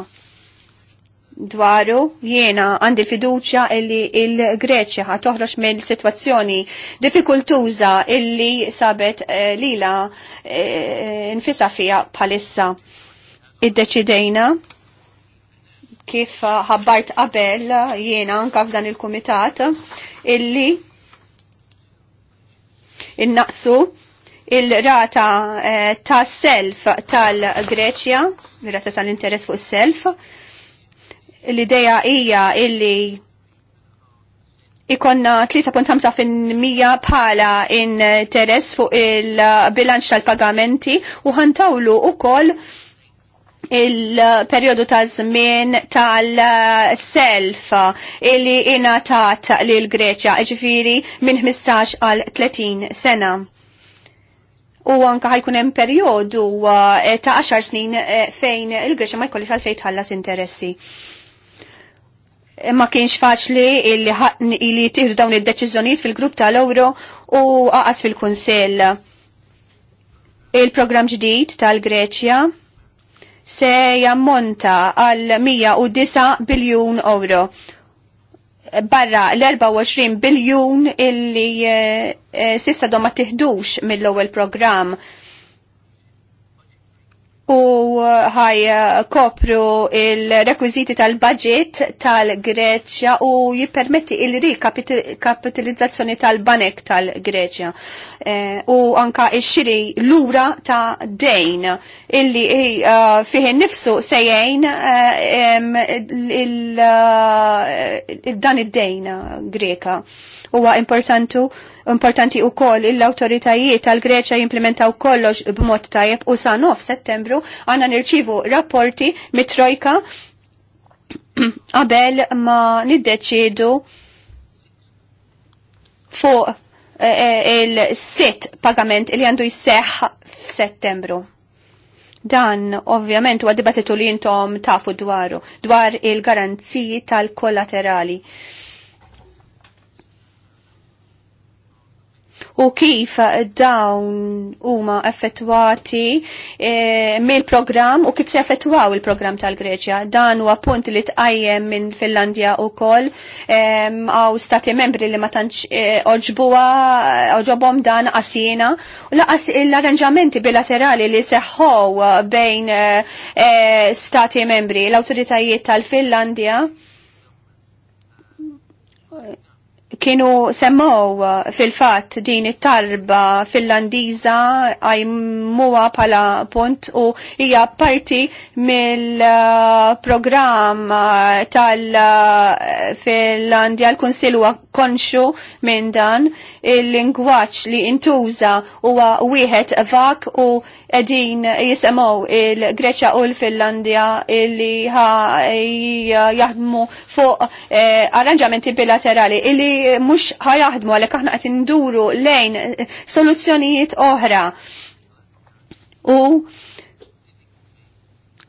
Speaker 2: dwaru jiena għandi fiduċja illi il-Greċja ħa toħroġ minn situazzjoni difikultuża illi sabet eh, lila eh, nfisa fija bħalissa iddeċidejna kif ħabbart qabel jiena anka f'dan il-kumitat illi innaqsu il-rata eh, ta' self tal-Greċja, il-rata tal-interess fuq self. L-ideja hija illi ikonna 3.5% bħala interess fuq il-bilanċ tal-pagamenti u ħantawlu u koll il-periodu ta' żmien tal-self illi inatat lil Greċja, ġifiri minn 15 għal 30 sena u anka ħajkun hemm perjodu uh, eh, ta' 10 snin eh, fejn il-Greċja ma jkollix għalfejn tħallas interessi. Ma kienx faċli li tieħdu dawn id-deċiżjonijiet fil-grupp tal-Ewro u aqas fil-Kunsell. Il-programm ġdid tal-Greċja se jammonta għal 109 biljun euro barra l-24 biljun illi eh, eh, sissa doma ma tiħdux mill-ewwel programm u uh, ħaj uh, kopru il-rekwiziti tal-budget tal-Greċja u jippermetti il-rikapitalizzazzjoni tal-banek tal-Greċja eh, u anka ix-xiri lura ta' dejn illi uh, fih nifsu sejjajn eh, il dan id-dejn Greka huwa importanti wkoll il awtoritajiet tal-Greċja jimplementaw kollox b'mod tajjeb u sa nof settembru għandna nirċivu rapporti mit-trojka qabel ma niddeċidu fuq eh, eh, il-sit pagament li għandu jisseħ f'Settembru. Dan ovvjament huwa dibattitu li intom tafu dwaru dwar il-garanziji tal-kollaterali. u kif dawn huma effettwati eh, mill-programm u kif se effettwaw il-programm tal-Greċja. Dan huwa punt li tqajjem minn Finlandja wkoll għaw stati membri li ma tantx e, oġbuha eh, oġobhom dan qasina u laqas l-arranġamenti bilaterali li seħħow bejn stati membri l-awtoritajiet tal-Finlandja kienu semmow uh, fil-fat din it-tarba finlandiża għajmuwa pala punt u hija parti mill-programm uh, uh, tal tal-fil-landja l-Kunsil konxu minn dan il-lingwaċ li intuża huwa wieħed vak u edin jisemgħu il-Greċa u l-Finlandja li jaħdmu fuq eh, arranġamenti bilaterali illi mhux ħajaħdmu għalhekk aħna qed induru lejn soluzzjonijiet oħra. U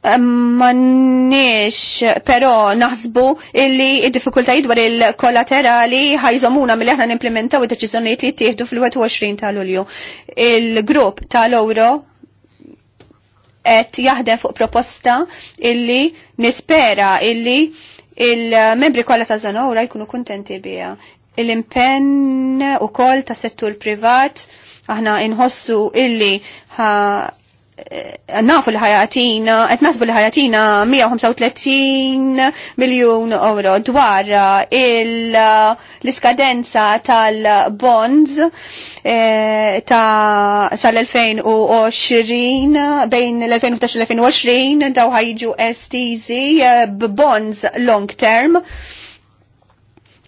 Speaker 2: Mannix, pero naħsbu illi id-difikultajiet dwar il-kollaterali ħajżomuna mill aħna nimplementaw id-deċiżjonijiet li tieħdu fil-21 ta' Lulju. Il-grupp tal-Euro qed jaħdem fuq proposta illi nispera illi il-membri kollha ta' Zanora jkunu kuntenti biha. Il-impenn ukoll ta' settur privat aħna inħossu illi nafu li ħajatina, qed nasbu li ħajatina 135 miljun euro dwar l-iskadenza tal-bonds eh, ta' sal-2020 bejn l-2011 u l-2020 daw ħajġu b eh, b'bonds long term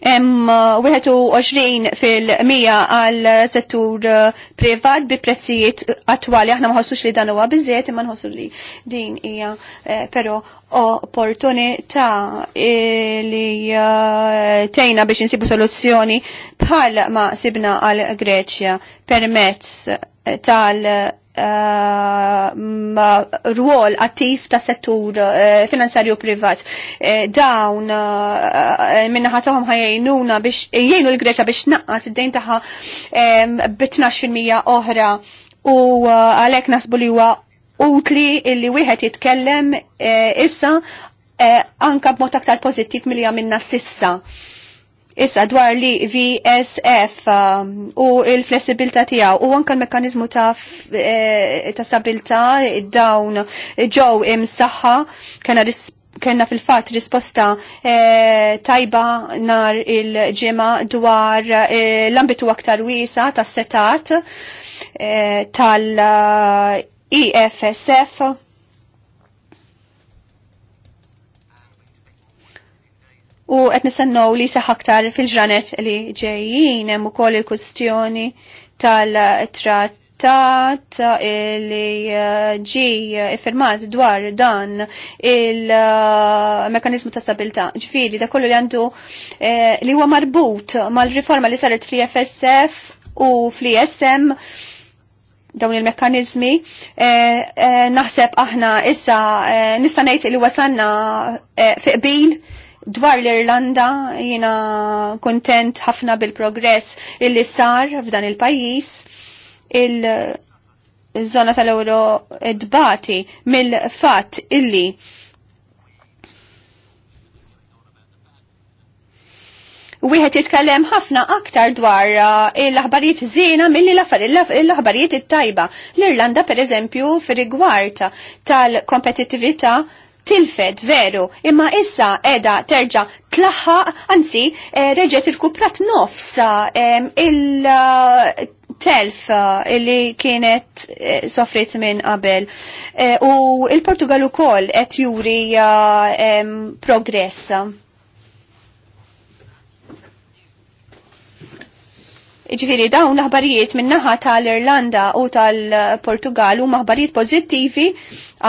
Speaker 2: hemm 21 uh, fil-mija għal uh, settur uh, privat bi prezzijiet attwali. Aħna maħossux li dan huwa biżejjed imma nħossu li din hija eh, però opportunità eh, li eh, tejna biex insibu soluzzjoni bħal ma sibna għal Greċja permezz tal- Rwol ruol attiv ta' settur eh, finanzarju privat. Eh, dawn minna eh, minnaħa ħajajnuna biex jgħinu l-Greċa biex naqqas id dajn taħħa b-12% oħra u għalek nasbu li huwa utli illi wieħed jitkellem issa anka b b'mod aktar pozittiv milja minna sissa. Issa dwar li VSF um, u il-flessibilta tijaw u anka l-mekanizmu ta', e, ta stabilta dawn ġow imsaħħa kena kena fil-fat risposta e, tajba nar il ġema dwar e, l-ambitu aktar wisa ta' setat tal-EFSF u qed nistennew li seħ aktar fil-ġranet li ġejjin hemm ukoll il-kwistjoni tal-trattat li eh, ġi eh, iffirmat dwar dan il-mekanizmu eh, ta' stabilità. Ġifieri da kollu li għandu li huwa marbut mal-riforma li saret fl-FSF u fl-ISM dawn il-mekkanizmi, naħseb aħna issa nista' ngħid li wasanna eh, fiqbil Dwar l-Irlanda jina kontent ħafna bil-progress illi sar f'dan il-pajis il-żona tal-euro dbati mill-fat illi wieħed jitkellem ħafna aktar dwar eh, l-aħbarijiet żiena milli l-aħbarijiet it-tajba. L-Irlanda pereżempju fir-rigward tal-kompetittività tilfed veru, imma issa edha terġa tlaħħa, anzi, eh, reġet il-kuprat nofs eh, il-telf eh, li kienet soffrit minn qabel. U il-Portugal ukoll qed juri progress. Iġviri, dawn l-aħbarijiet minnaħa tal-Irlanda u tal-Portugal u maħbarijiet pozittivi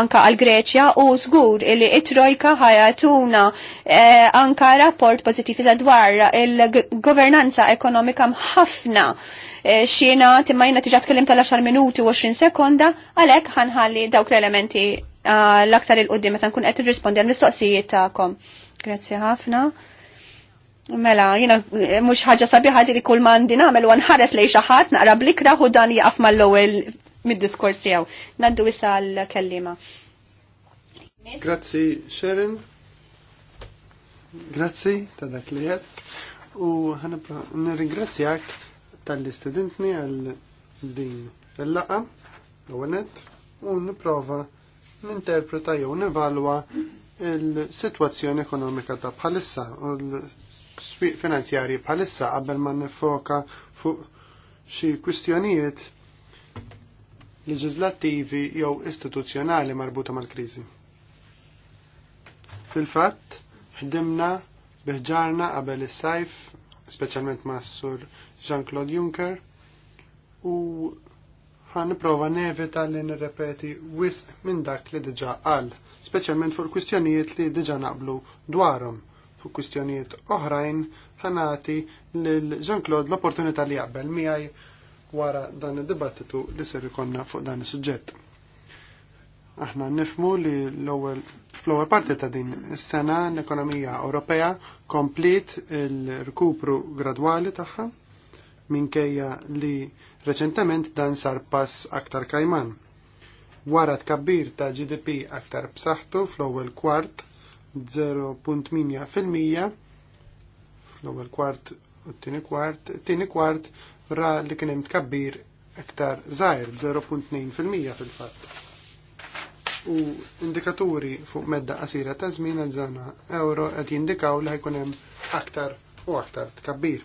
Speaker 2: anka għal-Greċja u zgur li it-trojka ħajatuna eh, anka rapport pozittivi dwar il-governanza ekonomika mħafna eh, xina timmajna tiġat tkellim tal-10 minuti u 20 sekonda għalek ħanħalli dawk l-elementi uh, l-aktar il-qoddim meta nkun qed rispondi għal mistoqsijiet tagħkom. Grazzi ħafna. Mela, jina eh, mux ħagġa sabiħa li kull mandi namel u nħares li xaħat naqra blikra u dan jaqaf mal-lowel mid-diskors tijaw. Naddu issa l-kellima.
Speaker 3: Grazzi, Sharon. Grazzi ta' dak li jett. U nirringrazzjak tal-istudentni għal din il-laqa, l-għonet, u niprofa ninterpreta jew nevalwa il-situazzjoni ekonomika ta' bħalissa swieq finanzjarji bħalissa qabel ma nifoka fuq xi kwistjonijiet leġislattivi jew istituzzjonali marbuta mal-kriżi. Fil-fatt, ħdimna biħġarna qabel is-sajf, speċjalment ma' sur Jean-Claude Juncker, u ħan prova nevita li nirrepeti wisq minn dak li diġa qal, speċjalment fuq kwistjonijiet li diġa naqblu dwarhom u kwistjonijiet oħrajn ħanati lil Jean-Claude l-opportunità li jaqbel miħaj wara dan id-dibattitu li ser ikonna fuq dan is-suġġett. Aħna nifmu li l-ewwel fl-ewwel parti ta' din is-sena l-ekonomija Ewropea komplit il-rkupru gradwali tagħha minkejja li reċentement dan sar pass aktar kajman. Wara tkabbir ta' GDP aktar b'saħħtu fl-ewwel kwart 0.8% fl-ewwel kwart u t-tieni kwart, t-tieni kwart ra li kien hemm tkabbir aktar żgħir 0.2% fil-fatt. U indikaturi fuq medda qasira ta' żmien għal żana euro qed jindikaw li ħajkun hemm aktar u aktar tkabbir.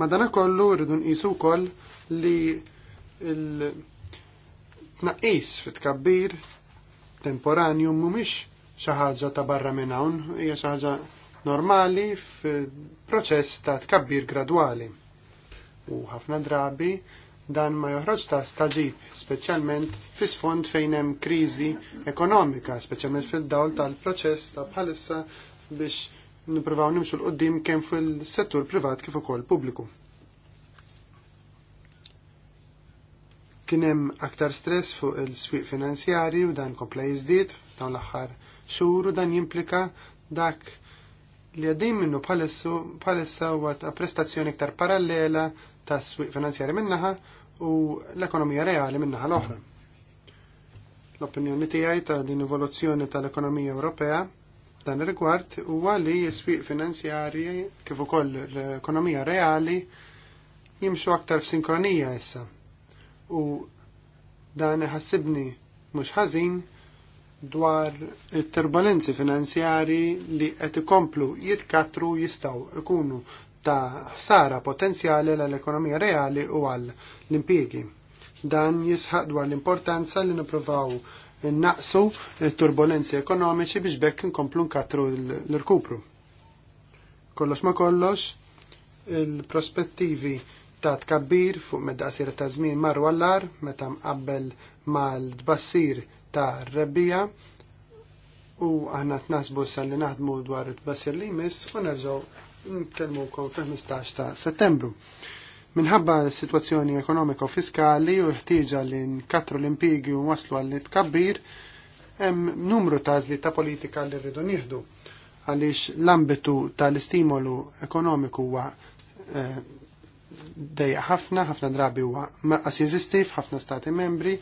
Speaker 3: Madana kollu rridu nqisu wkoll li il tnaqqis fit tkabbir temporanju mhumiex xaħġa ħaġa ta' barra minn hawn hija xi ħaġa normali f'proċess ta' tkabbir gradwali. U ħafna drabi dan ma joħroġ ta' staġib, speċjalment fis sfond fejn hemm kriżi ekonomika, speċjalment fil-dawl tal-proċess ta' bħalissa biex nippruvaw nimxu l-qoddim kemm fil-settur privat kif ukoll pubbliku. Kien hemm aktar stress fuq il-swieq finanzjari u dan kompla jiżdied dawn l-aħħar Xuru dan jimplika dak li għaddejn minnu bħalissa u għat prestazzjoni iktar parallela ta' s-swiq finanzjari minnaħa u l-ekonomija reali minnaħa l-oħra. L-opinjoni tiegħi ta' din evoluzzjoni tal-ekonomija Ewropea dan ir-rigward huwa li s-swieq finanzjarji kif ukoll l-ekonomija reali jimxu aktar f'sinkronija issa. U dan iħassibni mhux ħażin dwar it-turbulenzi finanzjari li qed ikomplu jitkattru jistgħu ikunu ta' ħsara potenzjali l-ekonomija reali u għall l-impjiegi. Dan jisħaq dwar l-importanza li nippruvaw naqsu il-turbulenzi ekonomiċi biex bekk nkomplu nkattru l-rkupru. Kollox ma kollox, il-prospettivi ta' tkabbir fuq medda qasira ta' żmien marru għallar meta mqabbel mal-tbassir ta' rebbija u aħna t-nasbu s-salli naħdmu dwar it-basir li jmiss u nerġaw nkellmu kon fil-15 ta' settembru. Minħabba situazzjoni ekonomika u fiskali u ħtieġa li nkatru l-impigi u waslu għall kabbir, hemm numru ta' zli ta' politika li rridu nieħdu għaliex l-ambitu tal-istimolu ekonomiku huwa eh, dejja ħafna, ħafna drabi huwa maqqas jeżisti f'ħafna stati membri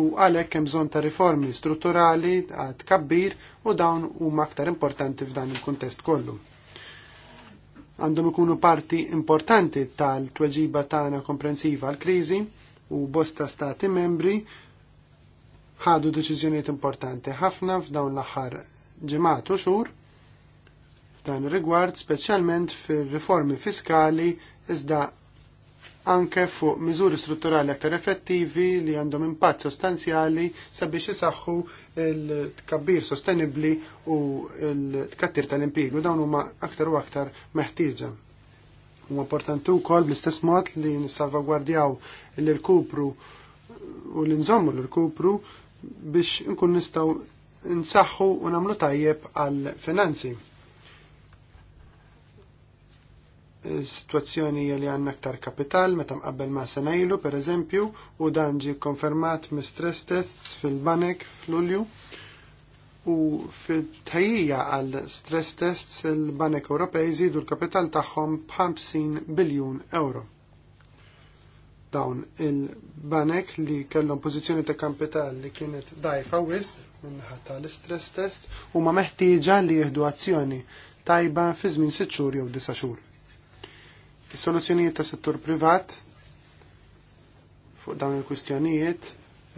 Speaker 3: u għalhekk hemm bżonn ta' riformi strutturali għad kabbir u dawn huma aktar importanti f'dan il-kuntest kollu. Għandhom ikunu parti importanti tal-tweġiba tagħna komprensiva għal kriżi u bosta stati membri ħadu deċiżjonijiet importanti ħafna f'dawn l-aħħar ġimgħat u xhur f'dan rigward speċjalment fir-riformi fiskali iżda anke fuq miżuri strutturali aktar effettivi li għandhom impatt sostanzjali sabiex isaħħu il tkabbir sostenibli u l-tkattir tal impiegu dawn huma aktar u aktar meħtieġa. U importanti wkoll bl-istess mod li nissalvagwardjaw l-irkupru u l-inżommu l-irkupru biex nkun nistgħu nsaħħu u nagħmlu tajjeb għal finanzi situazzjoni li għanna ktar kapital meta mqabbel ma' senajlu per eżempju u dan ġi konfermat mis stress tests fil-banek fl-ulju u fil-tajija għal stress tests il-banek Ewropej jżidu l-kapital tagħhom 50 biljun euro. Dawn il-banek li kellhom pożizzjoni ta' kapital li kienet dajfa wisq minnaħa tal-stress test huma meħtieġa li jieħdu azzjoni tajba fi żmien sitt xhur jew 9 xhur Is-soluzzjonijiet ta' settur privat fuq dawn il-kwistjonijiet,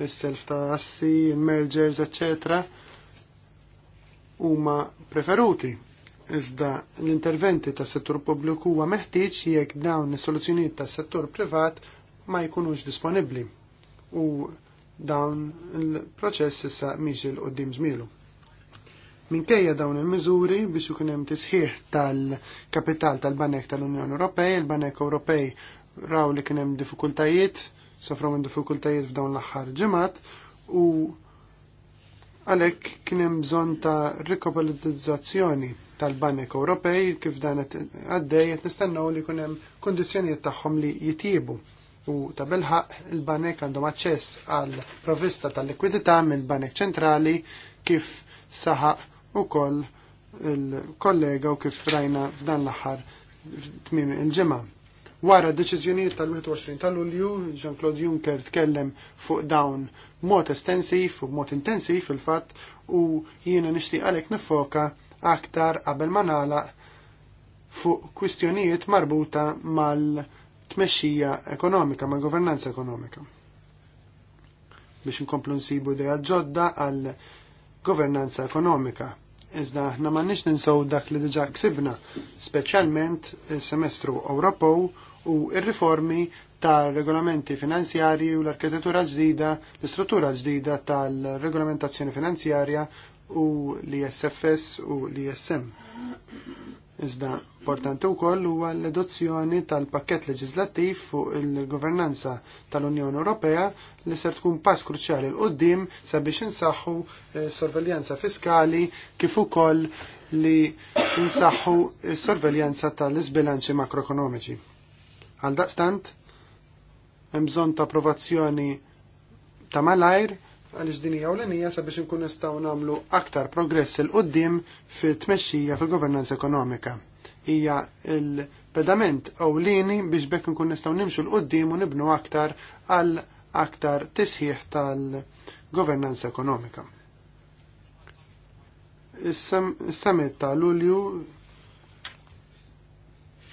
Speaker 3: is-self ta' assi, mergers, eccetera, huma preferuti. Iżda l-interventi ta' settur pubbliku huwa meħtieġ jekk dawn is-soluzzjonijiet ta' settur privat ma jkunux disponibbli u dawn il-proċess issa miex il-qoddim żmielu. Minkejja dawn il-miżuri biex ikun hemm tisħiħ tal-kapital tal-Banek tal-Unjoni Ewropej, il-Banek Ewropej raw li kien hemm diffikultajiet, sofra minn diffikultajiet f'dawn l-aħħar ġimgħat u għalhekk kien hemm bżonn ta' rikapitalizzazzjoni tal-Banek Ewropej kif dan qed għaddej qed nistennew li jkun hemm kundizzjonijiet tagħhom li jitjiebu u ta' bilħaq il-banek għandhom aċċess għal provista tal-likwidità mill-banek ċentrali kif saħaq u koll il-kollega u kif rajna f'dan l-aħħar tmim il-ġimgħa. Wara deċiżjonijiet tal-21 ta' Lulju, Jean-Claude Juncker tkellem fuq dawn mod estensiv u mod intensiv il-fatt u jiena nixtieq għalhekk nifoka aktar qabel ma nagħlaq fuq kwistjonijiet marbuta mal-tmexxija ekonomika, mal-governanza ekonomika. Biex nkomplu nsibu dejja ġodda għal governanza ekonomika iżda aħna m'għandniex ninsow dak li diġa' ksibna, speċjalment is-semestru Ewropew u r-riformi tal regolamenti finanzjarji u l-arkitettura ġdida, l-istruttura ġdida tal-regolamentazzjoni finanzjarja u l-ISFS u l-ISM. Iżda importanti wkoll huwa l edozzjoni tal-pakkett leġislattiv fuq il-governanza tal-Unjoni Ewropea li ser tkun pass kruċjali l qoddim sabiex insaħħu eh, sorveljanza fiskali kif ukoll li insaħħu sorveljanza tal-isbilanċi makroekonomiċi. Għal daqstant, hemm bżonn ta' approvazzjoni ta' malajr għaliex din hija ewlenija sabiex inkun nistgħu nagħmlu aktar progress il qudiem fit-tmexxija fil-governanza ekonomika. Hija il-pedament ewlieni biex bekk nkun nistgħu nimxu l qudiem u nibnu aktar għal aktar tisħiħ tal-governanza ekonomika. Is-summit ta' Lulju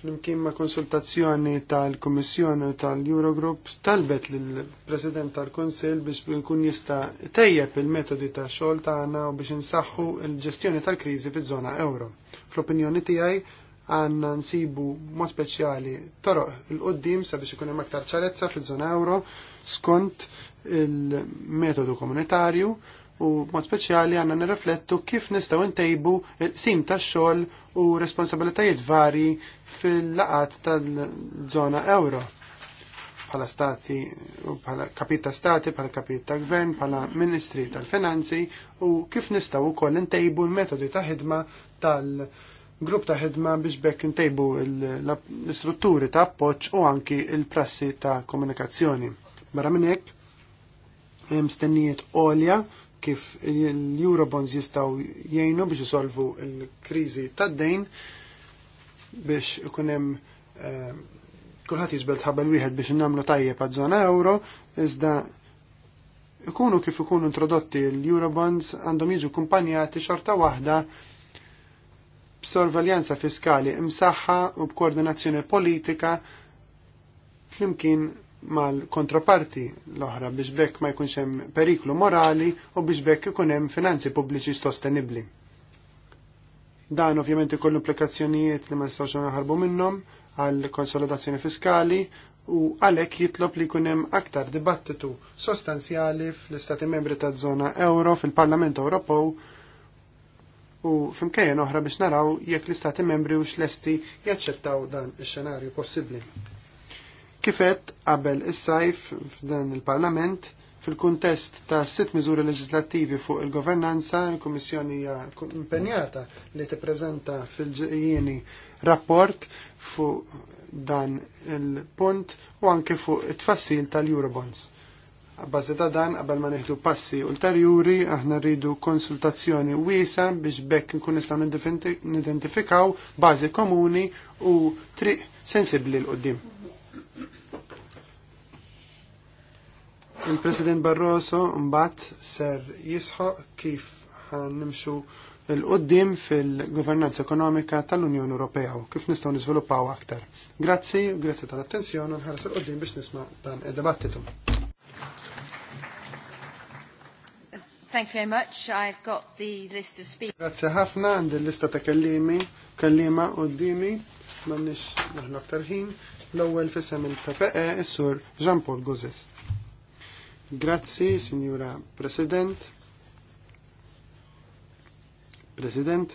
Speaker 3: flimkien ma' konsultazzjoni tal-Kummissjoni u tal-Eurogroup talbet lill-President tal-Kunsill biex nkun jista' tejjeb il-metodi ta' xogħol tagħna u biex insaħħu l-ġestjoni tal-kriżi fiż-żona euro. Fl-opinjoni tiegħi għandna nsibu mod speċjali toroq il-qoddim sabiex ikun hemm aktar ċarezza fiż-żona euro skont il-metodu komunitarju u mod speċjali għandna nirriflettu kif nistgħu ntejbu sim tax-xogħol u responsabilitajiet varji fil-laqat tal-żona euro Pala stati, bħala kapita stati, pala kapita gvern, bħala ministri tal-finanzi u kif nistaw u koll ntejbu l-metodi ta' ħidma tal-grupp ta' ħidma biex bekk ntejbu l-istrutturi ta' appoċ u anki l-prassi ta' komunikazzjoni. Barra minnek, mstennijiet olja kif l-Eurobonds jistaw jgħinu biex jisolvu l-krizi tad-dejn biex ikunem uh, eh, kullħat jizbel tħabel wieħed biex namlu tajjeb għad-żona euro, iżda ikunu kif ikunu introdotti l-Eurobonds għandhom jiġu kumpanjati xorta waħda b'sorveljanza fiskali imsaħħa u b'koordinazzjoni politika flimkien mal-kontraparti l-oħra biex bekk ma jkunx hemm periklu morali u biex bekk ikun hemm finanzi pubbliċi sostenibbli. Dan ovvjament ikollu implikazzjonijiet li ma nistgħux naħarbu minnhom għal konsolidazzjoni fiskali u għalhekk jitlob li jkun hemm aktar dibattitu sostanzjali fl-Istati membri taż-żona euro fil-Parlament Ewropew u fimkejjen oħra biex naraw jekk l-Istati membri u xlesti jaċċettaw dan ix-xenarju possibbli. Kifet qabel is-sajf f'dan il-Parlament fil-kuntest ta' sitt miżuri leġislattivi fuq il-governanza, il-Kummissjoni hija impenjata li tippreżenta fil-ġejjieni rapport fuq dan il-punt u anke fuq it-tfassil tal-Eurobonds. Bbażi ta' dan qabel ma neħdu passi ulterjuri aħna rridu konsultazzjoni wiesa biex bekk nkun nistgħu nidentifikaw bażi komuni u triq sensibbli l qudiem Il-President Barroso mbagħad ser jisħoq kif nimxu l-qoddim fil-governanza ekonomika tal-Unjoni Ewropea u kif nistgħu niżviluppaw aktar. Grazzi, grazzi tal-attenzjoni u nħares il-qoddim biex nisma' dan id-dibattitu.
Speaker 1: Thank you very much. I've got the list of speakers. Grazie
Speaker 3: ħafna, għandi l-lista ta' kellimi, kellima u d-dimi, mannix naħna aktar ħin, l-ewel fissem il-PPE, is sur Jean-Paul Gozes. Grazzi, Signora President. President.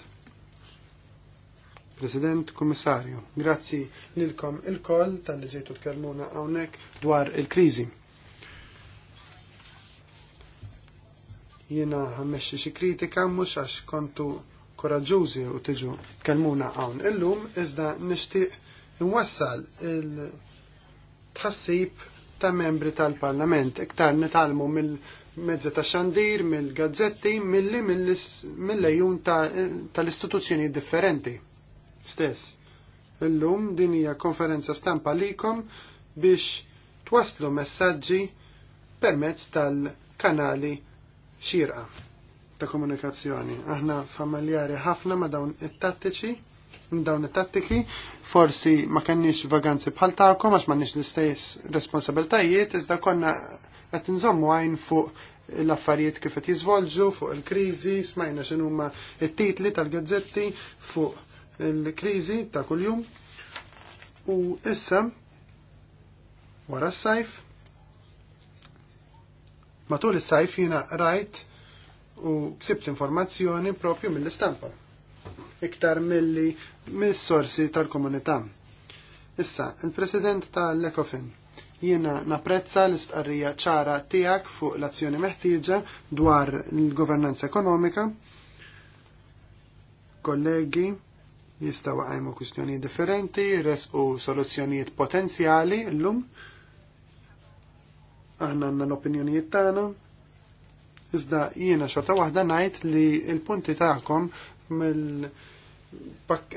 Speaker 3: President, Kommissarju, grazzi lilkom il-koll tal-li ġejtu tkellmuna hawnhekk dwar il-kriżi. Jiena ħammexxi xi kritika mhux għax kontu koraġġużi u tiġu tkellmuna hawn illum iżda nixtieq inwassal il-tħassib ta' membri tal-Parlament. Iktar nitalmu mill-mezza ta' xandir, mill-gazzetti, milli mill-lejun tal-istituzzjoni differenti. Stess. Illum din hija konferenza stampa likom biex twaslu messaġġi permezz tal-kanali xirqa ta' komunikazzjoni. Aħna familjari ħafna ma' dawn it-tattiċi dawn it-tattiki, forsi ma kenniex vaganzi bħal tagħkom għax m'għandniex l-istess responsabiltajiet, iżda konna qed nżommu għajn fuq l-affarijiet kif qed jiżvolġu fuq il-kriżi, smajna x'in huma t-titli tal-gazzetti fuq il-kriżi ta' kuljum. U issa wara s-sajf matul is-sajf jiena rajt u ksibt informazzjoni propju mill-istampa. Iktar mill-li mis-sorsi tal-komunità. Issa, il-President tal-Ecofin, jiena napprezza l-istqarrija ċara tiegħek fuq l-azzjoni meħtieġa dwar il-governanza ekonomika. Kollegi, jistaw għajmu kustjoni differenti, resqu soluzzjonijiet potenzjali l-lum. Aħna għanna l-opinjonijiet tagħna. Iżda jiena xorta waħda ngħid li l-punti tagħkom mill-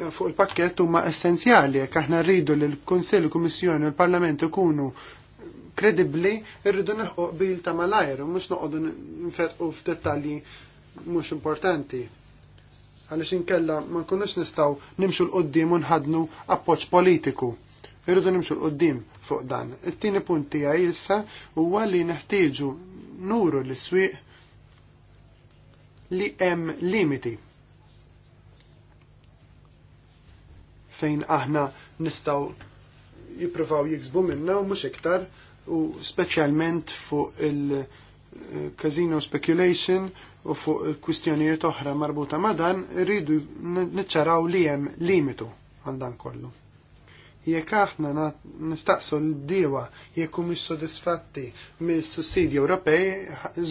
Speaker 3: fuq il-pakket huma essenzjali jekk aħna rridu li l-Kunsill, il-Kummissjoni u l-Parlament ikunu kredibbli, rridu neħu bil ta' malajr, mhux noqogħdu nfetqu f'dettalji mhux importanti. Għaliex inkella ma nkunux nistgħu nimxu l-qoddim u nħadnu appoġġ politiku. Irridu nimxu l-qoddim fuq dan. It-tieni punt tiegħi issa huwa li neħtieġu nuru l-iswieq li hemm limiti fejn aħna nistaw jipruvaw jiksbu minna u mux iktar u specialment fuq il-casino speculation u fuq il-kustjonijiet oħra marbuta ma' dan rridu niċċaraw li hemm limitu għal dan kollu jekk aħna nistaqsu l-diewa jekk mhux sodisfatti mis-sussidji Ewropej,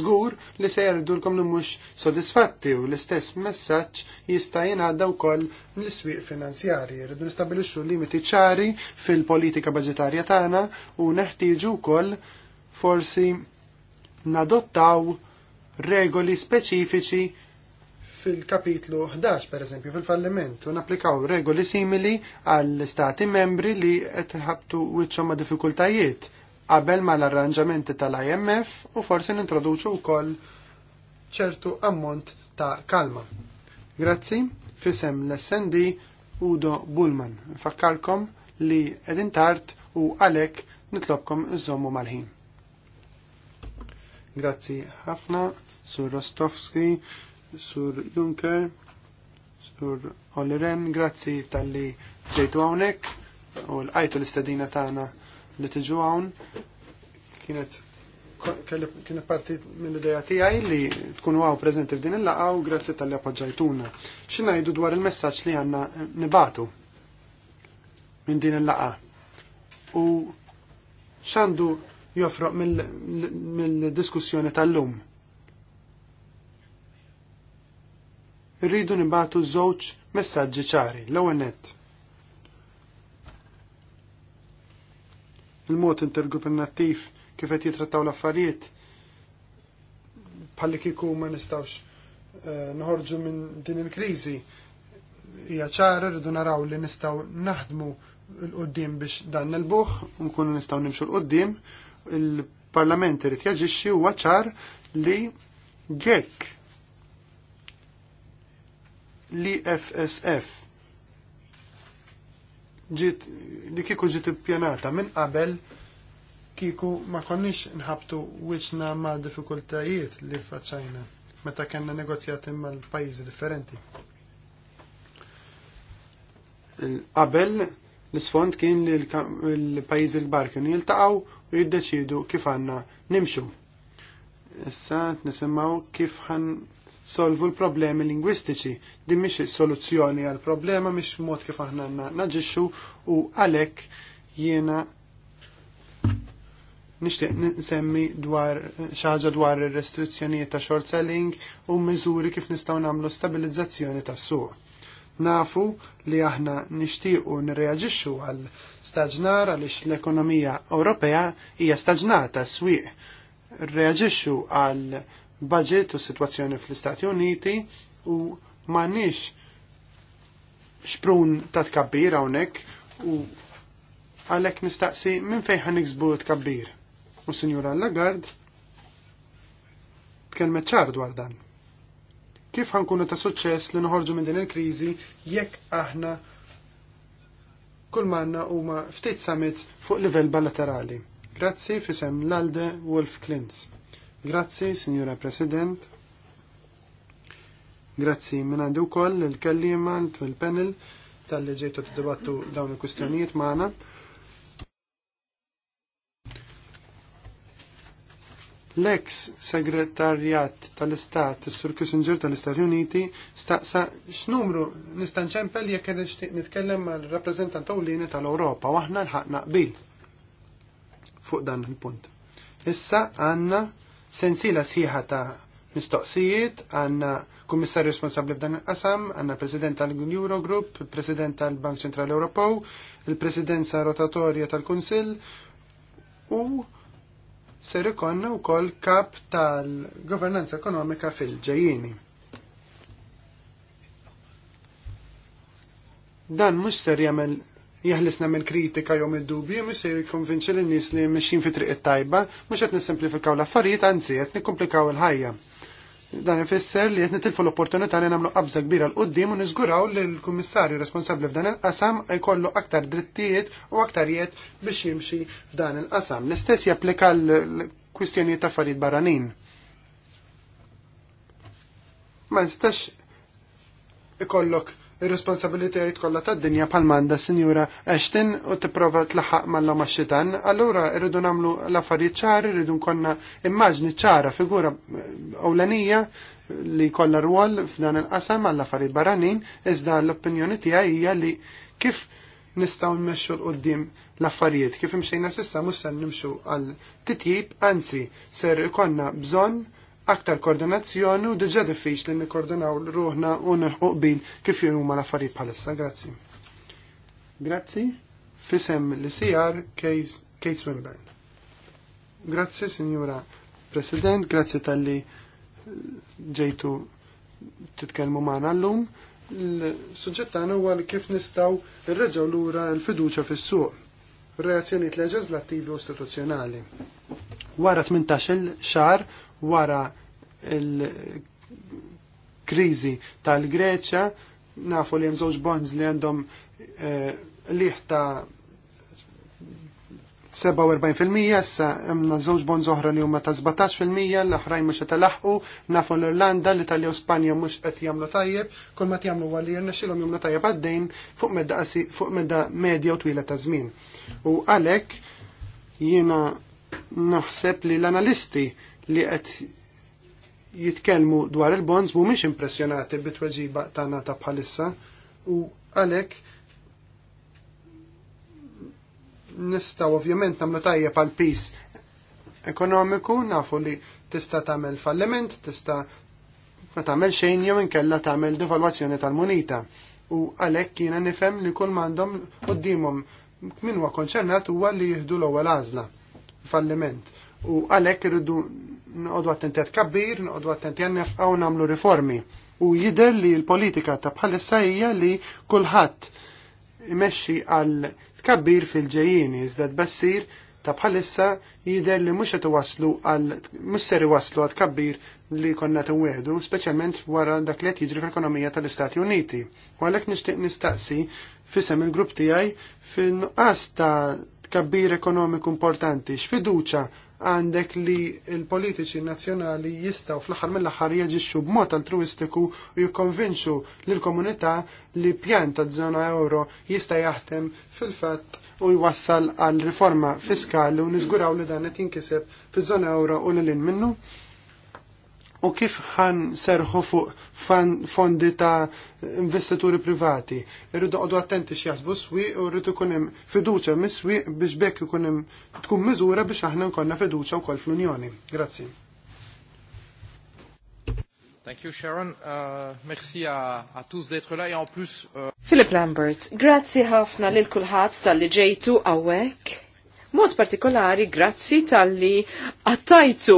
Speaker 3: żgur li se jardulkom li mhux sodisfatti u l-istess messaġġ jista' jingħadda wkoll mill-iswieq finanzjarji. Rridu nistabilixxu limiti ċari fil-politika budgetarja tagħna u neħtieġu wkoll forsi nadottaw regoli speċifiċi fil-kapitlu 11 per eżempju fil-falliment u napplikaw regoli simili għall stati membri li qed ħabtu wiċċhom ma' diffikultajiet qabel ma l-arranġamenti tal-IMF u forsi nintroduċu wkoll ċertu ammont ta' kalma. Grazzi, fisem l-SND Udo Bullman. Fakkarkom li edin tart u għalek nitlobkom iżommu mal-ħin. Grazzi ħafna, Sur Rostovski, Sur Juncker, Sur Oliren, grazzi tal-li ġejtu għawnek u l-għajtu l-istadina tagħna li tiġu hawn. Kienet kienet parti mill-ideja tiegħi li tkunu għaw preżenti f'din il-laqgħa u grazzi tal-li appoġġajtuna. X'ingħidu dwar il-messaġġ li għandna nibatu minn din il-laqgħa. U x'għandu joffroq mill-diskussjoni tal-lum rridu nibatu żewġ messaġġi ċari. L-ewwel nett. Il-mod intergovernattiv kif qed jitrattaw l-affarijiet bħalli kieku ma nistgħux eh, nħorġu minn din il-kriżi hija ċara rridu naraw li nistgħu naħdmu l-qoddim biex dan nelbuħ u nkunu nistgħu nimxu l-qoddim il-Parlament irid jaġixxi huwa ċar li jekk li FSF ġit, li kiku ġit pjanata minn qabel kiku ma konniex nħabtu wiċna ma diffikultajiet li faċċajna meta kanna negozjati mal pajjiżi differenti. Qabel l-sfond kien li l-pajjiżi l-bar kien jiltaqgħu u jiddeċidu kif għandna nimxu. Issa nisimaw kif ħan solvu l-problemi lingwistiċi. Din mhix soluzzjoni għal problema mhix mod kif aħna naġixxu u għalhekk jiena nixtieq nsemmi dwar ħaġa dwar ir-restrizzjonijiet ta' short selling u miżuri kif nistgħu nagħmlu stabilizzazzjoni tas-suq. Nafu li aħna nixtiequ nirreaġixxu għal staġnar għaliex l-ekonomija Ewropea hija staġnata swieq reaġixxu għal budget u situazzjoni fl-Istati Uniti u m'għandniex xprun ta' tkabbir hawnhekk u għalhekk nistaqsi minn fejn iksbu tkabbir. U Sinjura Lagard tkellmet ċar dwar dan. Kif ħankunu ta' suċċess li noħorġu minn din il-kriżi jekk aħna kull manna huma ftit summits fuq livell bilaterali. Grazzi fisem l-Alde Wolf Klintz. Grazzi, Signora President. Grazzi, minna għandu koll il-kellima fil-panel tal-li ġejtu t-dibattu dawn il-kustjonijiet maħna. L-ex segretarjat tal-Istat, Sur Kissinger tal-Istati Uniti, staqsa x'numru nista' nċempel jekk nixtieq nitkellem mal-rappreżentant ewlieni tal-Ewropa waħna aħna l ħakna qbil fuq dan il-punt. Issa għandna sensila sħiħa ta' mistoqsijiet, għanna kummissar responsabli f'dan il-qasam, għanna president tal-Eurogroup, president tal-Bank Ċentrali Ewropew, il-presidenza rotatorja tal-Kunsill u ser ikonna wkoll kap tal-governanza ekonomika fil ġejjini Dan mhux ser jagħmel jihlisna minn kritika jew id dubju mhux se jikkonvinċi lin nies li mxin fi triq it-tajba mux qed nisimplifikaw l-affarijiet anzi qed nikkomplikaw il-ħajja. Dan ifisser li qed nitilfu l-opportunità li nagħmlu qabża kbira l qoddim u niżguraw li l-kummissarju responsabbli f'dan il-qasam jkollu aktar drittijiet u aktar jiet biex jimxi f'dan il-qasam. L-istess japplika l-kwistjonijiet ta' affarijiet barranin. Ma nistax ikollok ir-responsabilitajiet kollha tad-dinja bħalmanda Sinjura Ashton u tipprova tlaħħaq mal ma xitan, allura irridu nagħmlu l-affarijiet ċar, irridu nkollna immaġni ċara figura ewlenija li kollha rwol f'dan il-qasam għall affarijiet barranin, iżda l-opinjoni tiegħi hija li kif nistgħu nmexxu l qudiem l-affarijiet, kif imxejna sissa mhux se nimxu għal titjib, anzi ser ikonna bżonn aktar koordinazzjoni u diġa diffiċ li nikkoordinaw ruħna u nħuq bil kif huma l-affarijiet bħalissa. Grazzi. Grazzi. Fisem li cr Kate Swinburne. Grazzi, Signora President, grazzi tal-li eh, ġejtu titkelmu maħna l-lum. L-sujġett huwa li kif nistgħu nreġgħu lura l-fiduċja fis-suq, reazzjonijiet leġislattivi u istituzzjonali. Wara 18-il wara il-krizi tal-Greċja, nafu li hemm żewġ bonds li għandhom eh, liħ ta' 47% jessa, hemm żewġ bonds oħra li huma ta' 17% l-oħrajn mhux qed laħqu, nafu l-Irlanda, l-Italja u Spanja mhux qed jagħmlu tajjeb, kol ma jagħmlu għalli li xilom jagħmlu tajjeb għaddejn fuq medda fuq medda medja u twila ta' żmien. U għalhekk jiena naħseb li l-analisti li qed jitkellmu dwar il-bonds mhumiex impressjonati bit-tweġiba tagħna ta' bħalissa u għalhekk nista' ovvjament nagħmlu tajjeb għal pis ekonomiku nafu li tista' tagħmel falliment, tista' ma tagħmel xejn jew inkella tagħmel devalwazzjoni tal-munita. U għalhekk jiena nifhem li kull m'għandhom qudiemhom min huwa konċernat huwa li jieħdu l-ewwel għażla falliment. U għalhekk irridu nqodu attenti kabbir, nqodu attenti għan nefqaw namlu riformi. U jider li l-politika ta' bħalissa hija li kulħadd imexxi għal tkabbir fil-ġejjini iżda tbassir ta' bħalissa jider li mhux qed waslu għal mhux ser iwaslu għal tkabbir li konna t speċjalment specialment wara dak li jiġri fl-ekonomija tal-Istati Uniti. U għalek nishtiq nistaqsi fisem il-grupp tijaj fin nuqqas ta' kabbir ekonomiku importanti, xfiduċa għandek li l-politiċi nazzjonali jistaw fl-aħħar mill-aħħar b b'mod altruistiku u jikkonvinċu lill-komunità li pjan ta' żona euro jista' jaħdem fil-fatt u jwassal għal riforma fiskali u niżguraw li dan qed jinkiseb fi żona euro u l-lin minnu u kif ħan serħu fuq fondi ta' investituri privati. Irridu għadu attenti x'jasbu swi u rridu kunem fiduċa mis-swieq biex bekk kunem tkun miżura biex aħna nkonna fiduċa wkoll fl-Unjoni. Grazzi. Thank you Sharon, uh, merci a, tous d'être là et en plus...
Speaker 1: Uh... Philip Lambert, grazie ħafna lil kulħadd tal-li ġejtu għawek Mod partikolari, grazzi tal-li għattajtu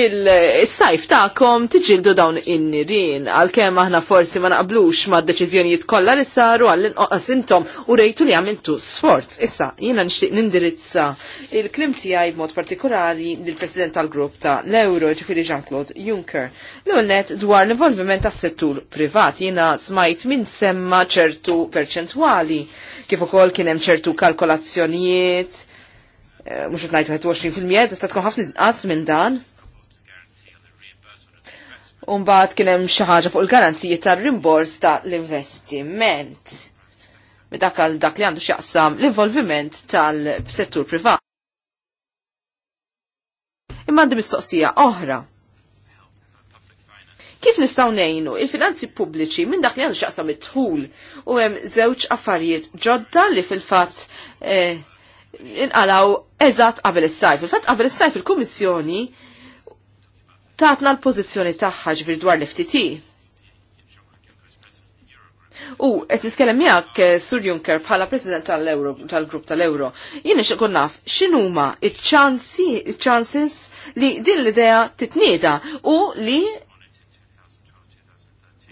Speaker 1: il-sajf ta'kom tiġildu dawn in-nirin, għal-kem aħna forsi ma naqblux ma d-deċizjonijiet kollha li saru għall-inqoqas intom u rejtu li għamiltu sforz. Issa, jiena nixtieq nindirizza il krim tiegħi b'mod partikolari lill-President tal-grupp ta' l-Euro, ġifiri Jean-Claude Juncker. l unnet dwar l-involviment tas-settur privat jiena smajt minn semma ċertu perċentwali kif ukoll kien hemm ċertu kalkolazzjonijiet mux għetnajt 21% tista tkun ħafna inqas minn dan. Umbat kienem xaħġa fuq il-garanzijiet tal-rimbors ta' l-investiment. Dak għal dak li għandu xaqsam l-involviment tal-settur privat. Imma għandi mistoqsija oħra. Kif nistaw nejnu il-finanzi pubbliċi minn dak li għandu xaqsam it-tħul u hemm żewġ affarijiet ġodda li fil-fatt eh, inqalaw eżatt qabel is-sajf. Il-fatt qabel is-sajf il-Kummissjoni tatna l-pożizzjoni tagħha ġbir dwar l-FTT. U qed nitkellem miegħek eh, Sur Juncker bħala President tal-Euro tal-Grupp tal-Euro. Jien nixtieq ikun naf x'inhuma ċ-chances li din l-idea titnieda u li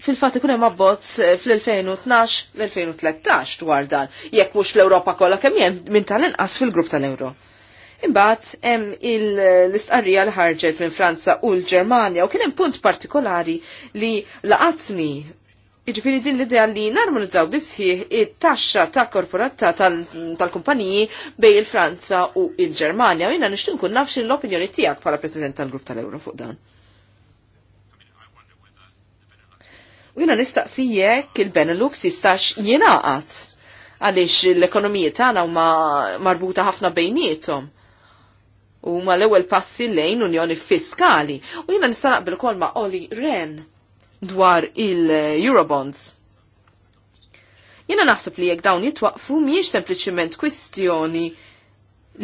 Speaker 1: fil-fatt ikun hemm abbozz eh, fl-2012 l-2013 dwar dan, jekk mhux fl-Ewropa kollha kemm hemm minn tal-inqas fil-Grupp tal-Euro. Imbagħad hemm l-istqarrija li ħarġet minn Franza u l-Ġermanja u kien hemm punt partikolari li laqatni Iġifiri din l-idea li narmonizzaw bisħiħ it-taxxa ta' korporatta tal-kumpaniji bej il-Franza u il-Ġermanja. U jina nishtin kun nafx l-opinjoni tijak pala president tal-grupp tal-Euro fuq dan. U jina nistaqsijek il-Benelux jistax jenaqat għalix l-ekonomija tagħna huma marbuta ħafna bejnietom u ma l-ewel passi lejn unjoni fiskali. U jina nista' bil kol ma' Oli Ren dwar il-Eurobonds. Jina naħseb li jekk dawn jitwaqfu miex sempliciment kwistjoni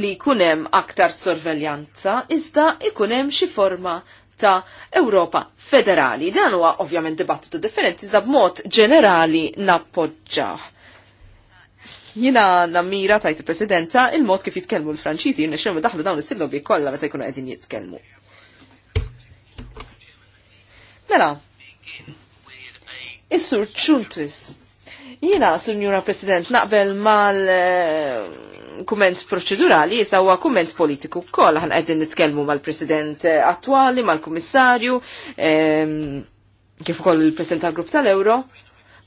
Speaker 1: li kunem aktar sorveljanza, iżda ikunem xi forma ta' Europa federali. Dan huwa ovvjament dibattitu differenti, iżda b'mod ġenerali nappoġġaħ. Jina nammira tajt il-presidenta il-mod kif jitkellmu l-Franċiżi jirnexxilmu daħlu dawn is-sillobi kollha meta jkunu qegħdin jitkellmu. Mela, is-sur Ċuntis. Jina, Sinjura President, naqbel mal eh, kument proċedurali jisa huwa kument politiku wkoll aħna qegħdin nitkellmu mal-President eh, attwali, mal-Kummissarju, eh, kif ukoll il-President tal-Grupp tal-Euro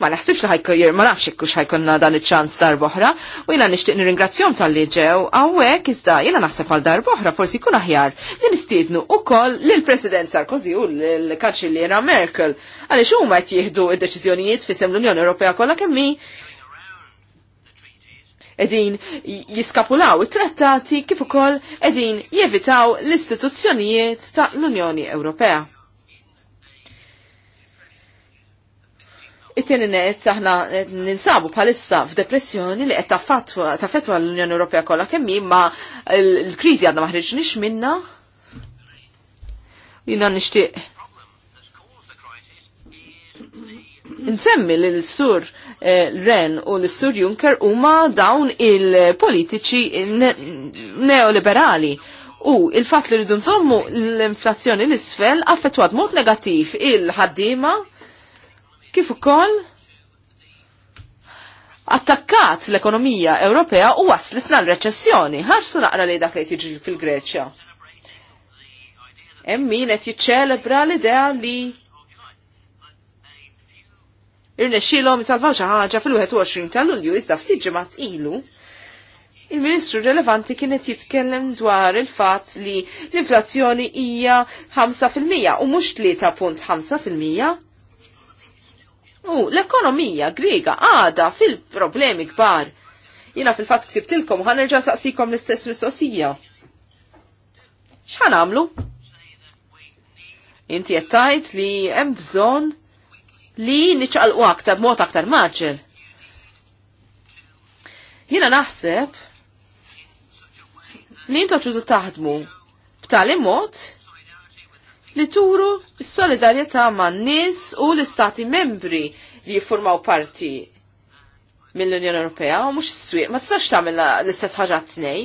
Speaker 1: ma naħsibx li ħajkun ma nafx kux ħajkunna dan iċ-ċans darboħra u jiena nixtieq nirringrazzjom tal-li ġew hawnhekk iżda jiena naħseb għal darboħra forsi jkun aħjar li nistiednu wkoll lil President Sarkozy u l-Kanċilliera Merkel għaliex huma qed jieħdu d-deċiżjonijiet fisem l-Unjoni Ewropea kollha kemm edin jiskapulaw it-trattati kif ukoll edin jevitaw l-istituzzjonijiet ta' l-Unjoni Ewropea. It-tieni net aħna ninsabu bħalissa f'depressjoni li qed taffettwa l-Unjoni Ewropea kollha kemm ma l-kriżi għadna ma ħriġniex minna. Jina nixtieq. Nsemmi l sur eh, Ren u l-Sur Juncker huma dawn il-politiċi neoliberali. U il-fat li rridu nżommu l-inflazzjoni l-isfel affettwat mod negattiv il-ħaddima kif ukoll attakkat l-ekonomija Ewropea u waslitna l-reċessjoni. Ħarsu naqra li dak li tiġi fil-Greċja. Emmin qed jiċċelebra l-idea li irnexxilhom isalvaw xi ħaġa fil-21 ta' Lulju iżda ftit ġimgħa ilu. Il-Ministru relevanti kienet jitkellem dwar il-fatt li l-inflazzjoni hija 5% u mhux 3.5%. U l-ekonomija griega għada fil-problemi kbar. Jina fil-fat ktibtilkom ħanerġa saqsikom l-istess mistoqsija. X'ħan għamlu? Inti jettajt li hemm bżonn li niċqalqu aktar b'mod aktar maġġel. Jina naħseb li intoċu taħdmu b'tali mod li turu s-solidarjetà man nies u l-istati membri li jiffurmaw parti mill-Unjoni Ewropea u mhux s-swieq ma tistax tagħmel l-istess ħaġa tnej.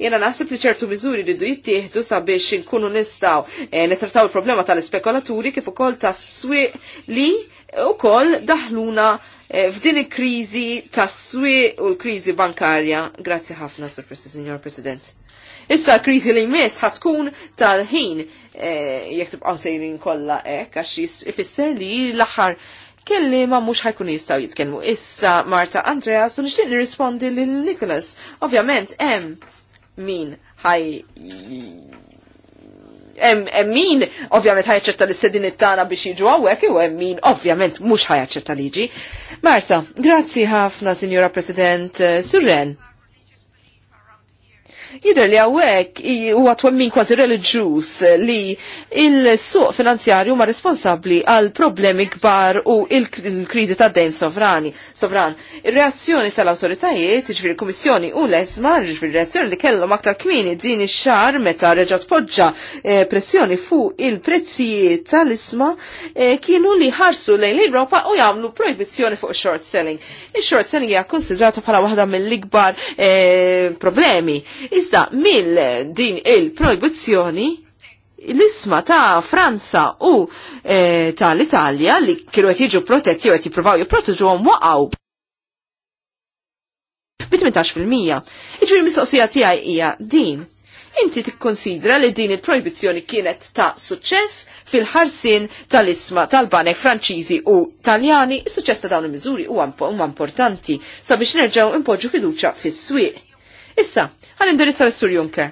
Speaker 1: Jena naħseb li ċertu miżuri li du jittieħdu sabiex inkunu nistaw e, nitrattaw il-problema tal-ispekulaturi kif ukoll ta' s-swiq li ukoll daħluna e, f'din il-kriżi s swieq u l-kriżi bankarja. Grazzi ħafna, Sur President. Issa l-kriżi li jmess ħatkun tal-ħin e, jekk tibqgħu sejrin kollha hekk għax ifisser li l-aħħar kelli ma mux ħajkun jistaw jitkellmu. Issa Marta Andreas u nishtiq nirrispondi lil Nicholas. Ovvjament, em min ħaj Em, min ovvjament ħajċetta l-istedin it-tana biex jiġu għawek, u em min ovvjament mux ħajċetta liġi. Marta, grazzi ħafna, Signora President eh, Surren. Jidher li hawnhekk huwa twemmin kważi reliġjuż li il-suq finanzjarju ma responsabbli għal problemi kbar u il-kriżi ta' dejn sovrani. Sovran, ir-reazzjoni tal-awtoritajiet, ġifir il-Kummissjoni u l-Esma, il jiġifieri reazzjoni li kellhom aktar kmini din ix-xar meta reġa' tpoġġa eh, pressjoni fuq il-prezzijiet tal-isma eh, kienu li ħarsu lejn l-Ewropa u jagħmlu proibizzjoni fuq short selling. Ix-short selling hija konsidrata bħala waħda mill-ikbar eh, problemi. Iżda mill din il-proibizzjoni l-isma ta' Franza u e, eh, ta' l-Italja li kienu qed jiġu protetti u qed jippruvaw jipproteġuhom waqgħu bi 18%. Iġri mistoqsija tiegħi hija din. Inti tikkonsidra li din il-proibizzjoni kienet ta' suċċess fil-ħarsin tal-isma tal-banek Franċiżi u Taljani, suċċess ta' dawn il-miżuri huwa importanti sabiex nerġgħu impoġġu fiduċja fis-swieq. Issa, għal indirizza l sur Juncker.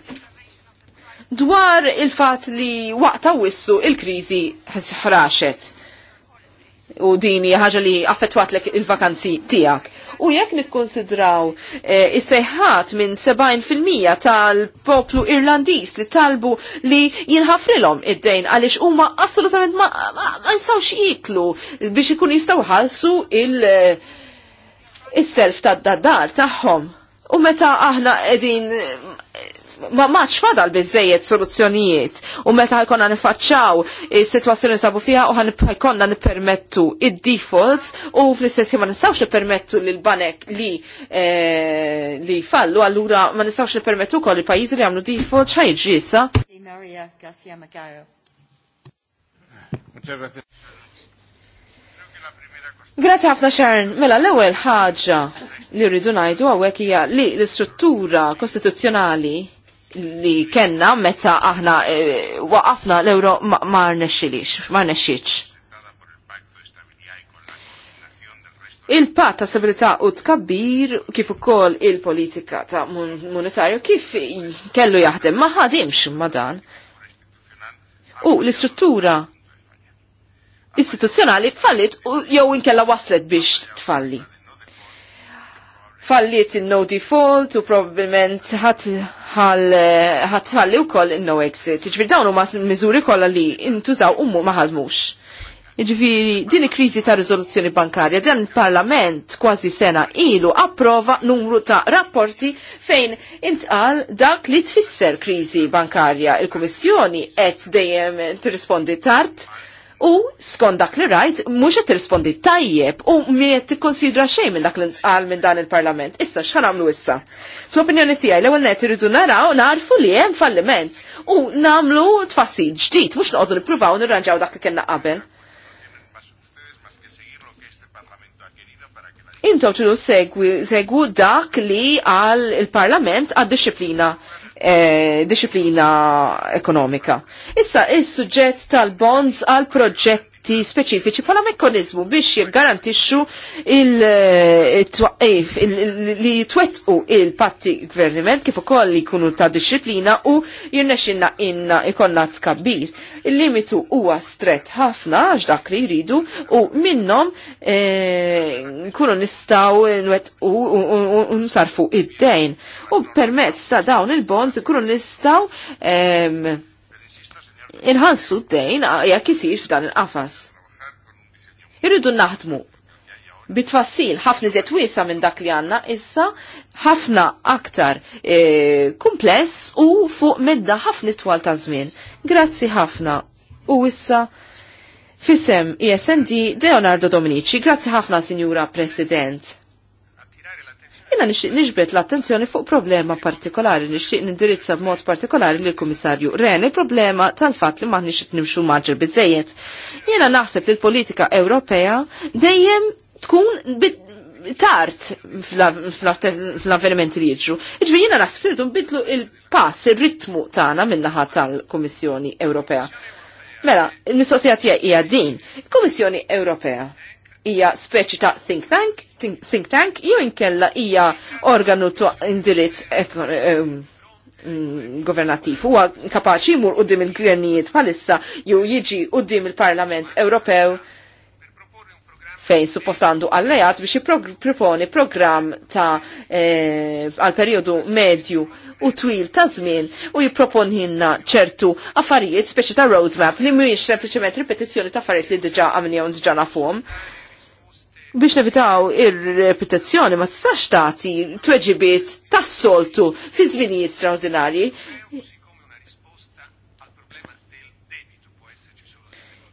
Speaker 1: Dwar il-fat li waqta wissu il-krizi ħraxet u dini ħaġa li affettwatlek il-vakanzi tijak. U jekk nikkonsidraw eh, is-sejħat minn 70% tal-poplu Irlandiż li talbu li jinħafrilhom id-dejn għaliex huma assolutament ma, ma, ma jistgħux jiklu biex ikun jistgħu ħalsu il- eh, is-self tad-dar tagħhom. U meta aħna edin ma maċ fadal bizzejiet soluzzjonijiet u meta ħajkonna nifacċaw situazzjoni sabu fija u ħajkonna nipermettu id-defaults u fl-istess ma nistawx nipermettu li l-banek eh, li li fallu allura ma nistawx nipermettu kol il-pajizi li għamlu default ċajġi issa. Grazie ħafna Sharon, mela l-ewel ħaġa li rridu ngħidu hawnhekk hija li l-istruttura kostituzzjonali li kenna meta aħna e, waqafna l-euro ma rnexxilix, ma Il-pat ta' stabilità u tkabbir kif ukoll il-politika ta' monetarju kif kellu jaħdem ma ħadimx ma dan. U l-istruttura istituzzjonali fallit u jew inkella waslet biex tfalli falliet in no default u probabbilment ħatħalli u koll in no exit. Iġviri dawn huma miżuri kollha li intużaw ummu ma ħadmux. Iġviri din il-kriżi ta' Rizoluzzjoni bankarja dan il-Parlament kważi sena ilu approva numru ta' rapporti fejn intqal dak li tfisser kriżi bankarja. Il-Kummissjoni qed dejjem tirrispondi tard u skont dak li rajt mhux qed tirrispondi tajjeb u miet tikkonsidra xejn minn dak l nsqal minn dan il-Parlament. Issa x'ħan nagħmlu issa? Fl-opinjoni tiegħi l-ewwel net irridu naraw narfu li hemm falliment u nagħmlu tfassil ġdid mhux noqogħdu nippruvaw nirranġaw dak li kellna qabel. Intom tridu segwu dak li għal il-Parlament għad-disciplina Eh, disciplina ekonomika. Issa, is-suġġett tal-bonds għal proġett atti speċifiċi bħala mekkanizmu biex jiggarantixxu il-twaqqif eh, eh, li twettqu il-patti gverniment kif ukoll li jkunu ta' disċiplina u jirnexxinna inna ikonna tkabbir. Il-limitu huwa stret ħafna għax dak li jridu u minnhom eh, nkunu nistgħu nwettqu u nsarfu id-dejn. U permezz ta' dawn il-bonds ikunu nistgħu ehm, inħassu d-dejn jekk isir f'dan il-qafas. Irridu naħdmu bitfassil ħafna zet wiesa minn dak li għanna issa ħafna aktar e, kumpless u fuq medda ħafna twal ta' żmien. Grazzi ħafna. U issa fisem ISND e Leonardo Dominici. Grazzi ħafna, Sinjura President. Jena nixtieq nixbet l-attenzjoni fuq problema partikolari, nixtieq nindirizza b'mod partikolari lill kummissarju Ren il-problema tal-fatt li maħniex qed nimxu maġġer biżejjed. Jena naħseb li l-politika Ewropea dejjem tkun tart fl-avvenimenti li jiġru. Iġbi li naspirdu nbidlu il-pass, il-ritmu tagħna min-naħa tal-Kummissjoni Ewropea. Mela, il-mistoqsija tiegħi hija din. Kummissjoni Ewropea hija speċi ta' think tank, think, think tank, jew inkella hija organu ta' indirizz mm, governattiv huwa kapaċi jmur qudiem il-gvernijiet bħalissa jew jiġi qudiem il-Parlament Ewropew fejn suppostandu għallejat biex jipproponi programm ta' eh, għal periodu medju u twil ta' żmien u jipproponħinna ċertu affarijiet speċi ta' roadmap li mhuwiex sempliċement ripetizzjoni ta' affarijiet li diġà għamilhom diġà nafhom biex nevitaw ir-reputazzjoni ma tistax tagħti tweġibiet tas-soltu fi żminijiet straordinarji.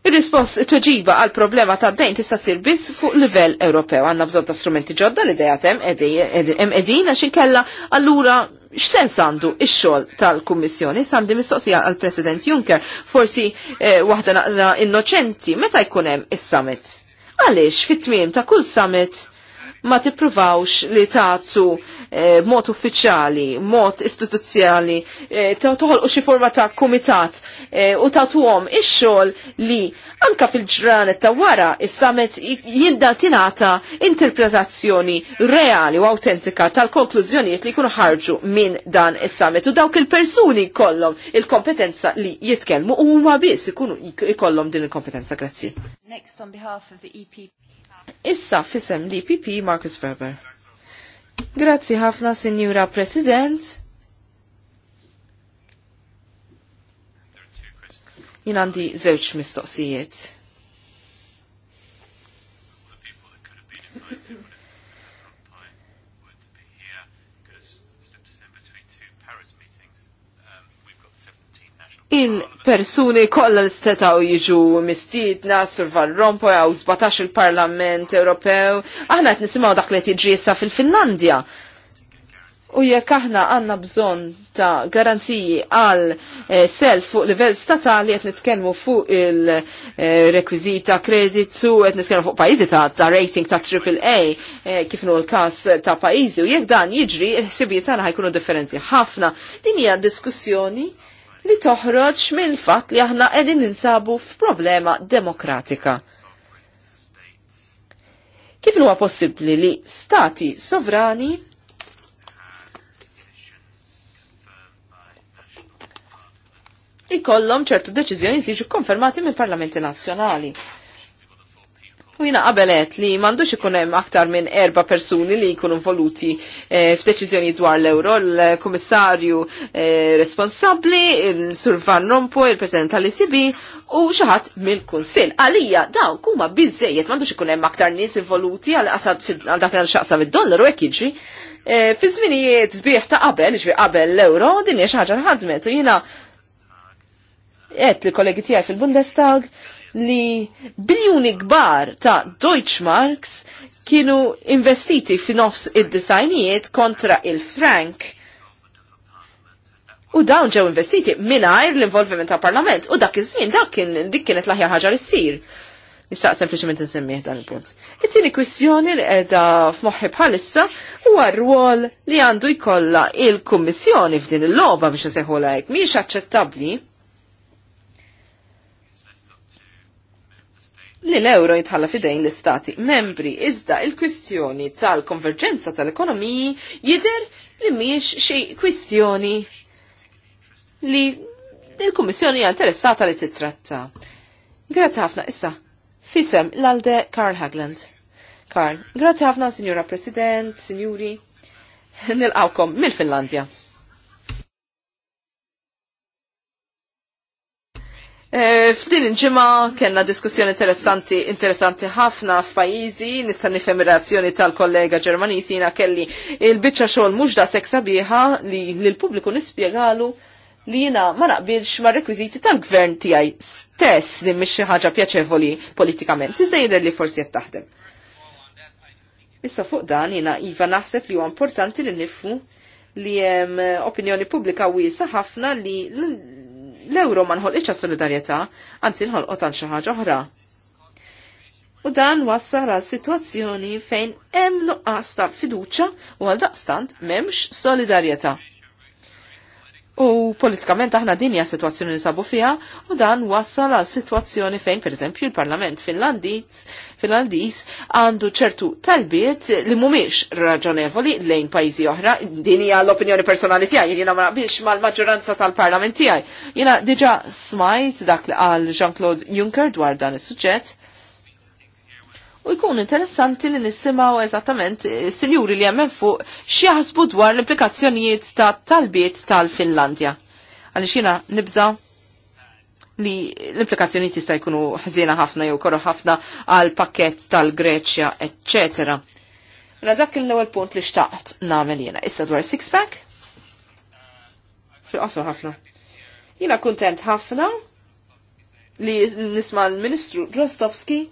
Speaker 1: Ir-rispost tweġiba għal problema ta' dejn tista' sir biss fuq livell Ewropew. Għandna bżonn ta' strumenti ġodda li dejat hemm hemm qegħdin għax inkella allura x'sens għandu x-xogħol tal-Kummissjoni? Sandi mistoqsija għal President Juncker, forsi eh, waħda naqra innoċenti, meta jkun hemm is-summit? Għaliex fit-tmiem ta' kull summit ma tippruvawx li tagħtu eh, mod uffiċjali, mod istituzzjali, eh, toħolqu xi forma ta' kumitat eh, u tagħtuhom ix-xogħol li anka fil-ġranet ta' wara is-summit jidda tingħata interpretazzjoni reali u autentika tal-konklużjonijiet li jkunu ħarġu minn dan is-summit u dawk il-persuni kollhom il-kompetenza li jitkellmu u huma biss ikunu ikollhom din il-kompetenza. Grazzi. Next on behalf of the EPP. Issa fisem li PP Marcus Ferber. Grazzi ħafna, Signora President. Jinandi zewċ mistoqsijiet. il-persuni kollha l-istetaw jiġu mistietna surval rompo għaw Zbatax il-Parlament Ewropew. Aħna qed nisimgħu dak li tiġi issa fil-Finlandja. U jekk aħna għandna bżonn ta' garanziji għal eh, self fuq livell statali qed nitkellmu fuq il-rekwiżita kreditu, qed nitkellmu fuq pajjiżi ta', ta rating ta' AAA eh, kif nu l-każ ta' pajjiżi u jekk dan jiġri, il-ħsibijiet tagħna ħajkunu differenzi ħafna. Din hija diskussjoni li toħroġ mill fatt li aħna qegħdin ninsabu f'problema demokratika. Kif huwa possibbli li stati sovrani ikollhom ċertu deċiżjoni li ġu konfermati mill parlamenti nazzjonali? U jina qabelet li mandu ikun hemm aktar minn erba' persuni li jkunu involuti e, f'deċiżjoni dwar l-euro, l-kummissarju e, responsabbli, il-Sur Van Rompuy, il-President tal-ECB u xi ħadd mill-Kunsill. Għalija daw, huma bizzejiet, m'għandux ikun hemm aktar nies involuti għal qasad għal dak xaqsa mid dollar hekk jiġri. E, fi żminijiet sbieħ ta' qabel, ġbi qabel l-euro, din hija xi ħaġa ħadmet u jiena qed li kollegi tiegħi fil-Bundestag li biljoni kbar ta' Deutschmarks kienu investiti fi nofs id-disajnijiet kontra il-frank. U dawn ġew investiti mingħajr l-involviment ta' parlament u dak iż-żmien dak kien dik kienet l-aħjar ħaġa li ssir. Nistaq sempliċement insemmieh dan il-punt. It-tieni kwistjoni li qiegħda f'moħħi bħalissa huwa r-rwol li għandu jkollha il-Kummissjoni f'din il-logħba biex iseħħu lajk mhijiex aċċettabbli li l-euro jitħalla fidejn l-istati membri. Iżda il-kwistjoni tal-konverġenza tal-ekonomiji jider li miex xi kwistjoni li il-Kummissjoni hija interessata li titratta. Grazzi ħafna issa. Fisem l-alde Karl Hagland. Karl, grazzi ħafna, Signora President, Sinjuri. Nilqawkom mill-Finlandja. Eh, f'din il-ġimgħa kellna diskussjoni interessanti interessanti ħafna f'pajjiżi, nista' nifhem ir-reazzjoni tal-kollega ġermanisi jina kelli il-biċċa xogħol mhux da seksa biħa li lill-pubbliku nispjegalu li jiena ma naqbilx ma' rekwiżiti tal-gvern tiegħi stess li mhix xi ħaġa pjaċevoli politikament. Iżda jidher li forsi qed taħdem. Issa fuq dan jiena iva naħseb li huwa importanti li nifu li hemm opinjoni pubblika wiesa ħafna li l-euro ma nħolqitx solidarjetà, anzi nħolqot għal xi ħaġa oħra. U dan wassal għal sitwazzjoni fejn hemm nuqqas ta' fiduċja u għal daqstant m'hemmx solidarjetà. U politikament aħna din hija sitwazzjoni li sabu fiha u dan wassal għal sitwazzjoni fejn pereżempju il-Parlament Finlandiż Finlandiż għandu ċertu talbiet li mhumiex raġonevoli lejn pajjiżi oħra. Din hija l-opinjoni personali tiegħi, jiena ma naqbilx mal-maġġoranza tal-Parlament tiegħi. Jiena diġà smajt dak li għal Jean-Claude Juncker dwar dan is-suġġett U jkun interessanti li nisimaw eżattament eh, sinjuri li għamem fuq xieħasbu dwar l-implikazzjonijiet ta' talbiet tal-Finlandja. Għalli xina nibza li l implikazzjonijiet jista' jkunu ħżiena ħafna jew korra ħafna għal pakket tal-Greċja, etc. Mela dak il-ewwel punt li xtaqt nagħmel jiena. Issa dwar six pack? Fil-qosor ħafna. Jiena kuntent ħafna li nisma' l-Ministru Rostovski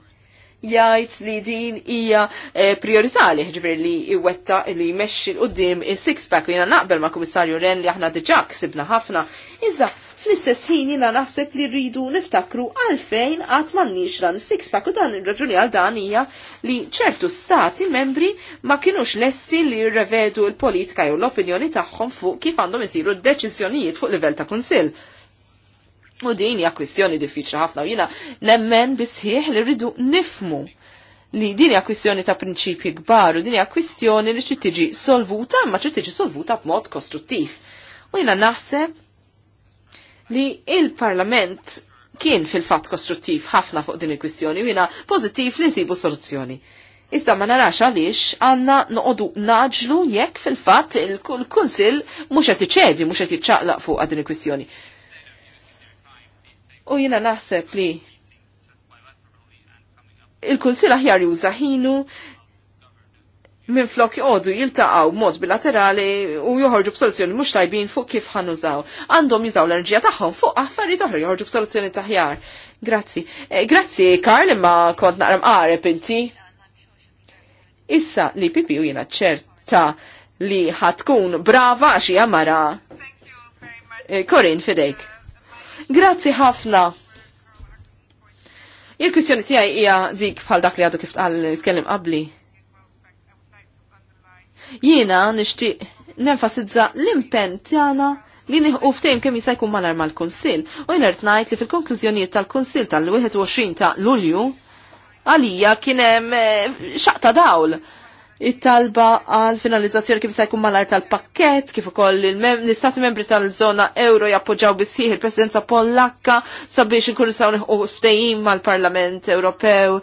Speaker 1: jgħid li din hija eh, priorità li ġifieri li iwetta li jmexxi l qoddim il six pack u jiena naqbel ma' Kummissarju Ren li aħna diġà ksibna ħafna. Iżda fl-istess ħin jina naħseb li rridu niftakru għalfejn għat mannix dan six pack u dan il-raġuni għal dan hija li ċertu stati membri ma kienux lesti li jirrevedu il-politika jew l-opinjoni tagħhom fuq kif għandhom isiru d-deċiżjonijiet fuq livell ta' kunsill. U din hija kwistjoni diffiċli ħafna u jiena nemmen bisħieħ li rridu nifmu li din hija kwistjoni ta' prinċipji kbar u din hija kwistjoni li trid tiġi solvuta imma trid tiġi solvuta b'mod kostruttiv. U jiena naħseb li il-Parlament kien fil-fatt kostruttiv ħafna fuq din il-kwistjoni u jiena pożittiv li nsibu soluzzjoni. Iżda ma narax għaliex għandna noqogħdu naġlu jekk fil-fatt il il-kull-kunsill mhux qed iċedi, mhux qed jiċċaqlaq fuq din il-kwistjoni. U jina naħseb li il-Kunsil aħjar juża ħinu minn flok jodu jiltaqaw mod bilaterali u joħorġu b'soluzzjoni mhux tajbin fuq kif ħanużaw. Għandhom jużaw l-enerġija tagħhom fuq affarijiet oħra joħorġu b'soluzzjoni taħjar. Grazzi. Eh, grazzi, Karl, imma kont naqram qareb inti. Issa li pipi u jiena ċerta li ħatkun brava għax hija mara. Korin eh, fidejk. Grazzi ħafna. Il-kwistjoni tiegħi hija dik bħal dak li għadu kif tqal nitkellem qabli. Jiena nixtieq nenfasizza l-impenn tagħna li nieħu ftehim kemm jista' jkun malar mal-Kunsill u jnert ngħid li fil-konklużjonijiet tal-Kunsill tal-21 ta' Lulju għalija kien hemm eh, xaqta dawl it-talba għal finalizzazzjoni kif se jkun malar tal-pakket, kif ukoll l-istati membri tal-żona euro jappoġġaw bisħieħ il-presidenza Pollakka sabiex inkunu saw nieħu ftehim mal-Parlament Ewropew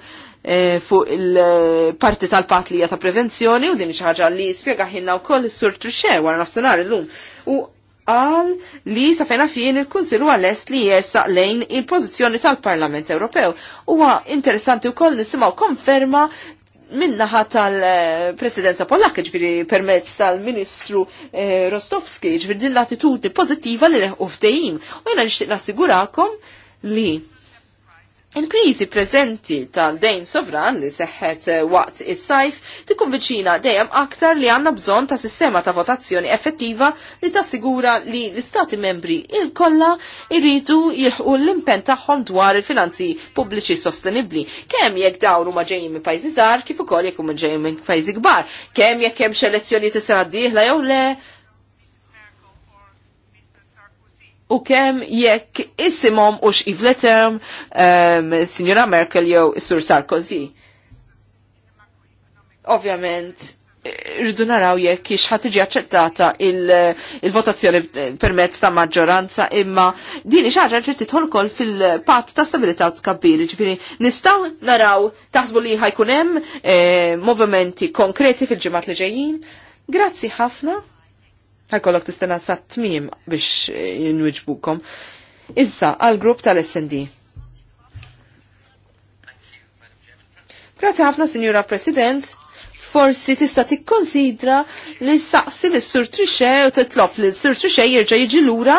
Speaker 1: eh, fuq il-parti tal-pat li ta' prevenzjoni u din xi ħaġa li spjega ħinna wkoll is-sur Trixxe wara nafsinhar illum. U qal li sa fejna fien il-Kunsil huwa lest li jersaq lejn il-pożizzjoni tal-Parlament Ewropew. Huwa interessanti wkoll nisimgħu konferma minnaħa tal-presidenza Pollak ġviri permezz tal-ministru eh, Rostovski ġviri din l-attitudni pozittiva li leħu ftejim. U jena nixtieq nasigurakom li Il-kriżi preżenti tal-dejn sovran li seħħet eh, waqt is-sajf viċina dejjem aktar li għandna bżonn ta' sistema ta' votazzjoni effettiva li tassigura li l-Istati membri il kolla irritu jilħqu l-impenn tagħhom dwar il-finanzi pubbliċi sostenibbli. Kemm jekk dawn huma ġejjin minn pajjiżi żgħar kif ukoll jekk huma ġejjin minn pajjiżi kbar, kemm jekk hemm xelezzjoni is-sena d-dieħla jew le, u kem jekk isimom u x'ivletem um, Signora Merkel jew Sur Sarkozy. Ovvjament, rridu naraw jekk kiex ħat tiġi aċċettata il-votazzjoni il permezz ta' maġġoranza imma din xaġa trid tidħol ukoll fil-patt ta' stabilità tkabbir. Ġifieri nistgħu naraw taħsbu li ħajkun hemm eh, movimenti konkreti fil-ġimgħat li ġejjin. Grazzi ħafna ħajkollok tistenna sa' tmim biex jinwiġbukom. Issa, għal-grupp tal-SND. Grazie ħafna, Signora President. Forsi tista' tikkonsidra li saqsi lis sur Trixe u titlob li sur Trixe jerġa' jiġi lura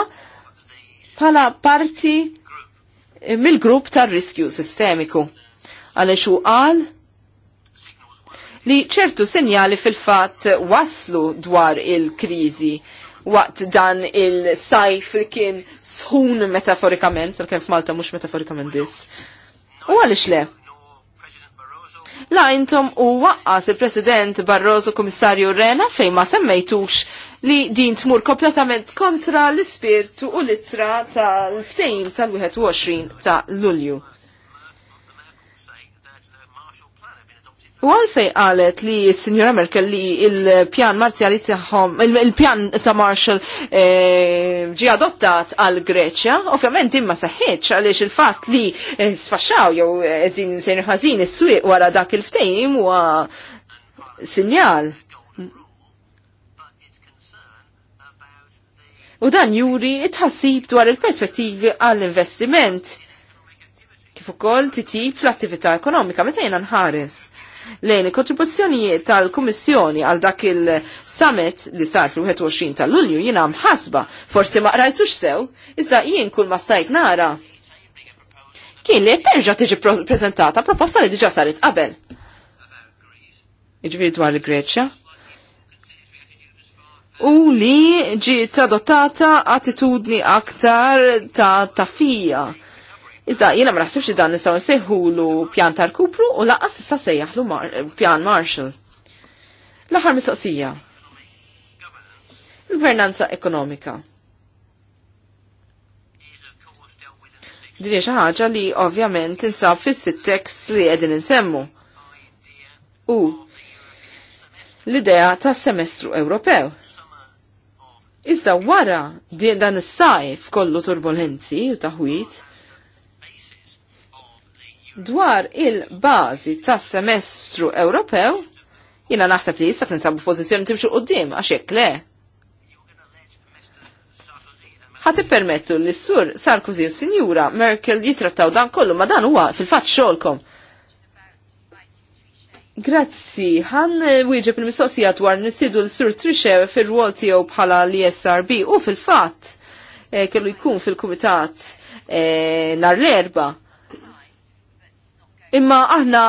Speaker 1: bħala parti mill-grupp tar-riskju sistemiku. Għaliex u qal li ċertu sinjali fil-fat waslu dwar il-krizi waqt dan il-sajf li kien sħun metaforikament, sal kien f'Malta mux metaforikament biss. U għalix le? La intom u waqqas il-President Barroso Komissarju Rena fej ma semmejtux li din tmur kompletament kontra l-ispirtu u l-ittra tal-ftejn tal-21 ta' Lulju. U għalfej qalet li s-Sinjora Merkel li il-pjan marzjali tagħhom, il-pjan ta' Marshall eh, ġi adottat għal Greċja, ovvjament imma seħħitx għaliex il-fatt li eh, sfaxxaw jew eh, din sejn ħażin is-swieq wara dak il-ftehim huwa sinjal. U dan juri it-ħassib dwar il-perspettivi għall-investiment kif ukoll titjib fl-attività ekonomika meta jiena nħares lejn il-kontribuzzjonijiet tal-Kummissjoni għal dak il-summit li sar fil-21 ta' Lulju jiena mħasba, forsi ma qrajtux sew, iżda jien kull ma stajt nara. Kien li terġa tiġi prezentata proposta li diġa saret qabel. Iġviri dwar il-Greċja. U li ġiet adottata attitudni aktar ta' tafija Iżda jiena ma naħsibx dan nistgħu nsejħulu pjan ta' kupru u laqas issa sejjaħlu mar pjan Marshall. L-aħħar mistoqsija. Il-gvernanza ekonomika. Din xi ħaġa li ovvjament insab fis-sittex li qegħdin insemmu. U l-idea ta' semestru Ewropew. Iżda wara din dan is-sajf kollu turbulenzi u taħwit, Dwar il-bazi tas semestru Ewropew, jina naħseb li jista' ninsabu pożizzjoni timxu qudiem għax hekk le. Għati permettu li s-sur Sarkozy u Sinjura Merkel jitrattaw dan kollu ma dan huwa fil-fatt xolkom. Grazzi, għan wieġeb il-mistoqsija dwar nistidu l-sur Trisha fil ruol tiegħu bħala l-ISRB u fil-fatt eh, kellu jkun fil-kumitat eh, nar l-erba' imma aħna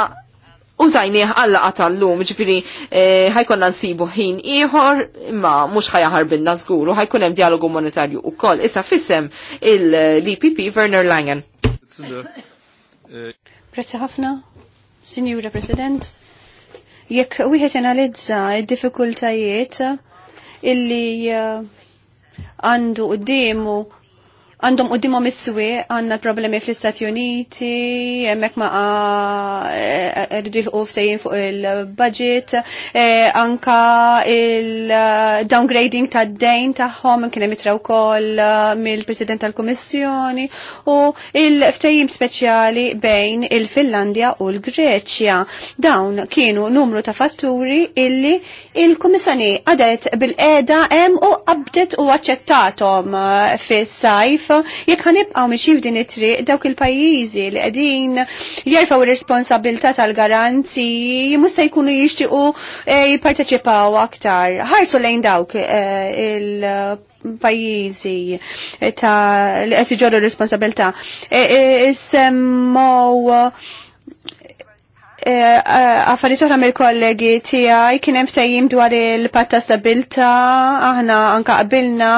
Speaker 1: użajnieħ għalla għatallum, lum ġifiri eh, ħajkonna nsibu ħin ieħor, imma mhux ħajaħarbinna żgur u ħajkun hemm dialogu monetarju koll, Issa fissem
Speaker 2: il-DPP Werner Langen. Prezzi ħafna, Sinjura President. Jekk wieħed analizza d-diffikultajiet illi eh, għandu d-dimu għandhom qoddimhom is-swi għandna problemi fl-Istati Uniti, hemmhekk ma eh, rridu jilħu ftejjin fuq il-budget, eh, anka il-downgrading tad-dejn tagħhom kien hemm itra wkoll eh, mill-President tal-Kummissjoni u il-ftejjim speċjali bejn il-Finlandja u l-Greċja. Dawn kienu numru ta' fatturi illi il-Kummissjoni għadet bil-qeda hemm u qabdet u aċċettatom fis-sajf kif jekk ħanibqgħu mixin f'din it-triq dawk il-pajjiżi li qegħdin jerfgħu ir-responsabilità tal garanzi mhux se jkunu jixtiequ e, jipparteċipaw aktar. Ħarsu lejn dawk e, il pajjiżi ta' li qed iġorru responsabilità. Issemmow e, Għaffariet eh, eh, uħra mill-kollegi tijaj kienem ftajim dwar il-patta stabilta, aħna anka qabilna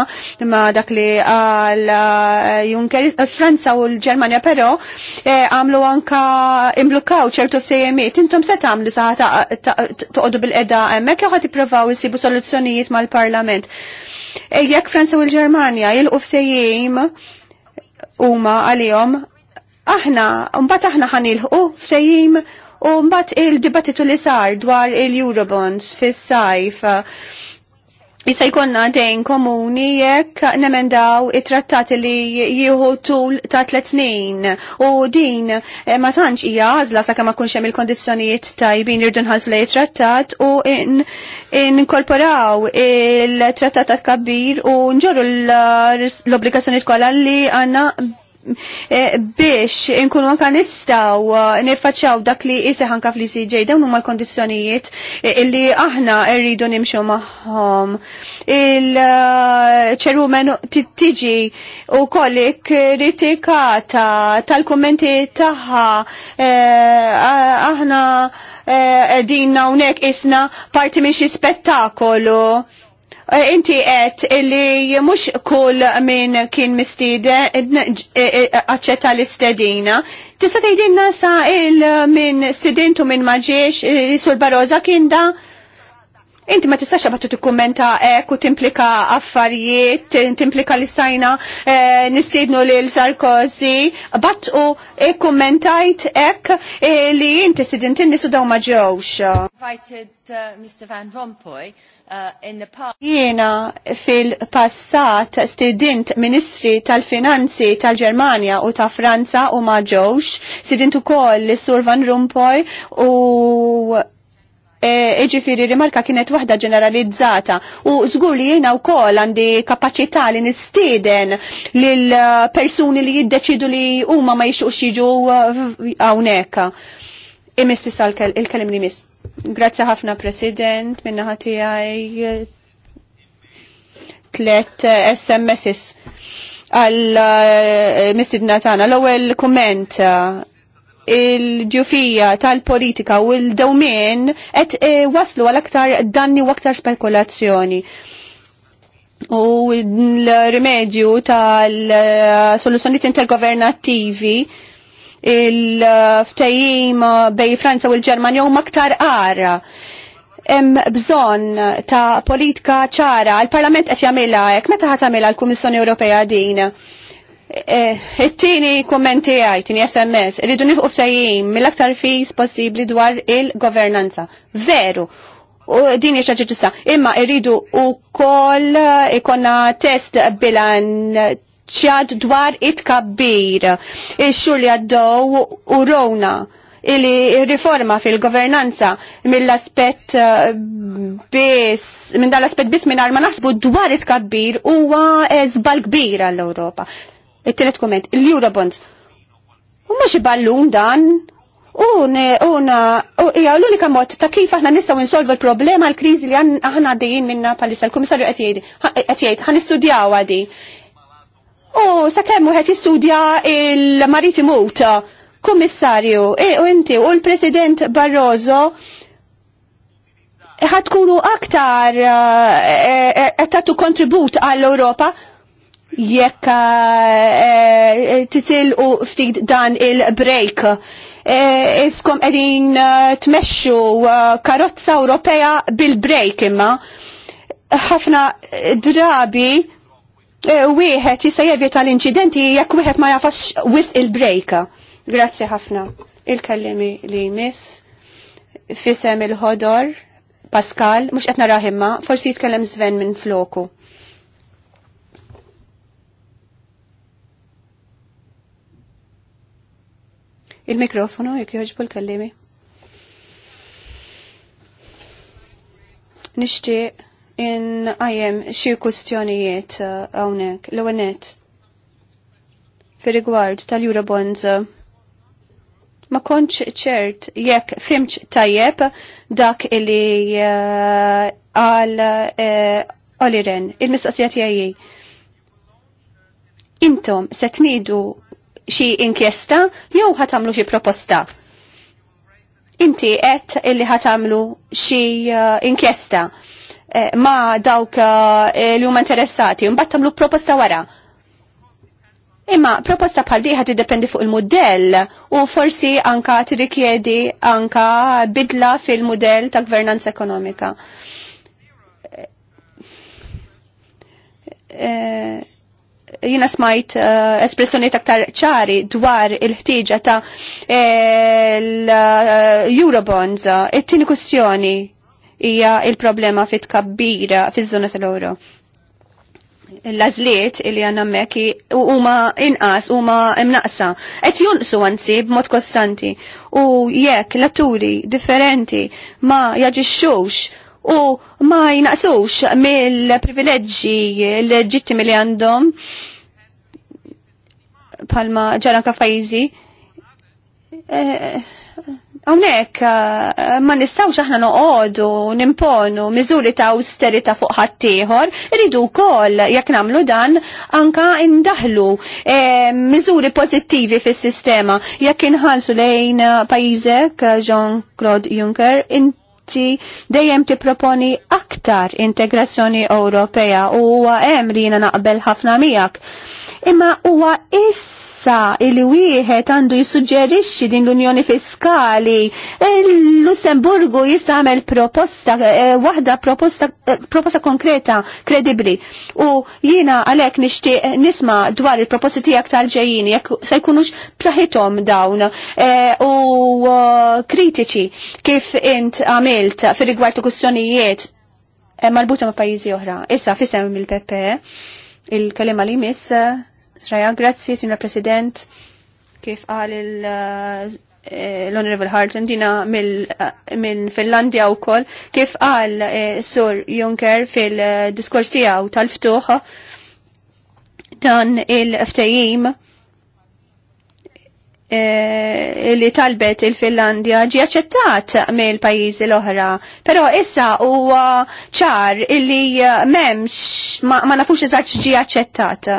Speaker 2: ma dak li għal eh, Juncker, Franza u l-Germania pero għamlu anka imblukaw ċertu ftajimiet. Intom set għamlu saħta toqdu bil-edha emmek, joħat iprovaw jisibu soluzzjonijiet mal-parlament. Jekk Franza u l-Germania jilqu ftajim huma għalihom aħna mbagħad aħna ħanilħu ftajim U mbagħad il-dibattitu li sar dwar il-Eurobonds fis-sajf. Issa eh, jkonna dejn komuni jekk nemendaw it-trattati li jieħu tul ta' tlet snin u din eh, ma tantx hija għażla sakemm ma kunx hemm il-kondizzjonijiet tajbin irdu nħaslu it-trattat u inkorporaw il-trattat kabbir u nġorru l-obbligazzjonijiet kollha li għandna Eh, biex inkunu anka nistaw eh, nifacċaw dak li jiseħ ħanka fl ġej dawn huma l-kondizzjonijiet eh, illi aħna rridu nimxu magħhom. Il-ċerumen tiġi u koll kritikata tal-kommenti tagħha aħna din hawnhekk isna parti minn xi spettakolu Eh, inti qed li mhux kull min kien mistide eh, eh, aċċetta l-istedina. Tista' tgħidilna sa il minn student u minn ma ġiex sur Barroza kien da Inti ma tistax t-kommenta ek u timplika affarijiet, timplika li sajna e, nistidnu li l sarkozi battu e kommentajt ek li inti sidintin nisu daw maġewx. Invited uh, Mr. Van Rompuy Uh, jiena fil-passat student ministri tal-finanzi tal-Germania u ta' Franza u ma' ġewx, student u koll Sur Van Rumpoy u e, iġifiri e, rimarka kienet waħda ġeneralizzata u zgur li jiena u koll għandi kapacità li nistiden lil-persuni li jiddeċidu li huma ma ma' jiġu għawneka. Uh, Imistis il-kelim li mis. Grazzi ħafna President, minna ħati għaj tlet SMS eh, għal eh, mistidna tana. L-ewel komment eh, il-ġufija tal-politika u l-dawmin et waslu għal aktar danni u aktar spekulazzjoni. U l remedju tal-soluzjoniet intergovernativi il-ftajim uh, bej Franza u l-Ġermanja huma aktar għar. hemm bżonn ta' politika ċara. l parlament qed jagħmilha hekk, meta ħadd l-Kummissjoni Ewropea din? Eh, it-tieni kummenti għaj, tieni SMS, rridu nifqu ftajim mill-aktar fis possibbli dwar il-governanza. Veru, u din hija ġista. Imma rridu wkoll ikonna test bilan ċad dwar it-kabbir, il-xur li għaddow u rowna illi riforma fil-governanza mill-aspet eh, bis, minn dal-aspet bis minn ma naħsbu dwar it-kabbir huwa zbal kbir għall-Europa. Il-tret komment, l-Eurobonds. U mux ballun dan, Una, una, hija l-unika mod ta' kif aħna nistgħu insolvu l-problema l-kriżi li aħna għaddejjin minna palissa l komissarju qed jgħid ħanistudjaw għadi. U sakemm wieħed jistudja il-mariti Muta, kummissarju, e, u inti u l-President Barroso ħatkunu aktar eh, eh, eh, tagħtu kontribut għall-Europa jekk titilqu ftit dan il-break. Iskom edin tmexxu karozza Ewropea bil-break imma ħafna drabi Eh, wieħed jista' jevita l-inċidenti jekk wieħed ma jafax with il-brejka. Grazzi ħafna. il kellimi li jmiss fisem il-ħodor Pascal, mhux qed nara forsi jitkellem Sven minn floku. Il-mikrofonu jekk joġbu l kellimi Nixtieq in għajem xie kustjonijiet uh, għawnek, l għonet fi rigward tal-Eurobonds. Uh, ma konċ ċert jekk fimċ tajjeb dak illi uh, għal Oliren, il-mistaqsijat jgħi. Intom se tnidu xi inkjesta jew ħatamlu xi proposta. Inti qed illi ħatamlu xi inkjesta. Eh, ma dawk eh, li huma interessati, mbagħad tagħmlu proposta wara. Imma proposta bħal diħa tiddependi fuq il-modell u forsi anka tirrikjedi anka bidla fil-modell ta' gvernanza ekonomika. Eh, jina smajt uh, espressjoni aktar ċari dwar il ħtieġa ta' l-Eurobonds, it-tini e kussjoni hija il-problema fit kabbira fiż-żona tal oro L-azliet li għanna mekki huma inqas huma imnaqsa. Qed junqsu anzi b'mod kostanti u jekk l-atturi differenti ma jaġixxux u ma jnaqsux mill-privileġġi l li għandhom palma ġaran ka' pajzi. Unek, eh, ma nistawx aħna noqodu, nimponu, miżuri ta' austerita fuq ħaddieħor, rridu wkoll jekk nagħmlu dan, anka indahlu e, eh, miżuri pozittivi fis sistema Jekk inħallsu lejn eh, pajjiżek, Jean-Claude Juncker, inti dejjem tipproponi aktar integrazzjoni Ewropea u huwa hemm li jiena naqbel ħafna miegħek. Imma huwa issa Sa illi wieħed għandu jissuġġerixxi din l-Unjoni Fiskali. E, Lussemburgu jista' għamel proposta e, waħda proposta e, proposta konkreta kredibbli. U jiena għalhekk nixtieq nisma' dwar il-proposti tiegħek tal-ġejjin jekk se jkunux b'saħħithom dawn u kritiċi kif int għamilt fir-rigward kwistjonijiet marbuta ma' pajjiżi oħra. Issa fisem il-PP il-kelima li miss? Sraja, grazzi, Signor President, kif għal eh, l-Honorable Harton dina eh, minn Finlandja u kol, kif għal eh, Sur Juncker fil-diskors tijaw tal-ftuħ dan il-ftajim li talbet il-Finlandja ġi aċċettat mill pajjiżi l-oħra. Però issa huwa ċar illi memx ma nafux eżatt ġi aċċettat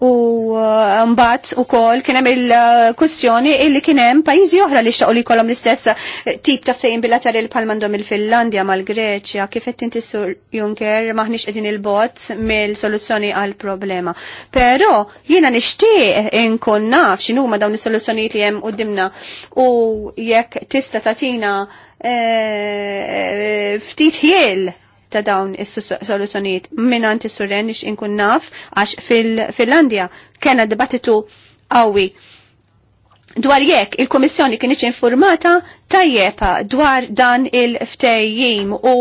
Speaker 2: u uh, mbagħad ukoll kien hemm il-kwistjoni illi kien hemm pajjiżi oħra li xaqgħu li jkollhom l-istess eh, tip ta' ftehim bilaterali bħal m'għandhom il-Finlandja mal-Greċja kif qed inti sur Juncker maħniex qegħdin il-bot mill-soluzzjoni għal problema. Però jiena nixtieq inkun naf x'inhuma dawn is-soluzzjonijiet li hemm qudiemna u jekk tista' tagħtina eh, ftit ħiel ta' dawn is-soluzzjonijiet minant is-suren nix inkun naf għax fil-Finlandja kena dibattitu qawwi dwar jekk il-Komissjoni kienieċ informata tajjeb dwar dan il-ftejjim u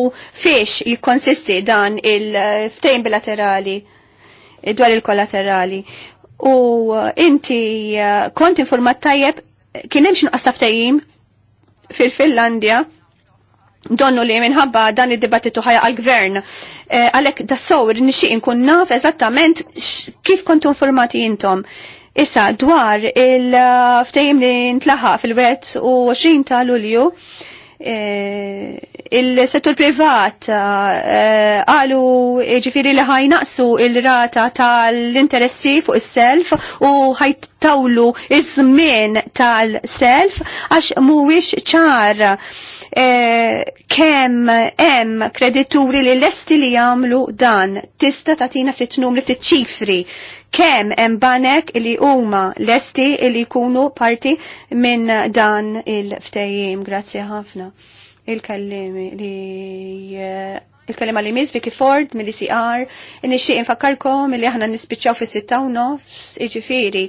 Speaker 2: fiex jikkonsisti dan il-ftejjim bilaterali dwar il-kollaterali. U inti eh, kont informat tajjeb kien hemm x'inqas ftejjim fil-Finlandja donnu li minħabba dan id-dibattitu ħajja għal-gvern. Eh, Għalek da sowr nixi nkun naf eżattament kif kontu informati jintom. Issa dwar il-ftejim li ntlaħa fil wet u 20 ta' Lulju, eh, il-settur privat eh, għalu ġifiri li ħajnaqsu il-rata tal-interessi fuq il-self u ħajtawlu iż-żmien tal-self għax mhuwiex ċar eh, kemm hemm kredituri li lesti li jagħmlu dan. Tista' tagħtina ftit numri ftit ċifri kemm hemm banek li huma lesti li jkunu parti minn dan il-ftehim. Grazzi ħafna il-kallimi li il-kalima li miz Vicky Ford mill-ICR, nixxie infakkarkom li aħna nispiċaw fis sitta u nofs, iġifiri.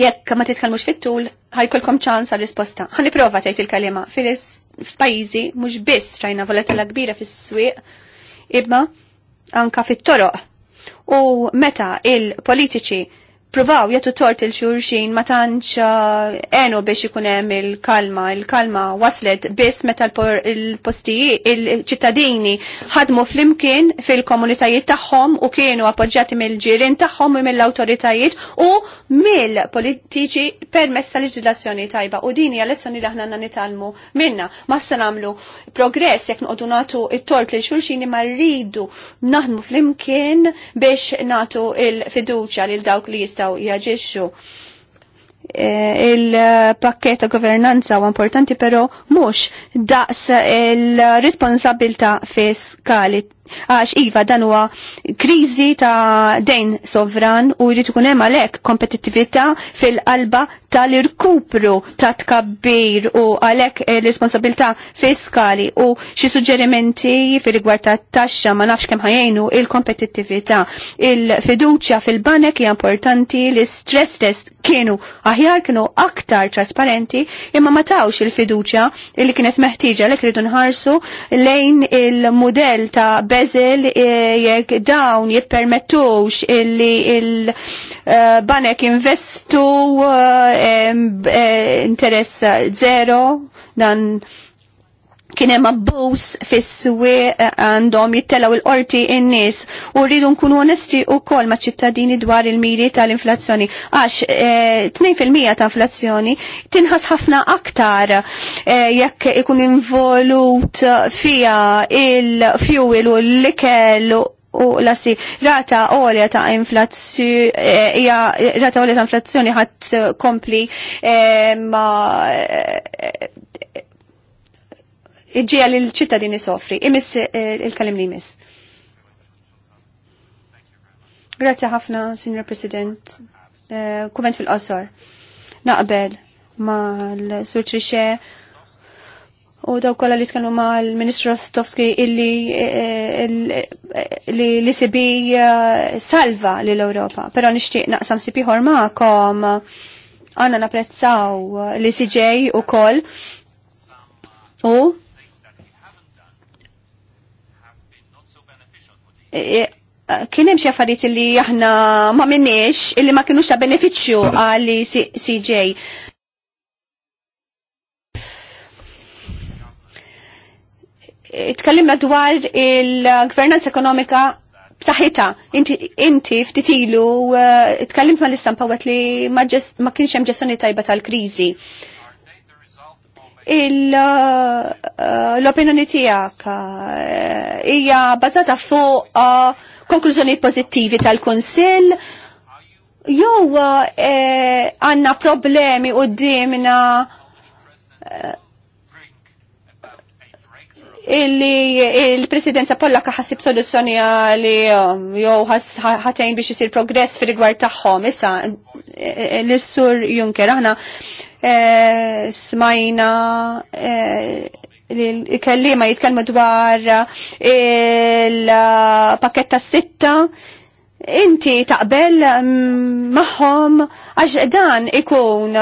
Speaker 2: Jekk ma titkalmux fit-tul, ħajkolkom ċans għal risposta. Ħani prova tajt il-kalima. F'pajjiżi mhux biss rajna volatila kbira fis-swieq, imma anka fit-toroq. U meta il-politiċi provaw jatu tort il-xurxin ma tantx uh, enu biex ikunem il-kalma. Il-kalma waslet biss meta il postiji il-ċittadini ħadmu fl-imkien fil-komunitajiet tagħhom u kienu appoġġjati mill-ġirien tagħhom u mill-awtoritajiet u mill-politiċi permess tal-leġislazzjoni tajba. U dini għal-lezzjoni li aħna nitalmu minna. Ma se nagħmlu progress jekk noqogħdu nagħtu il tort lil xulxin ma rridu naħdmu fl-imkien biex nagħtu il-fiduċja lil dawk li jistaw jistaw jaġixxu. E, il-pakket ta' governanza u importanti però mhux daqs il-responsabilta fiskali Għax iva dan huwa kriżi ta' dejn sovran u jrid ikun hemm għalhekk kompetittività fil-qalba tal-irkupru ta' tkabbir u għalhekk eh, l-responsabilità fiskali u xi suġġerimenti fil-rigward tat-taxxa ma nafx kemm ħajjinu il-kompetittività. Il-fiduċja fil-banek hija importanti, l-stress test kienu aħjar kienu aktar trasparenti imma ma tawx il-fiduċja li kienet meħtieġa lek rridu nħarsu lejn il mudell ta' bezel eh, jekk dawn jippermettux illi il-banek investu eh, eh, interess zero dan kien hemm abbuż fis-swieq eh, għandhom jittelaw il-qorti in-nies u rridu nkunu onesti wkoll maċ-ċittadini dwar il-miri tal-inflazzjoni għax 2% eh, ta' inflazzjoni tinħas ħafna aktar eh, jekk ikun involut fija il-fuel u l-ikel u lasi rata olja ta' inflazzjoni rata olja ta' inflazzjoni ħadd kompli ma iġġija li l-ċittadini sofri. Imis eh, il-kalim li imis. Grazie ħafna, Signor President. Eh, Kument fil-qosor. Naqbel ma l-Sur Trixe u daw kolla li tkanu ma l-Ministru Rostovski illi eh, li sibi salva l-Europa. Pero nishtiq naqsam sibi kom għanna naprezzaw li siġej u koll u Eh, eh, kien hemm xi affarijiet li aħna ma minniex illi ma kinux ta' benefiċċju għal CJ. Tkellimna dwar il-gvernanza ekonomika b'saħħitha. Inti, ftit ilu eh, tkellimt mal-istampa wet li ma kienx hemm ġestjoni tajba tal-kriżi. Eh, l-opinjoni tijak eh, hija bazata fuq eh, konklużjoni pozittivi tal-Konsil jew għanna problemi u dimna illi il-presidenza pollaka ħassib soluzzjoni li um, jew ħatejn biex isir progress fil rigward tagħhom. Issa eh, eh, l-Sur Juncker aħna eh, smajna il-kellima jitkellmu dwar il-paketta sitta inti taqbel mm, magħhom għax dan ikun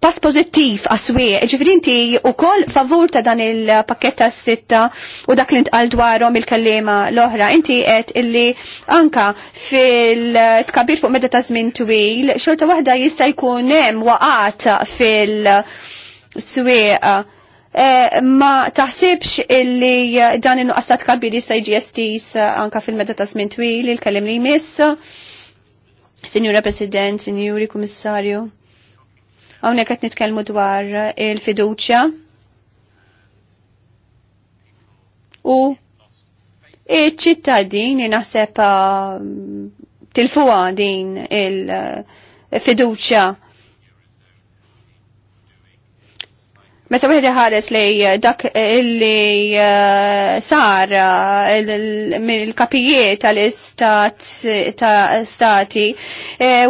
Speaker 2: pass pozittiv għaswie. ġifri inti u kol favur ta' dan il-pakketta s-sitta u dak li intqal dwarom il kallema l-oħra. Inti għet illi anka fil-tkabir fuq medda ta' żmien twil, xorta waħda jista' jkun hemm waqat fil-swieq. E, ma taħsibx illi dan il-nuqqas ta' jista' jiġi estis anka fil medda ta' żmien twil il-kellim li jmiss. Signora President, Signori Kummissarju. Hawnhekk qed nitkellmu dwar il-fiduċja u iċ-ċittadini naħseb um, tilfuha din il-fiduċja Meta wieħed ħares li eh, dak eh, illi eh, sar mill-kapijiet tal-istat ta' stati,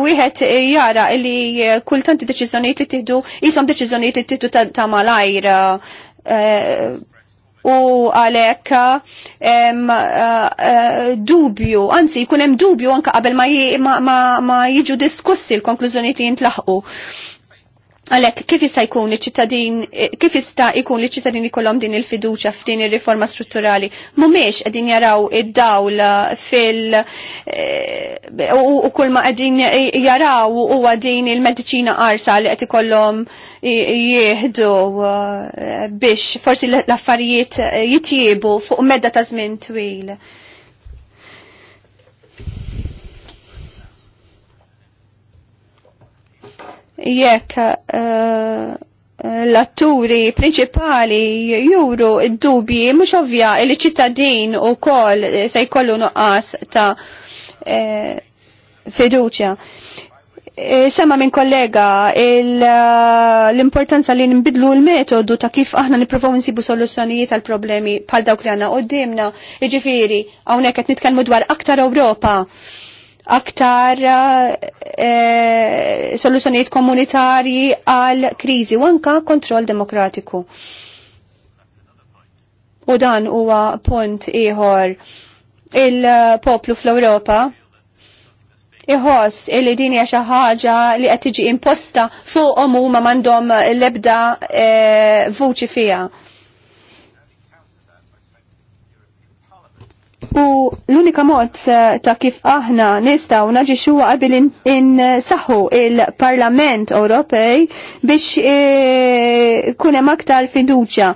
Speaker 2: wieħed jara illi kultanti deċiżjonijiet li tieħdu ishom deċiżjonijiet li tieħdu ta' malajr u għalek dubju, anzi jkun hemm dubju anke qabel ma jiġu diskussi l-konklużjonijiet li jintlaħqu. Għalek, kif jista' jkun iċ-ċittadin, kif jista' jkun iċ ċittadin ikollhom din il fiduċja f'din ir-riforma strutturali? Mhumiex qegħdin jaraw id-dawl fil- eh, u kull ma qegħdin jaraw huwa din il-mediċina qarsa li qed ikollhom jieħdu eh, biex forsi l-affarijiet jitjiebu fuq medda ta' żmien twil. jekk eh, l-atturi principali juru id-dubji mhux ovvja il ċittadin u kol se jkollu nuqqas ta' eh, fiduċja. E, sema minn kollega eh, l-importanza li nbidlu l-metodu ta' kif aħna niprofaw nsibu soluzzjonijiet tal problemi bħal dawk li għanna u dimna, iġifiri, għawnek għet nitkelmu dwar aktar Ewropa aktar e, soluzzjonijiet komunitarji għal kriżi u anka kontroll demokratiku. U dan huwa punt ieħor il-poplu fl-Ewropa iħoss li din hija xi ħaġa li qed tiġi imposta fuqhom huma m'għandhom l-ebda voċi eh, vuċi fiha. U l-unika mod eh, ta' kif aħna nistaw xuwa għabil in-saħu il-Parlament Ewropej biex eh, kunem aktar fiduċa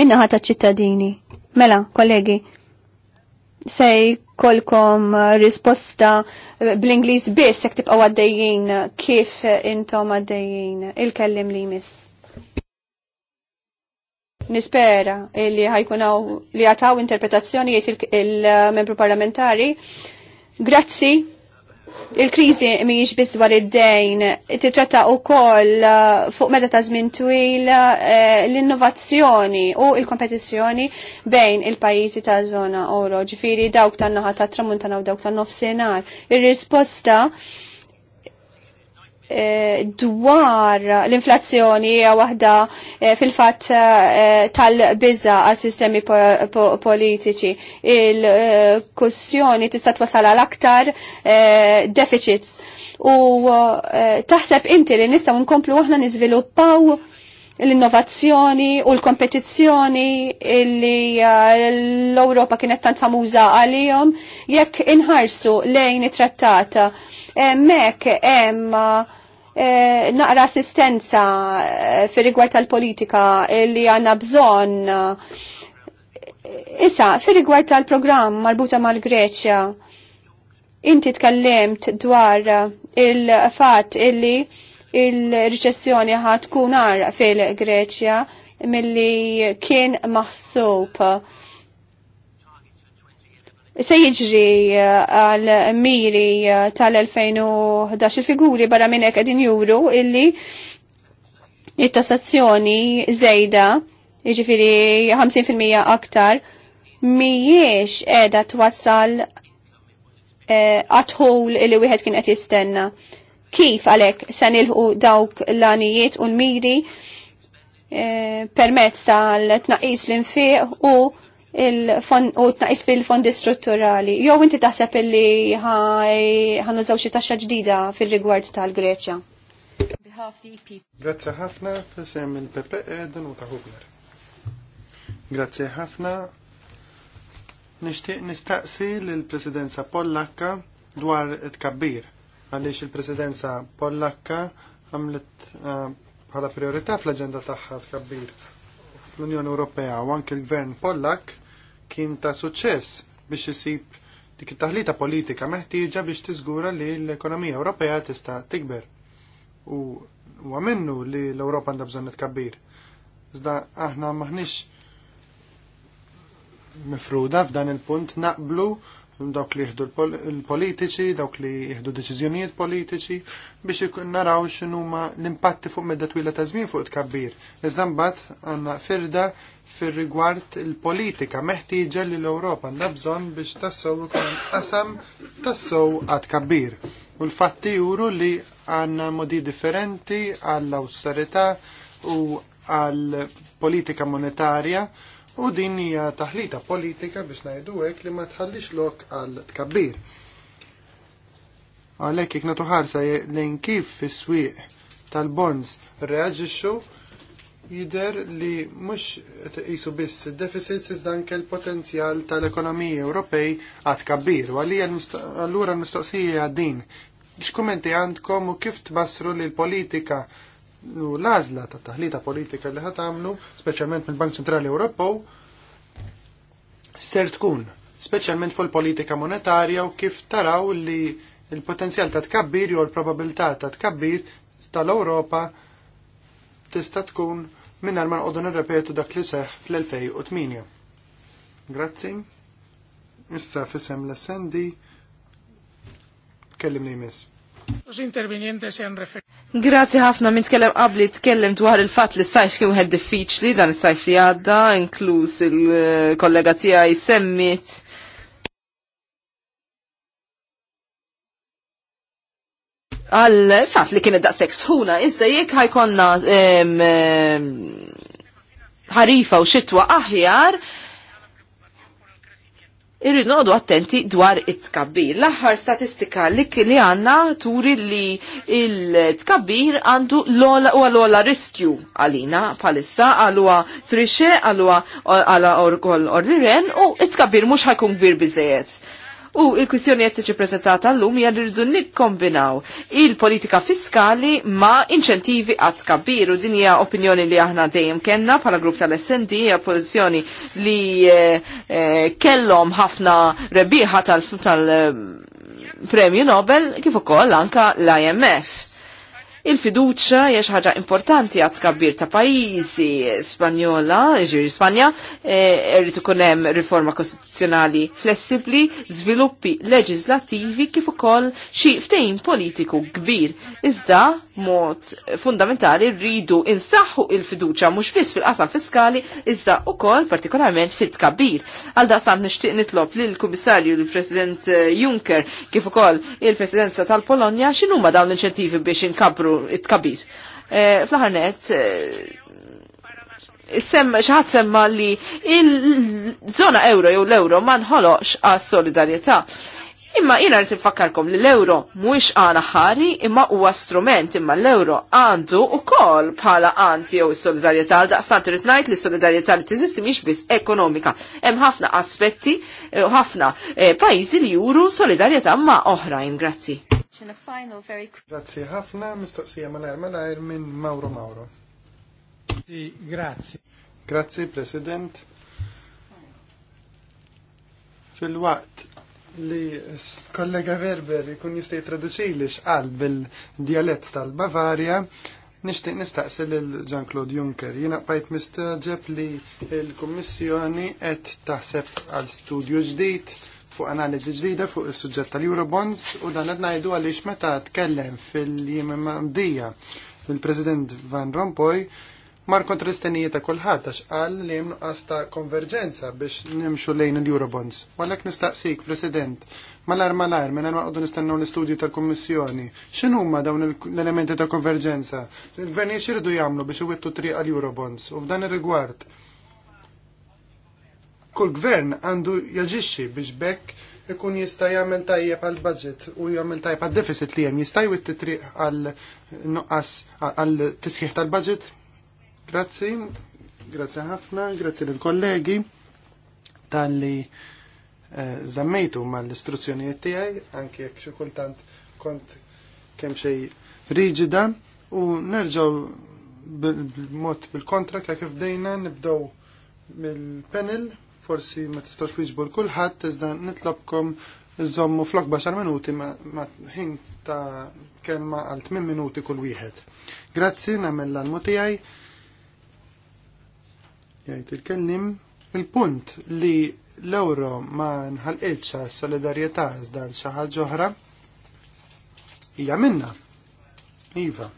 Speaker 2: minna ħata ċittadini. Mela, kollegi, sej kolkom risposta bl-Inglis biss jek tibqa' għaddejjin kif intom għaddejjin il-kellim li miss nispera li ħajkunaw li għataw interpretazzjonijiet il-membru parlamentari. Grazzi, il-krizi miġ biz dwar id-dejn, titratta u koll uh, fuq meta ta' żmien twil uh, l-innovazzjoni u il-kompetizzjoni bejn il-pajjiżi ta' zona oro, ġifiri dawk tan-naħa ta' tramuntana u dawk tan-nofsinhar. Ir-risposta Eh, dwar l-inflazzjoni waħda eh, fil-fat eh, tal-bizza għal sistemi politiċi. Il-kustjoni tista' twasal għal aktar deficits. U taħseb inti li nistgħu nkomplu aħna niżviluppaw l-innovazzjoni u l-kompetizzjoni li l ewropa kienet tant famuża għalihom jekk inħarsu lejn it-trattata. Mek hemm Eh, naqra assistenza eh, fir rigward tal-politika li għanna bżon. Eh, issa, fir rigward tal-programm marbuta mal-Greċja, inti tkellimt dwar il-fat illi il-riċessjoni ħat ar fil-Greċja milli kien maħsub se jiġri eh, għal miri eh, tal-2011 figuri barra minn hekk qegħdin juru illi il tassazzjoni żejda jiġifieri 50% aktar mhijiex qiegħda twassal għatħol eh, illi wieħed kien qed jistenna. Kif għalhekk se nilħu dawk l-anijiet u l-miri permezz tal tnaqis l-infiq u il-fond u tnaqis fil-fondi strutturali. Jew inti taħseb illi ħanużaw xi taxxa ġdida fil-rigward tal-Greċja.
Speaker 1: E
Speaker 3: Grazzi ħafna f'isem il-PPE Danuta Hubner. Grazzi ħafna. Nixtieq nistaqsi lill-Presidenza Pollakka dwar it-kabbir għaliex il-Presidenza Pollakka għamlet eh, bħala priorità fl-aġenda tagħha tkabbir fl-Unjoni Ewropea u anke l-Gvern Pollak kien ta' suċċess biex jisib dik it-taħlita politika meħtieġa biex tiżgura li l-ekonomija Ewropea tista' tikber. U huwa minnu li l-Ewropa għandha bżonn tkabbir. Iżda aħna maħniex mifruda f'dan il-punt naqblu dawk li jihdu l-politiċi, dawk li jihdu deċiżjonijiet politiċi biex naraw x'inhuma l-impatti fuq medda twila ta' żmien fuq tkabbir. Iżda mbagħad għandna firda fir rigward il-politika meħtieġa li l-Ewropa nabżon bżonn biex tassew kon qasam tassew għad kabbir. U l-fatti juru li għandna modi differenti għall-awsterità u għall-politika monetarja u din hija taħlita politika biex ngħidu hekk li ma tħallix lok għal tkabbir. Għalhekk jekk nagħtu ħarsa lejn kif fis swieq tal-bonds reaġixxu jider li mux jisu biss deficits iżda anke l-potenzjal tal-ekonomiji Ewropej għad kabbir. U għallura mistoqsija din. X'kumenti għandkom u kif tbassru li l-politika u l-azla ta' taħlita politika li ħat għamlu, specialment mill-Bank Centrali Ewropew, ser tkun, specialment fuq politika monetarja u kif taraw li il-potenzjal ta' tkabbir jew l-probabilità ta' tkabbir tal-Ewropa tista' tkun minna l-marqodu nirrepetu dak li seħ fl-2008. Grazzi. Issa fissem l-essendi
Speaker 1: kellim li jmiss. Grazzi ħafna minn tkellem qabli tkellem dwar il-fatt li s-sajf kien diffiċli dan is-sajf li għadda, inkluż il-kollega tiegħi semmit għal fat li kienet daqsek sħuna, iżda jekk ħajkonna ħarifa u xitwa aħjar, irrid noqdu attenti dwar it-tkabbir. L-aħħar statistika li kien għanna turi li il-tkabbir għandu l u għal riskju għalina palissa għalwa trixe għalwa għala orgol orriren u it-tkabbir mux ħajkun kbir bizzejet U il-kwistjoni qed tiġi preżentata llum hija rridu nikkombinaw il-politika fiskali ma' inċentivi għad kabbir u din hija opinjoni li aħna dejjem kellna bħala grupp tal-SND hija li eh, eh, kellhom ħafna rebbieħa tal-premju eh, Nobel kif ukoll anka l-IMF Il-fiduċa hija xi ħaġa importanti għat kabbir ta' pajjiżi Spanjola, ġiri Spanja, e, irrid e, ikun hemm riforma kostituzzjonali flessibbli, żviluppi leġislattivi kif ukoll xi ftejn politiku kbir. Iżda mod fundamentali rridu insaħħu il-fiduċa mhux biss fil-qasam fiskali iżda wkoll partikolarment fit-tkabbir. Għal daqsam nixtieq nitlob lil kummissarju l president eh, Juncker kif ukoll il-Presidenza tal-Polonja x'inhuma dawn l-inċentivi biex inkabru it-tkabbir. Eh, Fl-ħarnet, e, eh, xi xaħat semma li il-zona euro jew l-euro ma nħoloqx għas solidarjetà Imma jina rrit nfakkarkom li l-euro mhuwiex għana ħari imma huwa strument imma l-euro għandu u kol bħala għanti jew solidarjetà għal daqstant rrit ngħid li solidarjetà li tiżisti mhix biss ekonomika. Hemm ħafna aspetti eh, u ħafna eh, pajjiżi li juru solidarjetà ma' oħrajn. Grazzi.
Speaker 3: Grazzi ħafna, mistoqsija malajr malajr minn Mauro Mauro. Grazzi. Grazzi, President. Fil-waqt li kollega Verber ikun jista' jitraduċili għal bil-dialett tal-Bavarja, nixtieq nistaqsi lil Jean-Claude Juncker. Jiena bajt mistaġeb li l-Kummissjoni qed taħseb għal studju ġdid fuq analiżi ġdida fuq is-suġġett tal-Eurobonds u dan qed ngħidu għaliex meta tkellem fil-jiem mdija il-President Van Rompuy mar kontra l istennijiet ta' kulħadd għax qal li hemm għasta ta' konverġenza biex nimxu lejn il-Eurobonds. Għalhekk nistaqsik, President, malar malar minn għoddu nistennu l-istudju tal-Kummissjoni. X'in huma dawn l-elementi ta' konverġenza? Il-gvernijiet x'irdu jagħmlu biex iwittu triq għall-Eurobonds u f'dan ir-rigward. Kull gvern għandu jaġixxi biex bekk ikun jista jagħmel tajjeb għal budget u jagħmel tajjeb għad deficit li hemm jista' jwitt triq għal nuqqas għal tisħiħ tal-budget Grazzi, grazzi ħafna, grazzi lill-kollegi tal-li eh, zammejtu mal-istruzzjonijiet tiegħi, anke jekk xi kultant kont kemm xej riġida u nerġgħu bil-mod bil-kontra kif bdejna nibdew mill-panel forsi ma tistax wieġbu l-kulħadd iżda nitlobkom iżommu flok baxar minuti ma ħin ta' kelma għal 8 minuti kull wieħed. Grazzi nagħmel l-anmu tiegħi jgħid il-kellim, il-punt li l-euro ma nħalqitx solidarjetà iżda xi ħaġa oħra hija minna. Iva.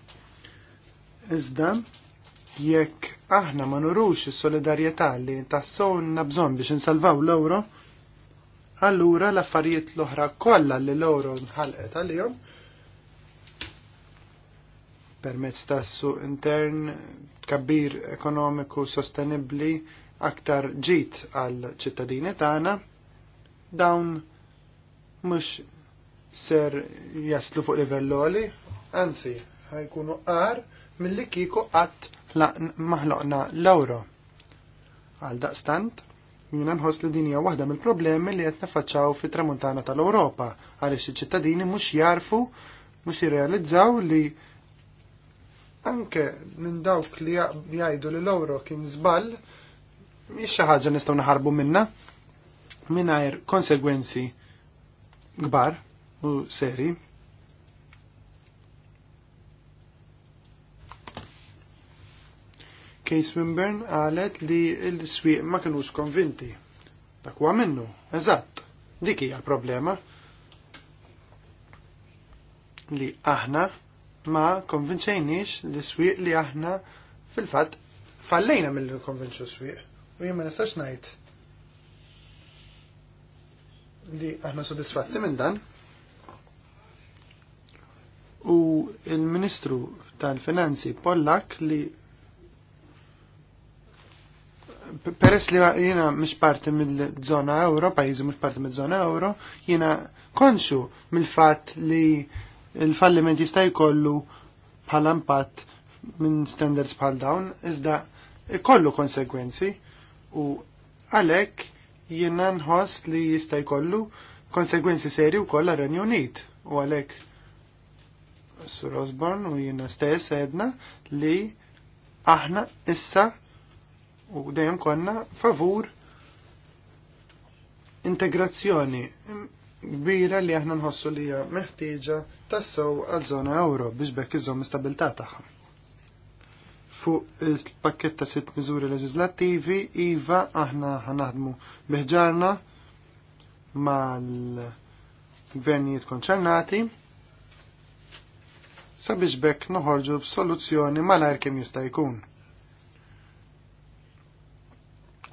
Speaker 3: Iżda jekk aħna ma nurux is-solidarjetà li tassowna bżonn biex insalvaw l-euro, allura l-affarijiet l-oħra kollha li l-euro nħalqet għalihom permezz tas-suq intern Kabbir ekonomiku sostenibli aktar ġit għal ċittadini tagħna dawn mhux ser jaslu fuq livelloli, anzi ħajkunu qar milli kieku qatt maħloqna l-ewro. Għal daqstant, jina nħoss li dinja waħda mill-problemi li qed nifaċċaw fit-tramuntana tal-Ewropa għaliex iċ-ċittadini mhux jarfu mhux jirrealizzaw li anke minn dawk li jgħidu li l ewro kien żball mhix xi ħaġa nistgħu naħarbu minna mingħajr konsegwenzi kbar u seri. Case Swinburne qalet li l-swieq ma kinux konvinti. Dak huwa minnu, eżatt. Dik hija l-problema. Li aħna ma konvinċejniex l-swieq li aħna fil-fatt fallejna mill-konvinċu swieq. U jimma ma nistax ngħid li aħna sodisfatti minn dan. U il-Ministru tal-Finanzi Pollak li peress li jiena mish parti mill-żona euro, pajjiżi mhux parti mill-żona euro, jiena konxu mill-fatt li il-falliment jista' jkollu bħala impatt minn standards bħal dawn, iżda jkollu konsegwenzi u għalhekk jiena nħoss li jista' jkollu konsegwenzi seri wkoll għar Renju Unit u għalhekk Sur Osborne u jiena stess għedna li aħna issa u dejjem konna favur integrazzjoni kbira li aħna nħossu li hija meħtieġa tassew għal żona euro biex bekk iżomm istabilità tagħha. Fuq il-pakket ta' sitt miżuri leġislattivi iva aħna ħanaħdmu biħġarna mal-gvernijiet konċernati sabiex bekk noħorġu b'soluzzjoni malajr kemm jista' jkun.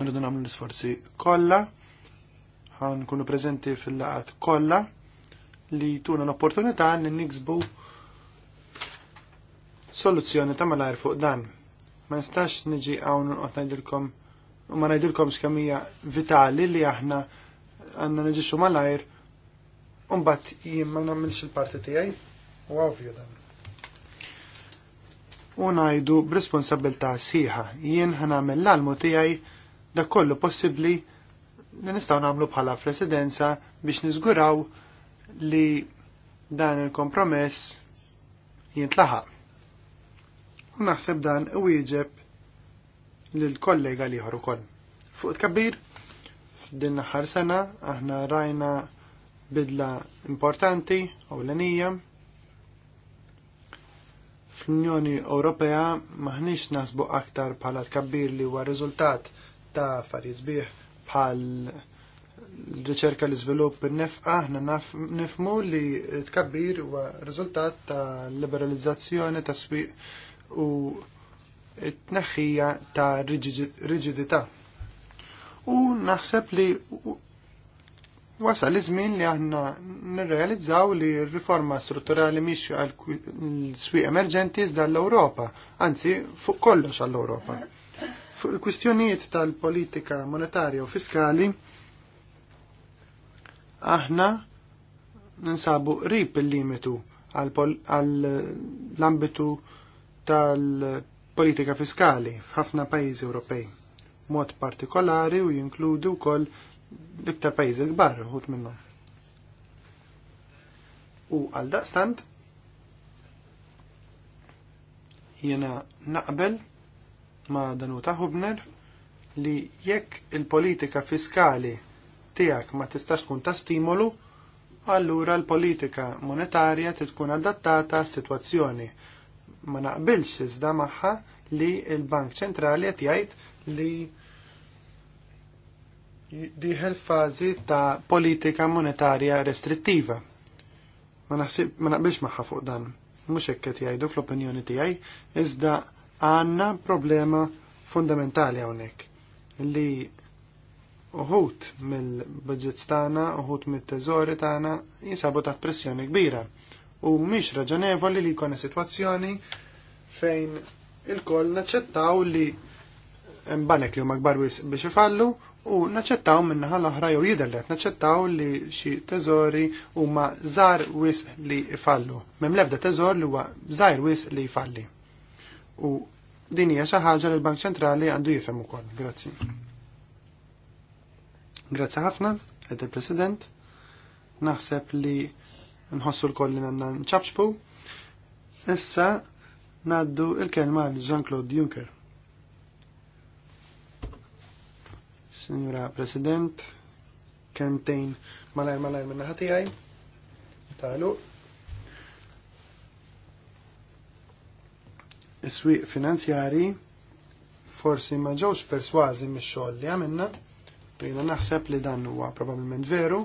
Speaker 3: Rridu nagħmlu l-isforzi kollha għan kunu prezenti fil-laqat kolla li tuna l-opportunità li niksbu soluzzjoni ta' malajr fuq dan. Ma nistax niġi għawn nqot najdilkom u ma najdilkom xkamija vitali li aħna għanna nġiċu malajr unbat jien ma namilx il-parti tijaj u għavju dan. U najdu b'responsabilta sħiħa jien għamil l-almu tijaj da kollu possibli li nistgħu nagħmlu bħala presidenza biex niżguraw li dan il-kompromess jintlaħaq. U naħseb dan iwieġeb lil kollega li ieħor ukoll. Fuq kabir, f'din naħar sena aħna rajna bidla importanti u l-anija. Fl-Unjoni Ewropea maħniex nasbu aktar bħala tkabbir li huwa riżultat ta' affarijiet sbieħ bħal riċerka l iżvilupp nefqa aħna nifmu li tkabbir huwa riżultat ta' liberalizzazzjoni ta' swieq u t-tneħħija ta' riġidità. U naħseb li wasal iż-żmien li aħna nirrealizzaw li r-riforma strutturali mhix għal swieq emerġenti iżda l-Ewropa, anzi fuq kollox għall-Ewropa. Fuq il-kwistjonijiet tal-politika monetarja u fiskali, aħna ninsabu qrib il-limitu għall-ambitu tal-politika fiskali f'ħafna pajjiżi Ewropej. Mod partikolari u jinkludu wkoll l-iktar pajjiżi kbar uħut minnhom. U għal daqstant jiena naqbel ma' Danuta Hubner li jekk il-politika fiskali tiegħek ma tistax tkun ta' stimolu, allura l-politika monetarja titkun adattata għas-sitwazzjoni. Ma naqbilx iżda magħha li l-Bank Ċentrali qed jgħid li diħel fażi ta' politika monetarja restrittiva. Ma naqbilx magħha fuq dan. Mhux hekk qed jgħidu fl-opinjoni tiegħi, iżda għanna problema fundamentali hawnhekk li uħut mill-budgets tagħna, uħut mit-teżori tagħna jinsabu taħt pressjoni kbira. U mhix raġonevoli li jkun sitwazzjoni fejn il-koll naċċettaw li mbanek li huma kbar biex ifallu u naċċettaw minnaħa l-oħra jew jidherlet naċċettaw li xi teżori huma żgħar wisq li ifallu. Mem ebda teżor li huwa żgħar wisq li jfalli. U din hija xi ħaġa li l-Bank Ċentrali għandu jifhem ukoll. Grazzi. Grazzi ħafna, qed il-President. Naħseb li nħossu l-koll li għandna nċabxbu. Issa naddu il-kelma għal Jean-Claude Juncker. Signora President, kemtejn malajr malajr minna ħatijaj, taluq is-swieq finanzjari forsi ma ġewx persważi mix-xogħol li għamilna, jiena naħseb li dan huwa probabbilment veru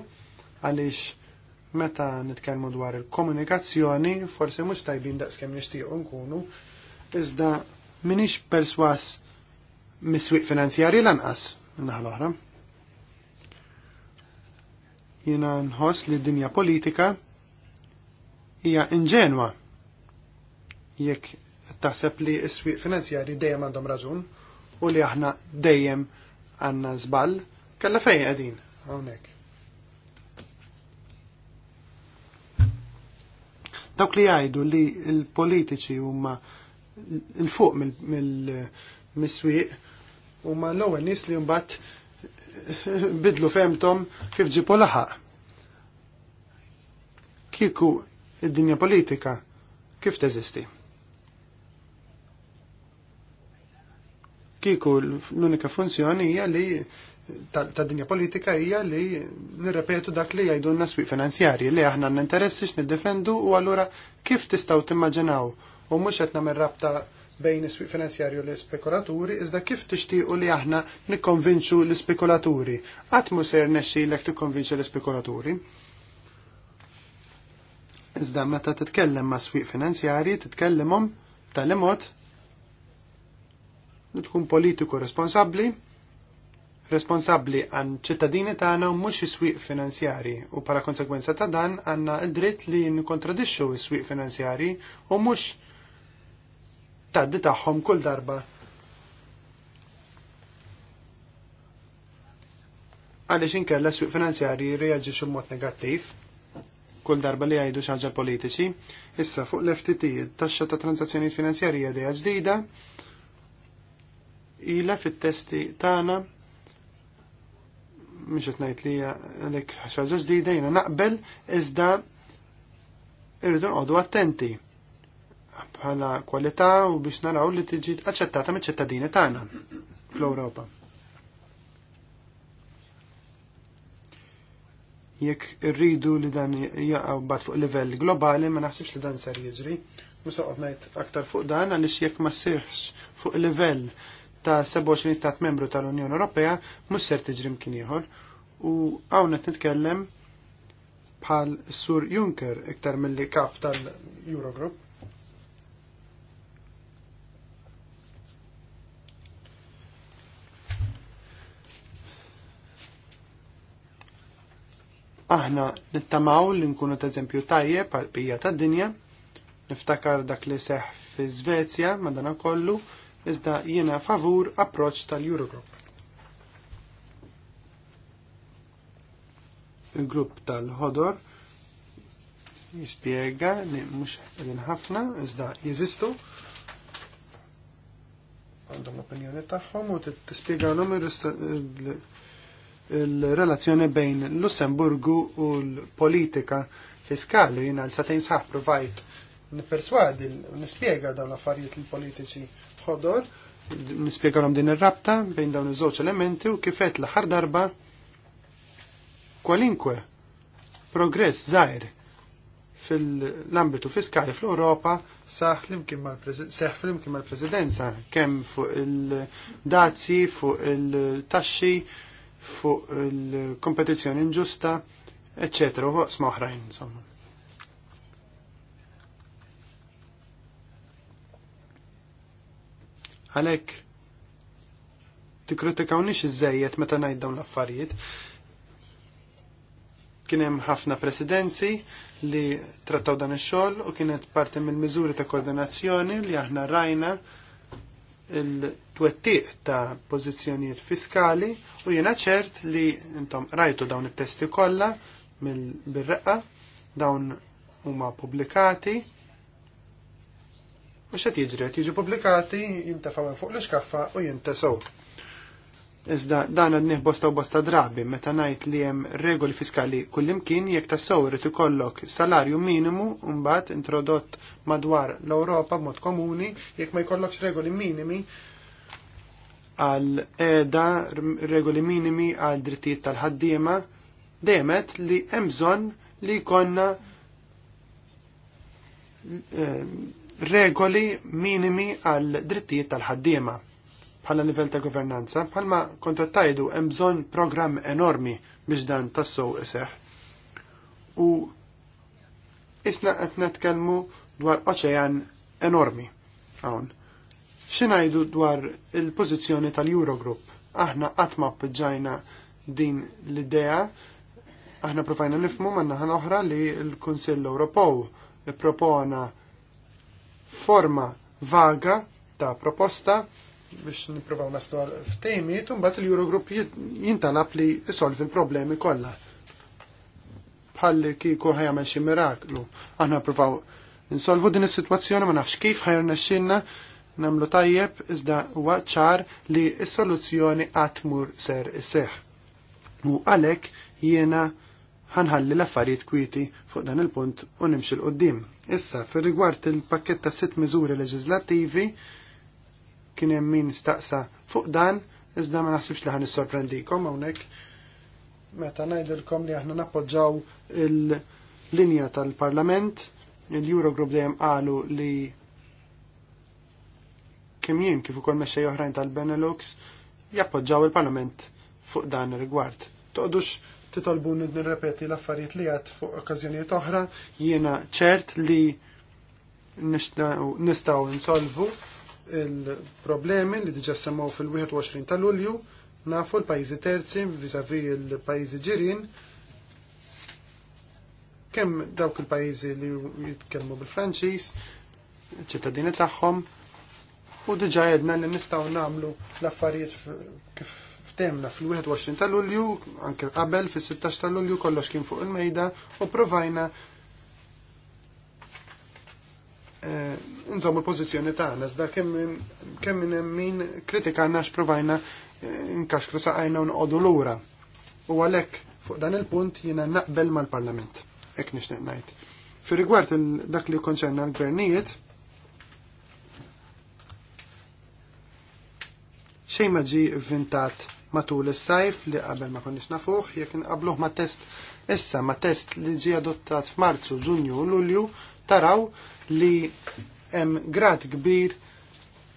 Speaker 3: għaliex meta nitkellmu dwar il-komunikazzjoni forsi mhux tajbin daqskemm nixtiequ nkunu, iżda minix perswas mis-swieq finanzjari lanqas minnaħa l-oħra. Jiena nħoss li d-dinja politika hija inġenwa jekk taħseb li s-swieq finanzjari dejjem għandhom raġun u li aħna dejjem għandna żball, kalla fejn qegħdin hawnhekk. Dawk li jgħidu li l-politiċi huma l-fuq mill-miswieq huma l-ewwel nies li mbagħad bidlu femtom kif ġipu laħaq. Kiku id-dinja politika kif teżisti? kieku l-unika funzjoni hija li ta' dinja politika hija li nirrepetu dak li jgħidu n finanzjarji li aħna n interessix x-niddefendu u allura kif tistaw timmaġinaw u mux qed nagħmel rabta bejn is-swieq finanzjarju l spekulaturi iżda kif tixtiequ li aħna nikkonvinċu l-spekulaturi. Qatt mhu ser nexxilek tikkonvinċu l-spekulaturi. Iżda meta titkellem ma' swieq finanzjarji titkellmhom tal imot tkun politiku responsabbli, responsabbli għan ċittadini tagħna u mhux is-swieq finanzjari u bħala konsekwenza ta' dan għandna id dritt li nkontradixxu is-swieq finanzjari u mhux tgħaddi tagħhom kull darba għaliex inkella s-swieq finanzjari reaġixxu mod negattiv kull darba li għajdu xaġa politiċi. Issa fuq l-FTT, taxxa ta' transazzjoni finanzjarija dejja ġdida, ila fit-testi tagħna mhux qed ngħid li għalhekk ħaġa ġdida jiena naqbel iżda irridu nqogħdu attenti bħala kwalità u biex naraw li tiġi aċċettata miċ-ċittadini tagħna fl-Ewropa. Jekk irridu li dan jaqgħu bad fuq livell globali ma naħsibx li dan ser jiġri. Musa qed ngħid aktar fuq dan għaliex jekk ma ssirx fuq livell ta' 27 stat membru tal-Unjoni Ewropea mhux ser tiġri mkien ieħor u hawn qed nitkellem bħal Sur Juncker iktar milli kap tal-Eurogroup. Aħna nittamaw li nkunu ta' eżempju tajjeb għal bija tad dinja, niftakar dak li seħ fi Svezja madana kollu, iżda jiena favur approċ tal-Eurogroup. Il-grupp tal-ħodor jispiega li mhux qegħdin ħafna iżda jeżistu għandhom l-opinjoni tagħhom u tispjegalhom il-relazzjoni bejn Lussemburgu u l-politika fiskali jiena l-satejn saħ provajt u nispiega dawn l-affarijiet il politiċi ħodor, nispjegawhom din ir-rabta bejn dawn iż-żewġ elementi u kifet l-aħħar darba kwalinkwe progress żgħir fil-ambitu fiskali fl ewropa saħ flimkien mal-presidenza, kemm fuq il-dazzi, fuq il-taxxi, fuq il-kompetizzjoni inġusta, eccetera, u fuq oħrajn, insomma. Għalhekk nix iż meta ngħid dawn l-affarijiet. Kien hemm ħafna presidenzi li trattaw dan ix-xogħol u kienet parti mill-miżuri ta' koordinazzjoni li aħna rajna il-twettiq ta' pożizzjonijiet fiskali u jiena ċert li intom rajtu dawn it-testi kollha bil-reqqa dawn huma pubblikati U xa jiġri, jiġu publikati, jintafaw fuq l-iskaffa u jintasaw. Iżda dan għad bosta u bosta drabi meta ngħid li hemm regoli fiskali kullimkien jekk tassew rritu ikollok salarju minimu mbagħad introdott madwar l-Ewropa b'mod komuni jekk ma jkollokx regoli minimi għal eda regoli minimi għal drittijiet tal-ħaddiema demet li hemm bżonn li jkollna eh, regoli minimi għal drittijiet tal-ħaddiema bħala livell ta' governanza, bħalma kontu tajdu hemm bżonn programm enormi biex dan tassow iseħ. U isna qed netkellmu dwar oċean enormi hawn. Xinajdu dwar il-pożizzjoni tal-Eurogroup? Aħna qatt ma appoġġajna din l-idea, aħna provajna nifmu manna ħan oħra li l-Kunsill Ewropew ippropona propona forma vaga ta' proposta biex niprofaw naslu f'tejmiet, un bat il-Eurogrupp jintalab li jisolvi l-problemi kollha. Bħalli kiku ħajamel xi miraklu. Aħna provaw insolvu din is-sitwazzjoni ma nafx kif ħajrna xinna namlu tajjeb iżda huwa ċar li s-soluzzjoni qatt mur ser isseħ. U għalhekk jiena ħanħalli l-affarijiet kwiti fuq dan il-punt u nimxil qoddim. Issa, fir rigward il-pakket ta' sitt miżuri leġislattivi kien hemm min staqsa fuq dan, iżda ma naħsibx li ħan sorprendikom hawnhekk meta ngħidilkom li aħna nappoġġaw il-linja tal-Parlament, il-Eurogroup dejjem qalu li kemm jien kif ukoll mexxej oħrajn tal-Benelux jappoġġaw il-Parlament fuq dan ir-rigward. Toqdux titolbuni nirrepeti l-affarijiet li għad fuq okkażjonijiet oħra, jiena ċert li nistaw insolvu il-problemi li diġa semmaw fil-21 ta' Lulju nafu l-pajzi terzi vis-à-vis l-pajzi ġirin kemm dawk il-pajzi li jitkellmu bil-Franċis, ċittadini tagħhom u diġa jedna li nistaw namlu l-affarijiet kif temna fil-21 ta' Lulju, anke qabel fil-16 ta' Lulju kollox kien fuq il-mejda u provajna eh, nżommu l-pozizjoni tagħna iżda kemm minn min kritikana x'provajna eh, nkaxkru saqajna u l lura. U għalhekk fuq dan il-punt jiena naqbel mal-Parlament. Hekk nix ngħid. Fi rigward dak li konċerna l-gvernijiet, xej maġi vintat matul is-sajf li qabel ma konniex nafuh jekk inqabluh ma' test issa ma' test li ġie adottat f'Marzu, Ġunju u Lulju taraw li hemm grad kbir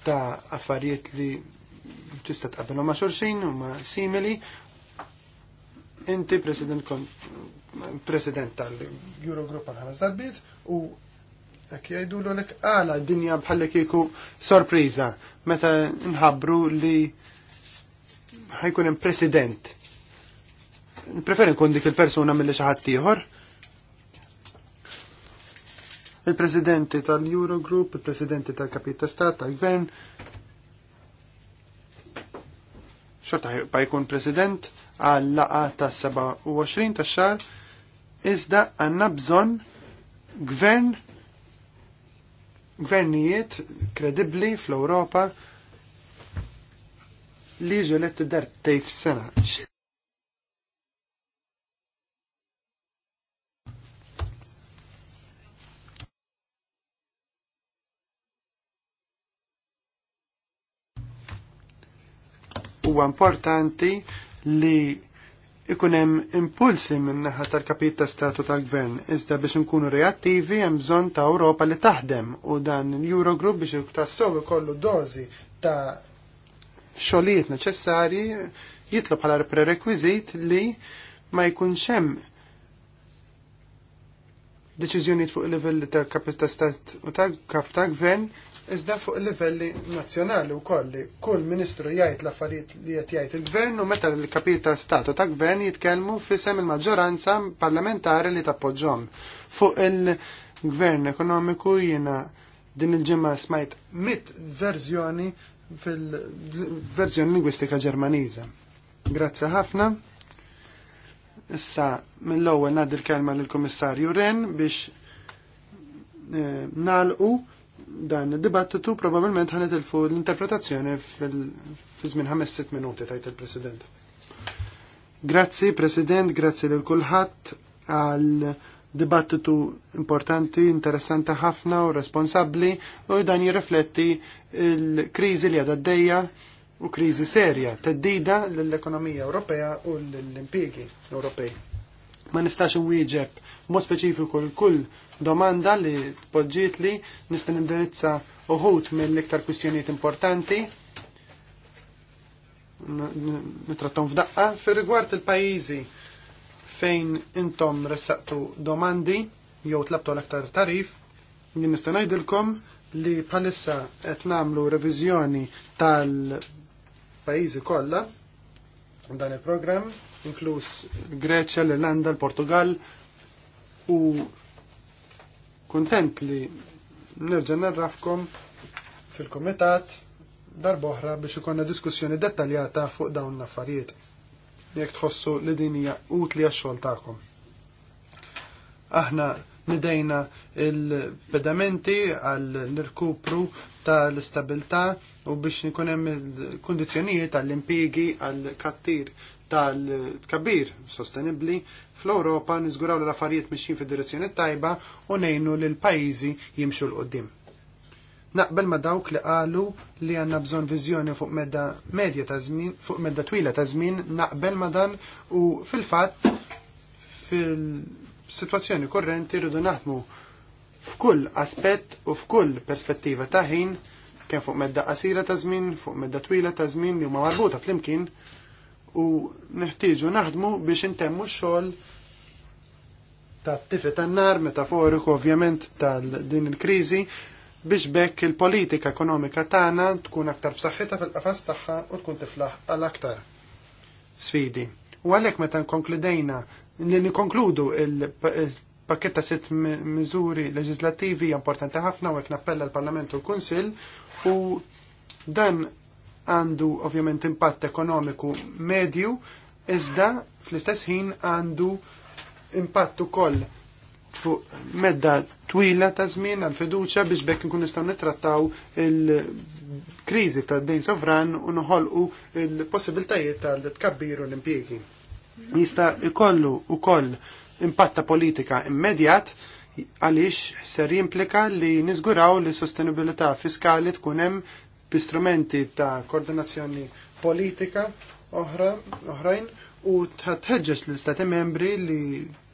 Speaker 3: ta' affarijiet li tista' tqabbilhom ma' xulxin u ma' simili. Inti President kon President tal-Eurogroup għal-ħames darbit u Ek jajdu l-olek għala dinja bħalli kieku sorpriza meta nħabru li ħajkun hemm president. Preferi nkun dik il-persuna mill-li xi ħadd ieħor. Il-presidenti tal-Eurogroup, il-presidenti tal-Kapit ta' Stat, tal-Gvern, xorta ħajba jkun president għal laqa ta' 27 ta' xar, iżda għanna bżon gvern, gvernijiet kredibli fl-Europa li ġolet darb tejf sena. Huwa importanti li ikunem impulsi minn naħa tal-kapit ta' statu tal-gvern. Iżda biex nkunu reattivi hemm bżonn ta' Ewropa li taħdem u dan l-Eurogroup biex tassew ikollu dozi ta' xogħlijiet neċessari jitlu bħala prerequisit li ma jkunx hemm deċiżjonijiet fuq il-livell ta' kapitastat u ta' kap ta' gvern iżda fuq il-livelli nazzjonali u kolli. Kull ministru jgħid l-affarijiet li qed jgħid il-gvern u meta l kapita statu ta' gvern jitkellmu fisem il-maġġoranza parlamentari li tappoġġhom. Fuq il-gvern ekonomiku jiena din il-ġimgħa smajt mit verżjoni fil-verżjoni lingwistika ġermaniża. Grazzi ħafna. Issa mill-ewwel ngħaddi l-kelma lill-Kummissarju Ren biex eh, nalqu dan id-dibattitu probabbilment ħanet ilfu l-interpretazzjoni fi żmien ħames sitt minuti tajt il-President. Grazzi President, grazzi lil kulħadd għal dibattitu importanti, interessanti ħafna u responsabli u dan jirrifletti l-kriżi li għadha d-dejja u kriżi serja teddida l-ekonomija Ewropea u l-impjiegi Ewropej. Ma nistax wieġeb mod speċifiku l-kull domanda li tpoġġiet li nista' nindirizza uħut mill-iktar kwistjonijiet importanti nitrattaw f'daqqa fir rigward il-pajjiżi fejn intom ressaqtu domandi jew tlabtu l-aktar tarif, jien nista' ngħidilkom li bħalissa qed nagħmlu reviżjoni tal-pajjiżi kollha dan il-programm, inkluż Greċja, l-Irlanda, l-Portugal u kuntent li nerġa' narrafkom fil-kumitat darboħra biex ikonna diskussjoni dettaljata fuq dawn l-affarijiet jekk tħossu li din hija utli għax-xogħol tagħkom. Aħna nidejna il-pedamenti għall-irkupru tal-istabilità u biex nikun hemm il-kundizzjonijiet għall-impjiegi għall-kattir tal-kabir sostenibbli fl-Ewropa niżguraw l-affarijiet mixjin fid-direzzjoni tajba u nejnu lil pajjiżi jimxu l-qoddim. Naqbel ma dawk li qalu li għanna bżon viżjoni fuq medda medja ta' żmien, fuq medda twila ta' żmien, naqbel ma dan u fil-fatt fil-sitwazzjoni korrenti rridu naħdmu f'kull aspett u f'kull perspettiva ta' ħin kemm fuq medda qasira ta' żmien, fuq medda twila ta' żmien li huma marbuta flimkien u neħtieġu naħdmu biex intemmu x-xogħol ta' tifi tan-nar metaforiku ovvjament tal din il-kriżi biex bekk il-politika ekonomika tagħna tkun aktar b'saħħitha fil-qafas tagħha u tkun tiflaħ għal aktar sfidi. U għalhekk meta nkonkludejna li nikonkludu il-pakketta sitt miżuri leġislattivi importanti ħafna u hekk nappella l-Parlament u l-Kunsill u dan għandu ovvjament impatt ekonomiku medju iżda fl-istess ħin għandu impatt ukoll fuq medda twila ta' żmien għal fiduċa biex bekk nkun nistgħu nittrattaw il-kriżi ta' dejn sovran u noħolqu il-possibiltajiet tal-tkabbiru l-impjiegi. Jista' ikollu ukoll impatta politika immedjat għaliex ser jimplika li niżguraw li sostenibilità fiskali tkun hemm b'istrumenti ta' koordinazzjoni politika oħra oħrajn u tħeġġeġ l-istati membri li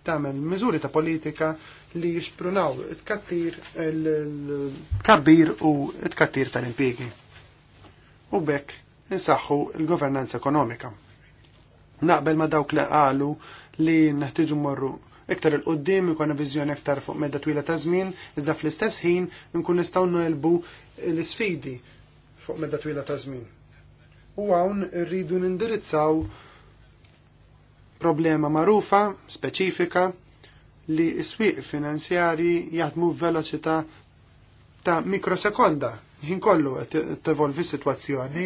Speaker 3: tagħmel miżuri ta' politika li jisprunaw it-kattir il-kabbir u it-kattir tal impiegi U bekk insaħħu l-governanza ekonomika. Naqbel ma dawk li qalu li neħtieġu morru iktar il-qoddim ikun viżjoni iktar fuq medda twila ta' żmien, iżda fl-istess ħin nkun nistgħu nelbu l-isfidi fuq medda twila ta' żmien. U hawn irridu nindirizzaw problema marufa, speċifika, li s-swiq finanzjari jaħdmu veloċità ta' mikrosekonda. Ħin kollu t-evolvi situazzjoni,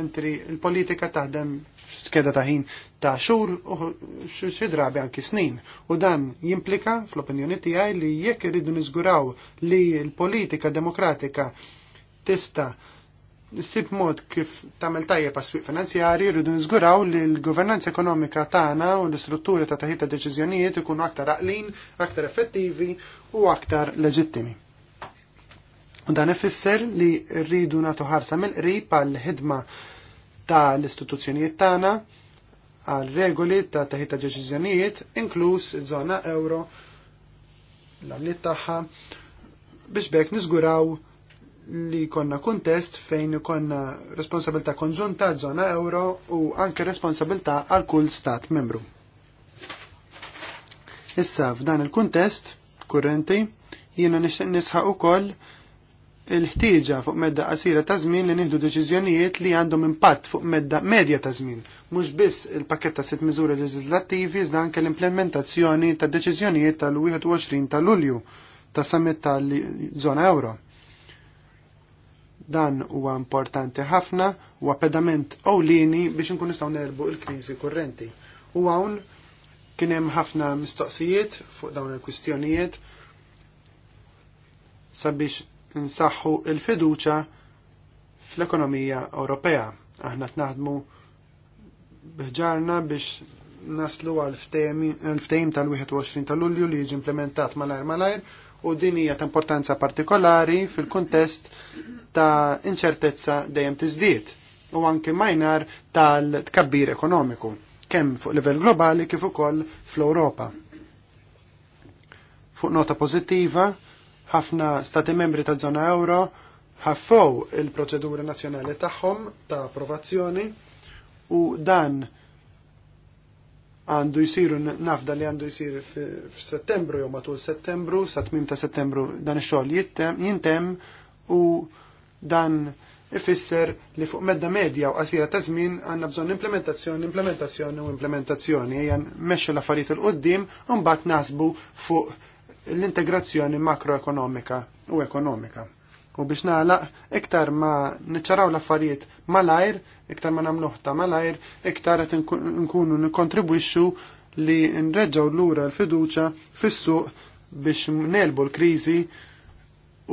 Speaker 3: entri il-politika taħdem skeda ta' ħin ta' xur u xidrabi anki snin. U dan jimplika, fl-opinjoni tiegħi, li jekk irridu niżguraw li l-politika demokratika tista' nisib mod kif tagħmel tajjeb għas-swieq finanzjari rridu nżguraw li l-governanza ekonomika tagħna u l-istrutturi ta' taħita deċiżjonijiet ikunu aktar aqlin, aktar effettivi u aktar leġittimi. U dan ifisser li rridu nagħtu ħarsa mill-qrib għall-ħidma tal istituzzjonijiet tagħna għal regoli ta' taħita deċiżjonijiet, inkluż iż-żona euro, l-għamliet tagħha biex bekk niżguraw li konna kontest fejn konna responsabilta konġunta zona euro u anke responsabilta għal kull stat membru. Issa f'dan il-kontest kurrenti jiena nixtieq nisħaq ukoll il-ħtieġa fuq medda qasira ta' żmien li nieħdu deċiżjonijiet li għandhom impatt fuq medda medja ta' żmien, mhux biss il-pakket ta' sitt miżuri leġislattivi iżda anke l-implementazzjoni ta' deċiżjonijiet tal-21 ta' Lulju ta' summit tal-żona euro Dan huwa importanti ħafna huwa pedament ewlieni biex inkun nistgħu nerbu l-kriżi kurrenti. U hawn kien hemm ħafna mistoqsijiet fuq dawn il-kwistjonijiet sabiex insaħħu il-fiduċa fl-ekonomija Ewropea. Aħna tnaħdmu biħġarna biex naslu għal ftehim tal-21 tal-Lulju li jiġi implementat malajr malajr u din hija ta' importanza partikolari fil-kuntest ta' inċertezza dejjem tiżdied u anke majnar tal-tkabbir ekonomiku, kemm fuq livell globali kif ukoll fl-Ewropa. Fuq nota pożittiva, ħafna stati membri ta' żona euro ħaffow il-proċeduri nazzjonali tagħhom ta' approvazzjoni u dan għandu jisiru nafda li għandu jisir f-settembru jew matul settembru, sa tmim ta' settembru dan ix-xogħol jintem u dan ifisser li fuq medda medja u qasira ta' żmien għanna bżonn implementazzjoni, implementazzjoni u implementazzjoni. Ejja meċċa l-affarijiet il qudiem u mbagħad nasbu fuq l-integrazzjoni makroekonomika u ekonomika. U biex nagħlaq iktar ma niċċaraw l-affarijiet malajr, iktar ma nagħmluh ta' malajr, iktar qed nkunu nikkontribwixxu li nreġgħu lura l-fiduċja fis-suq biex nelbu l-kriżi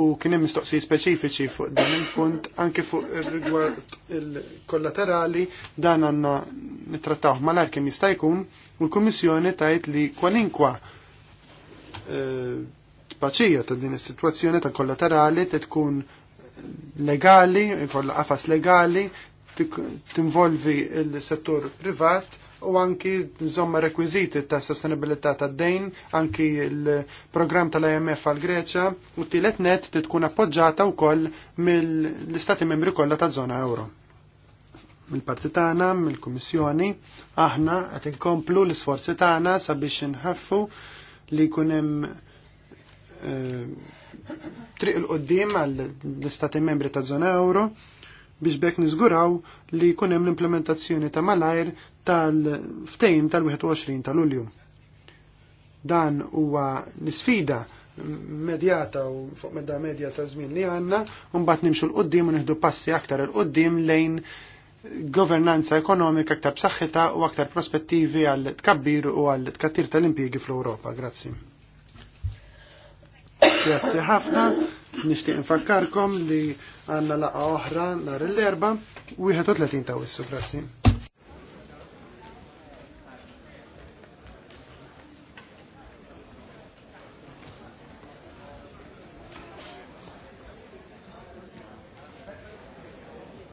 Speaker 3: u kien hemm mistoqsi speċifiċi fuq dan il-punt anke fuq rigward il-kollaterali dan għandna nittrattawh malajr kemm jista' jkun u l-Kummissjoni tajt li kwalinkwa eh, paċija ta' din is-sitwazzjoni ta' kollaterali tkun legali, jkollha qafas legali, tinvolvi il-settur privat u anki nżomma rekwiziti ta' sostenibilità ta' dejn, anki il-programm tal-IMF għal Greċa u t net net tkun appoġġata wkoll mill-istati membri kollha ta' zona euro. Mill-parti tagħna, mill-Kummissjoni, aħna qed inkomplu l-isforzi tagħna sabiex inħaffu li jkun hemm Eh, triq il-qoddim għall-istati membri ta' zona euro biex bekk niżguraw li jkun hemm l-implementazzjoni ta' malajr tal-ftejm tal-21 tal-Ulju. Dan huwa l medjata u fuq medda medja ta' żmien li għandna, u mbagħad nimxu l-qoddim u nieħdu passi aktar il-qoddim lejn governanza ekonomika aktar b'saħħitha u aktar prospettivi għal tkabbir u għal tkattir tal-impjiegi fl-Ewropa. Grazzi. Grazzi ħafna, nixtieq infakkarkom li għandna laqa oħra nhar l-erba' 31 ta' wissu, grazzi.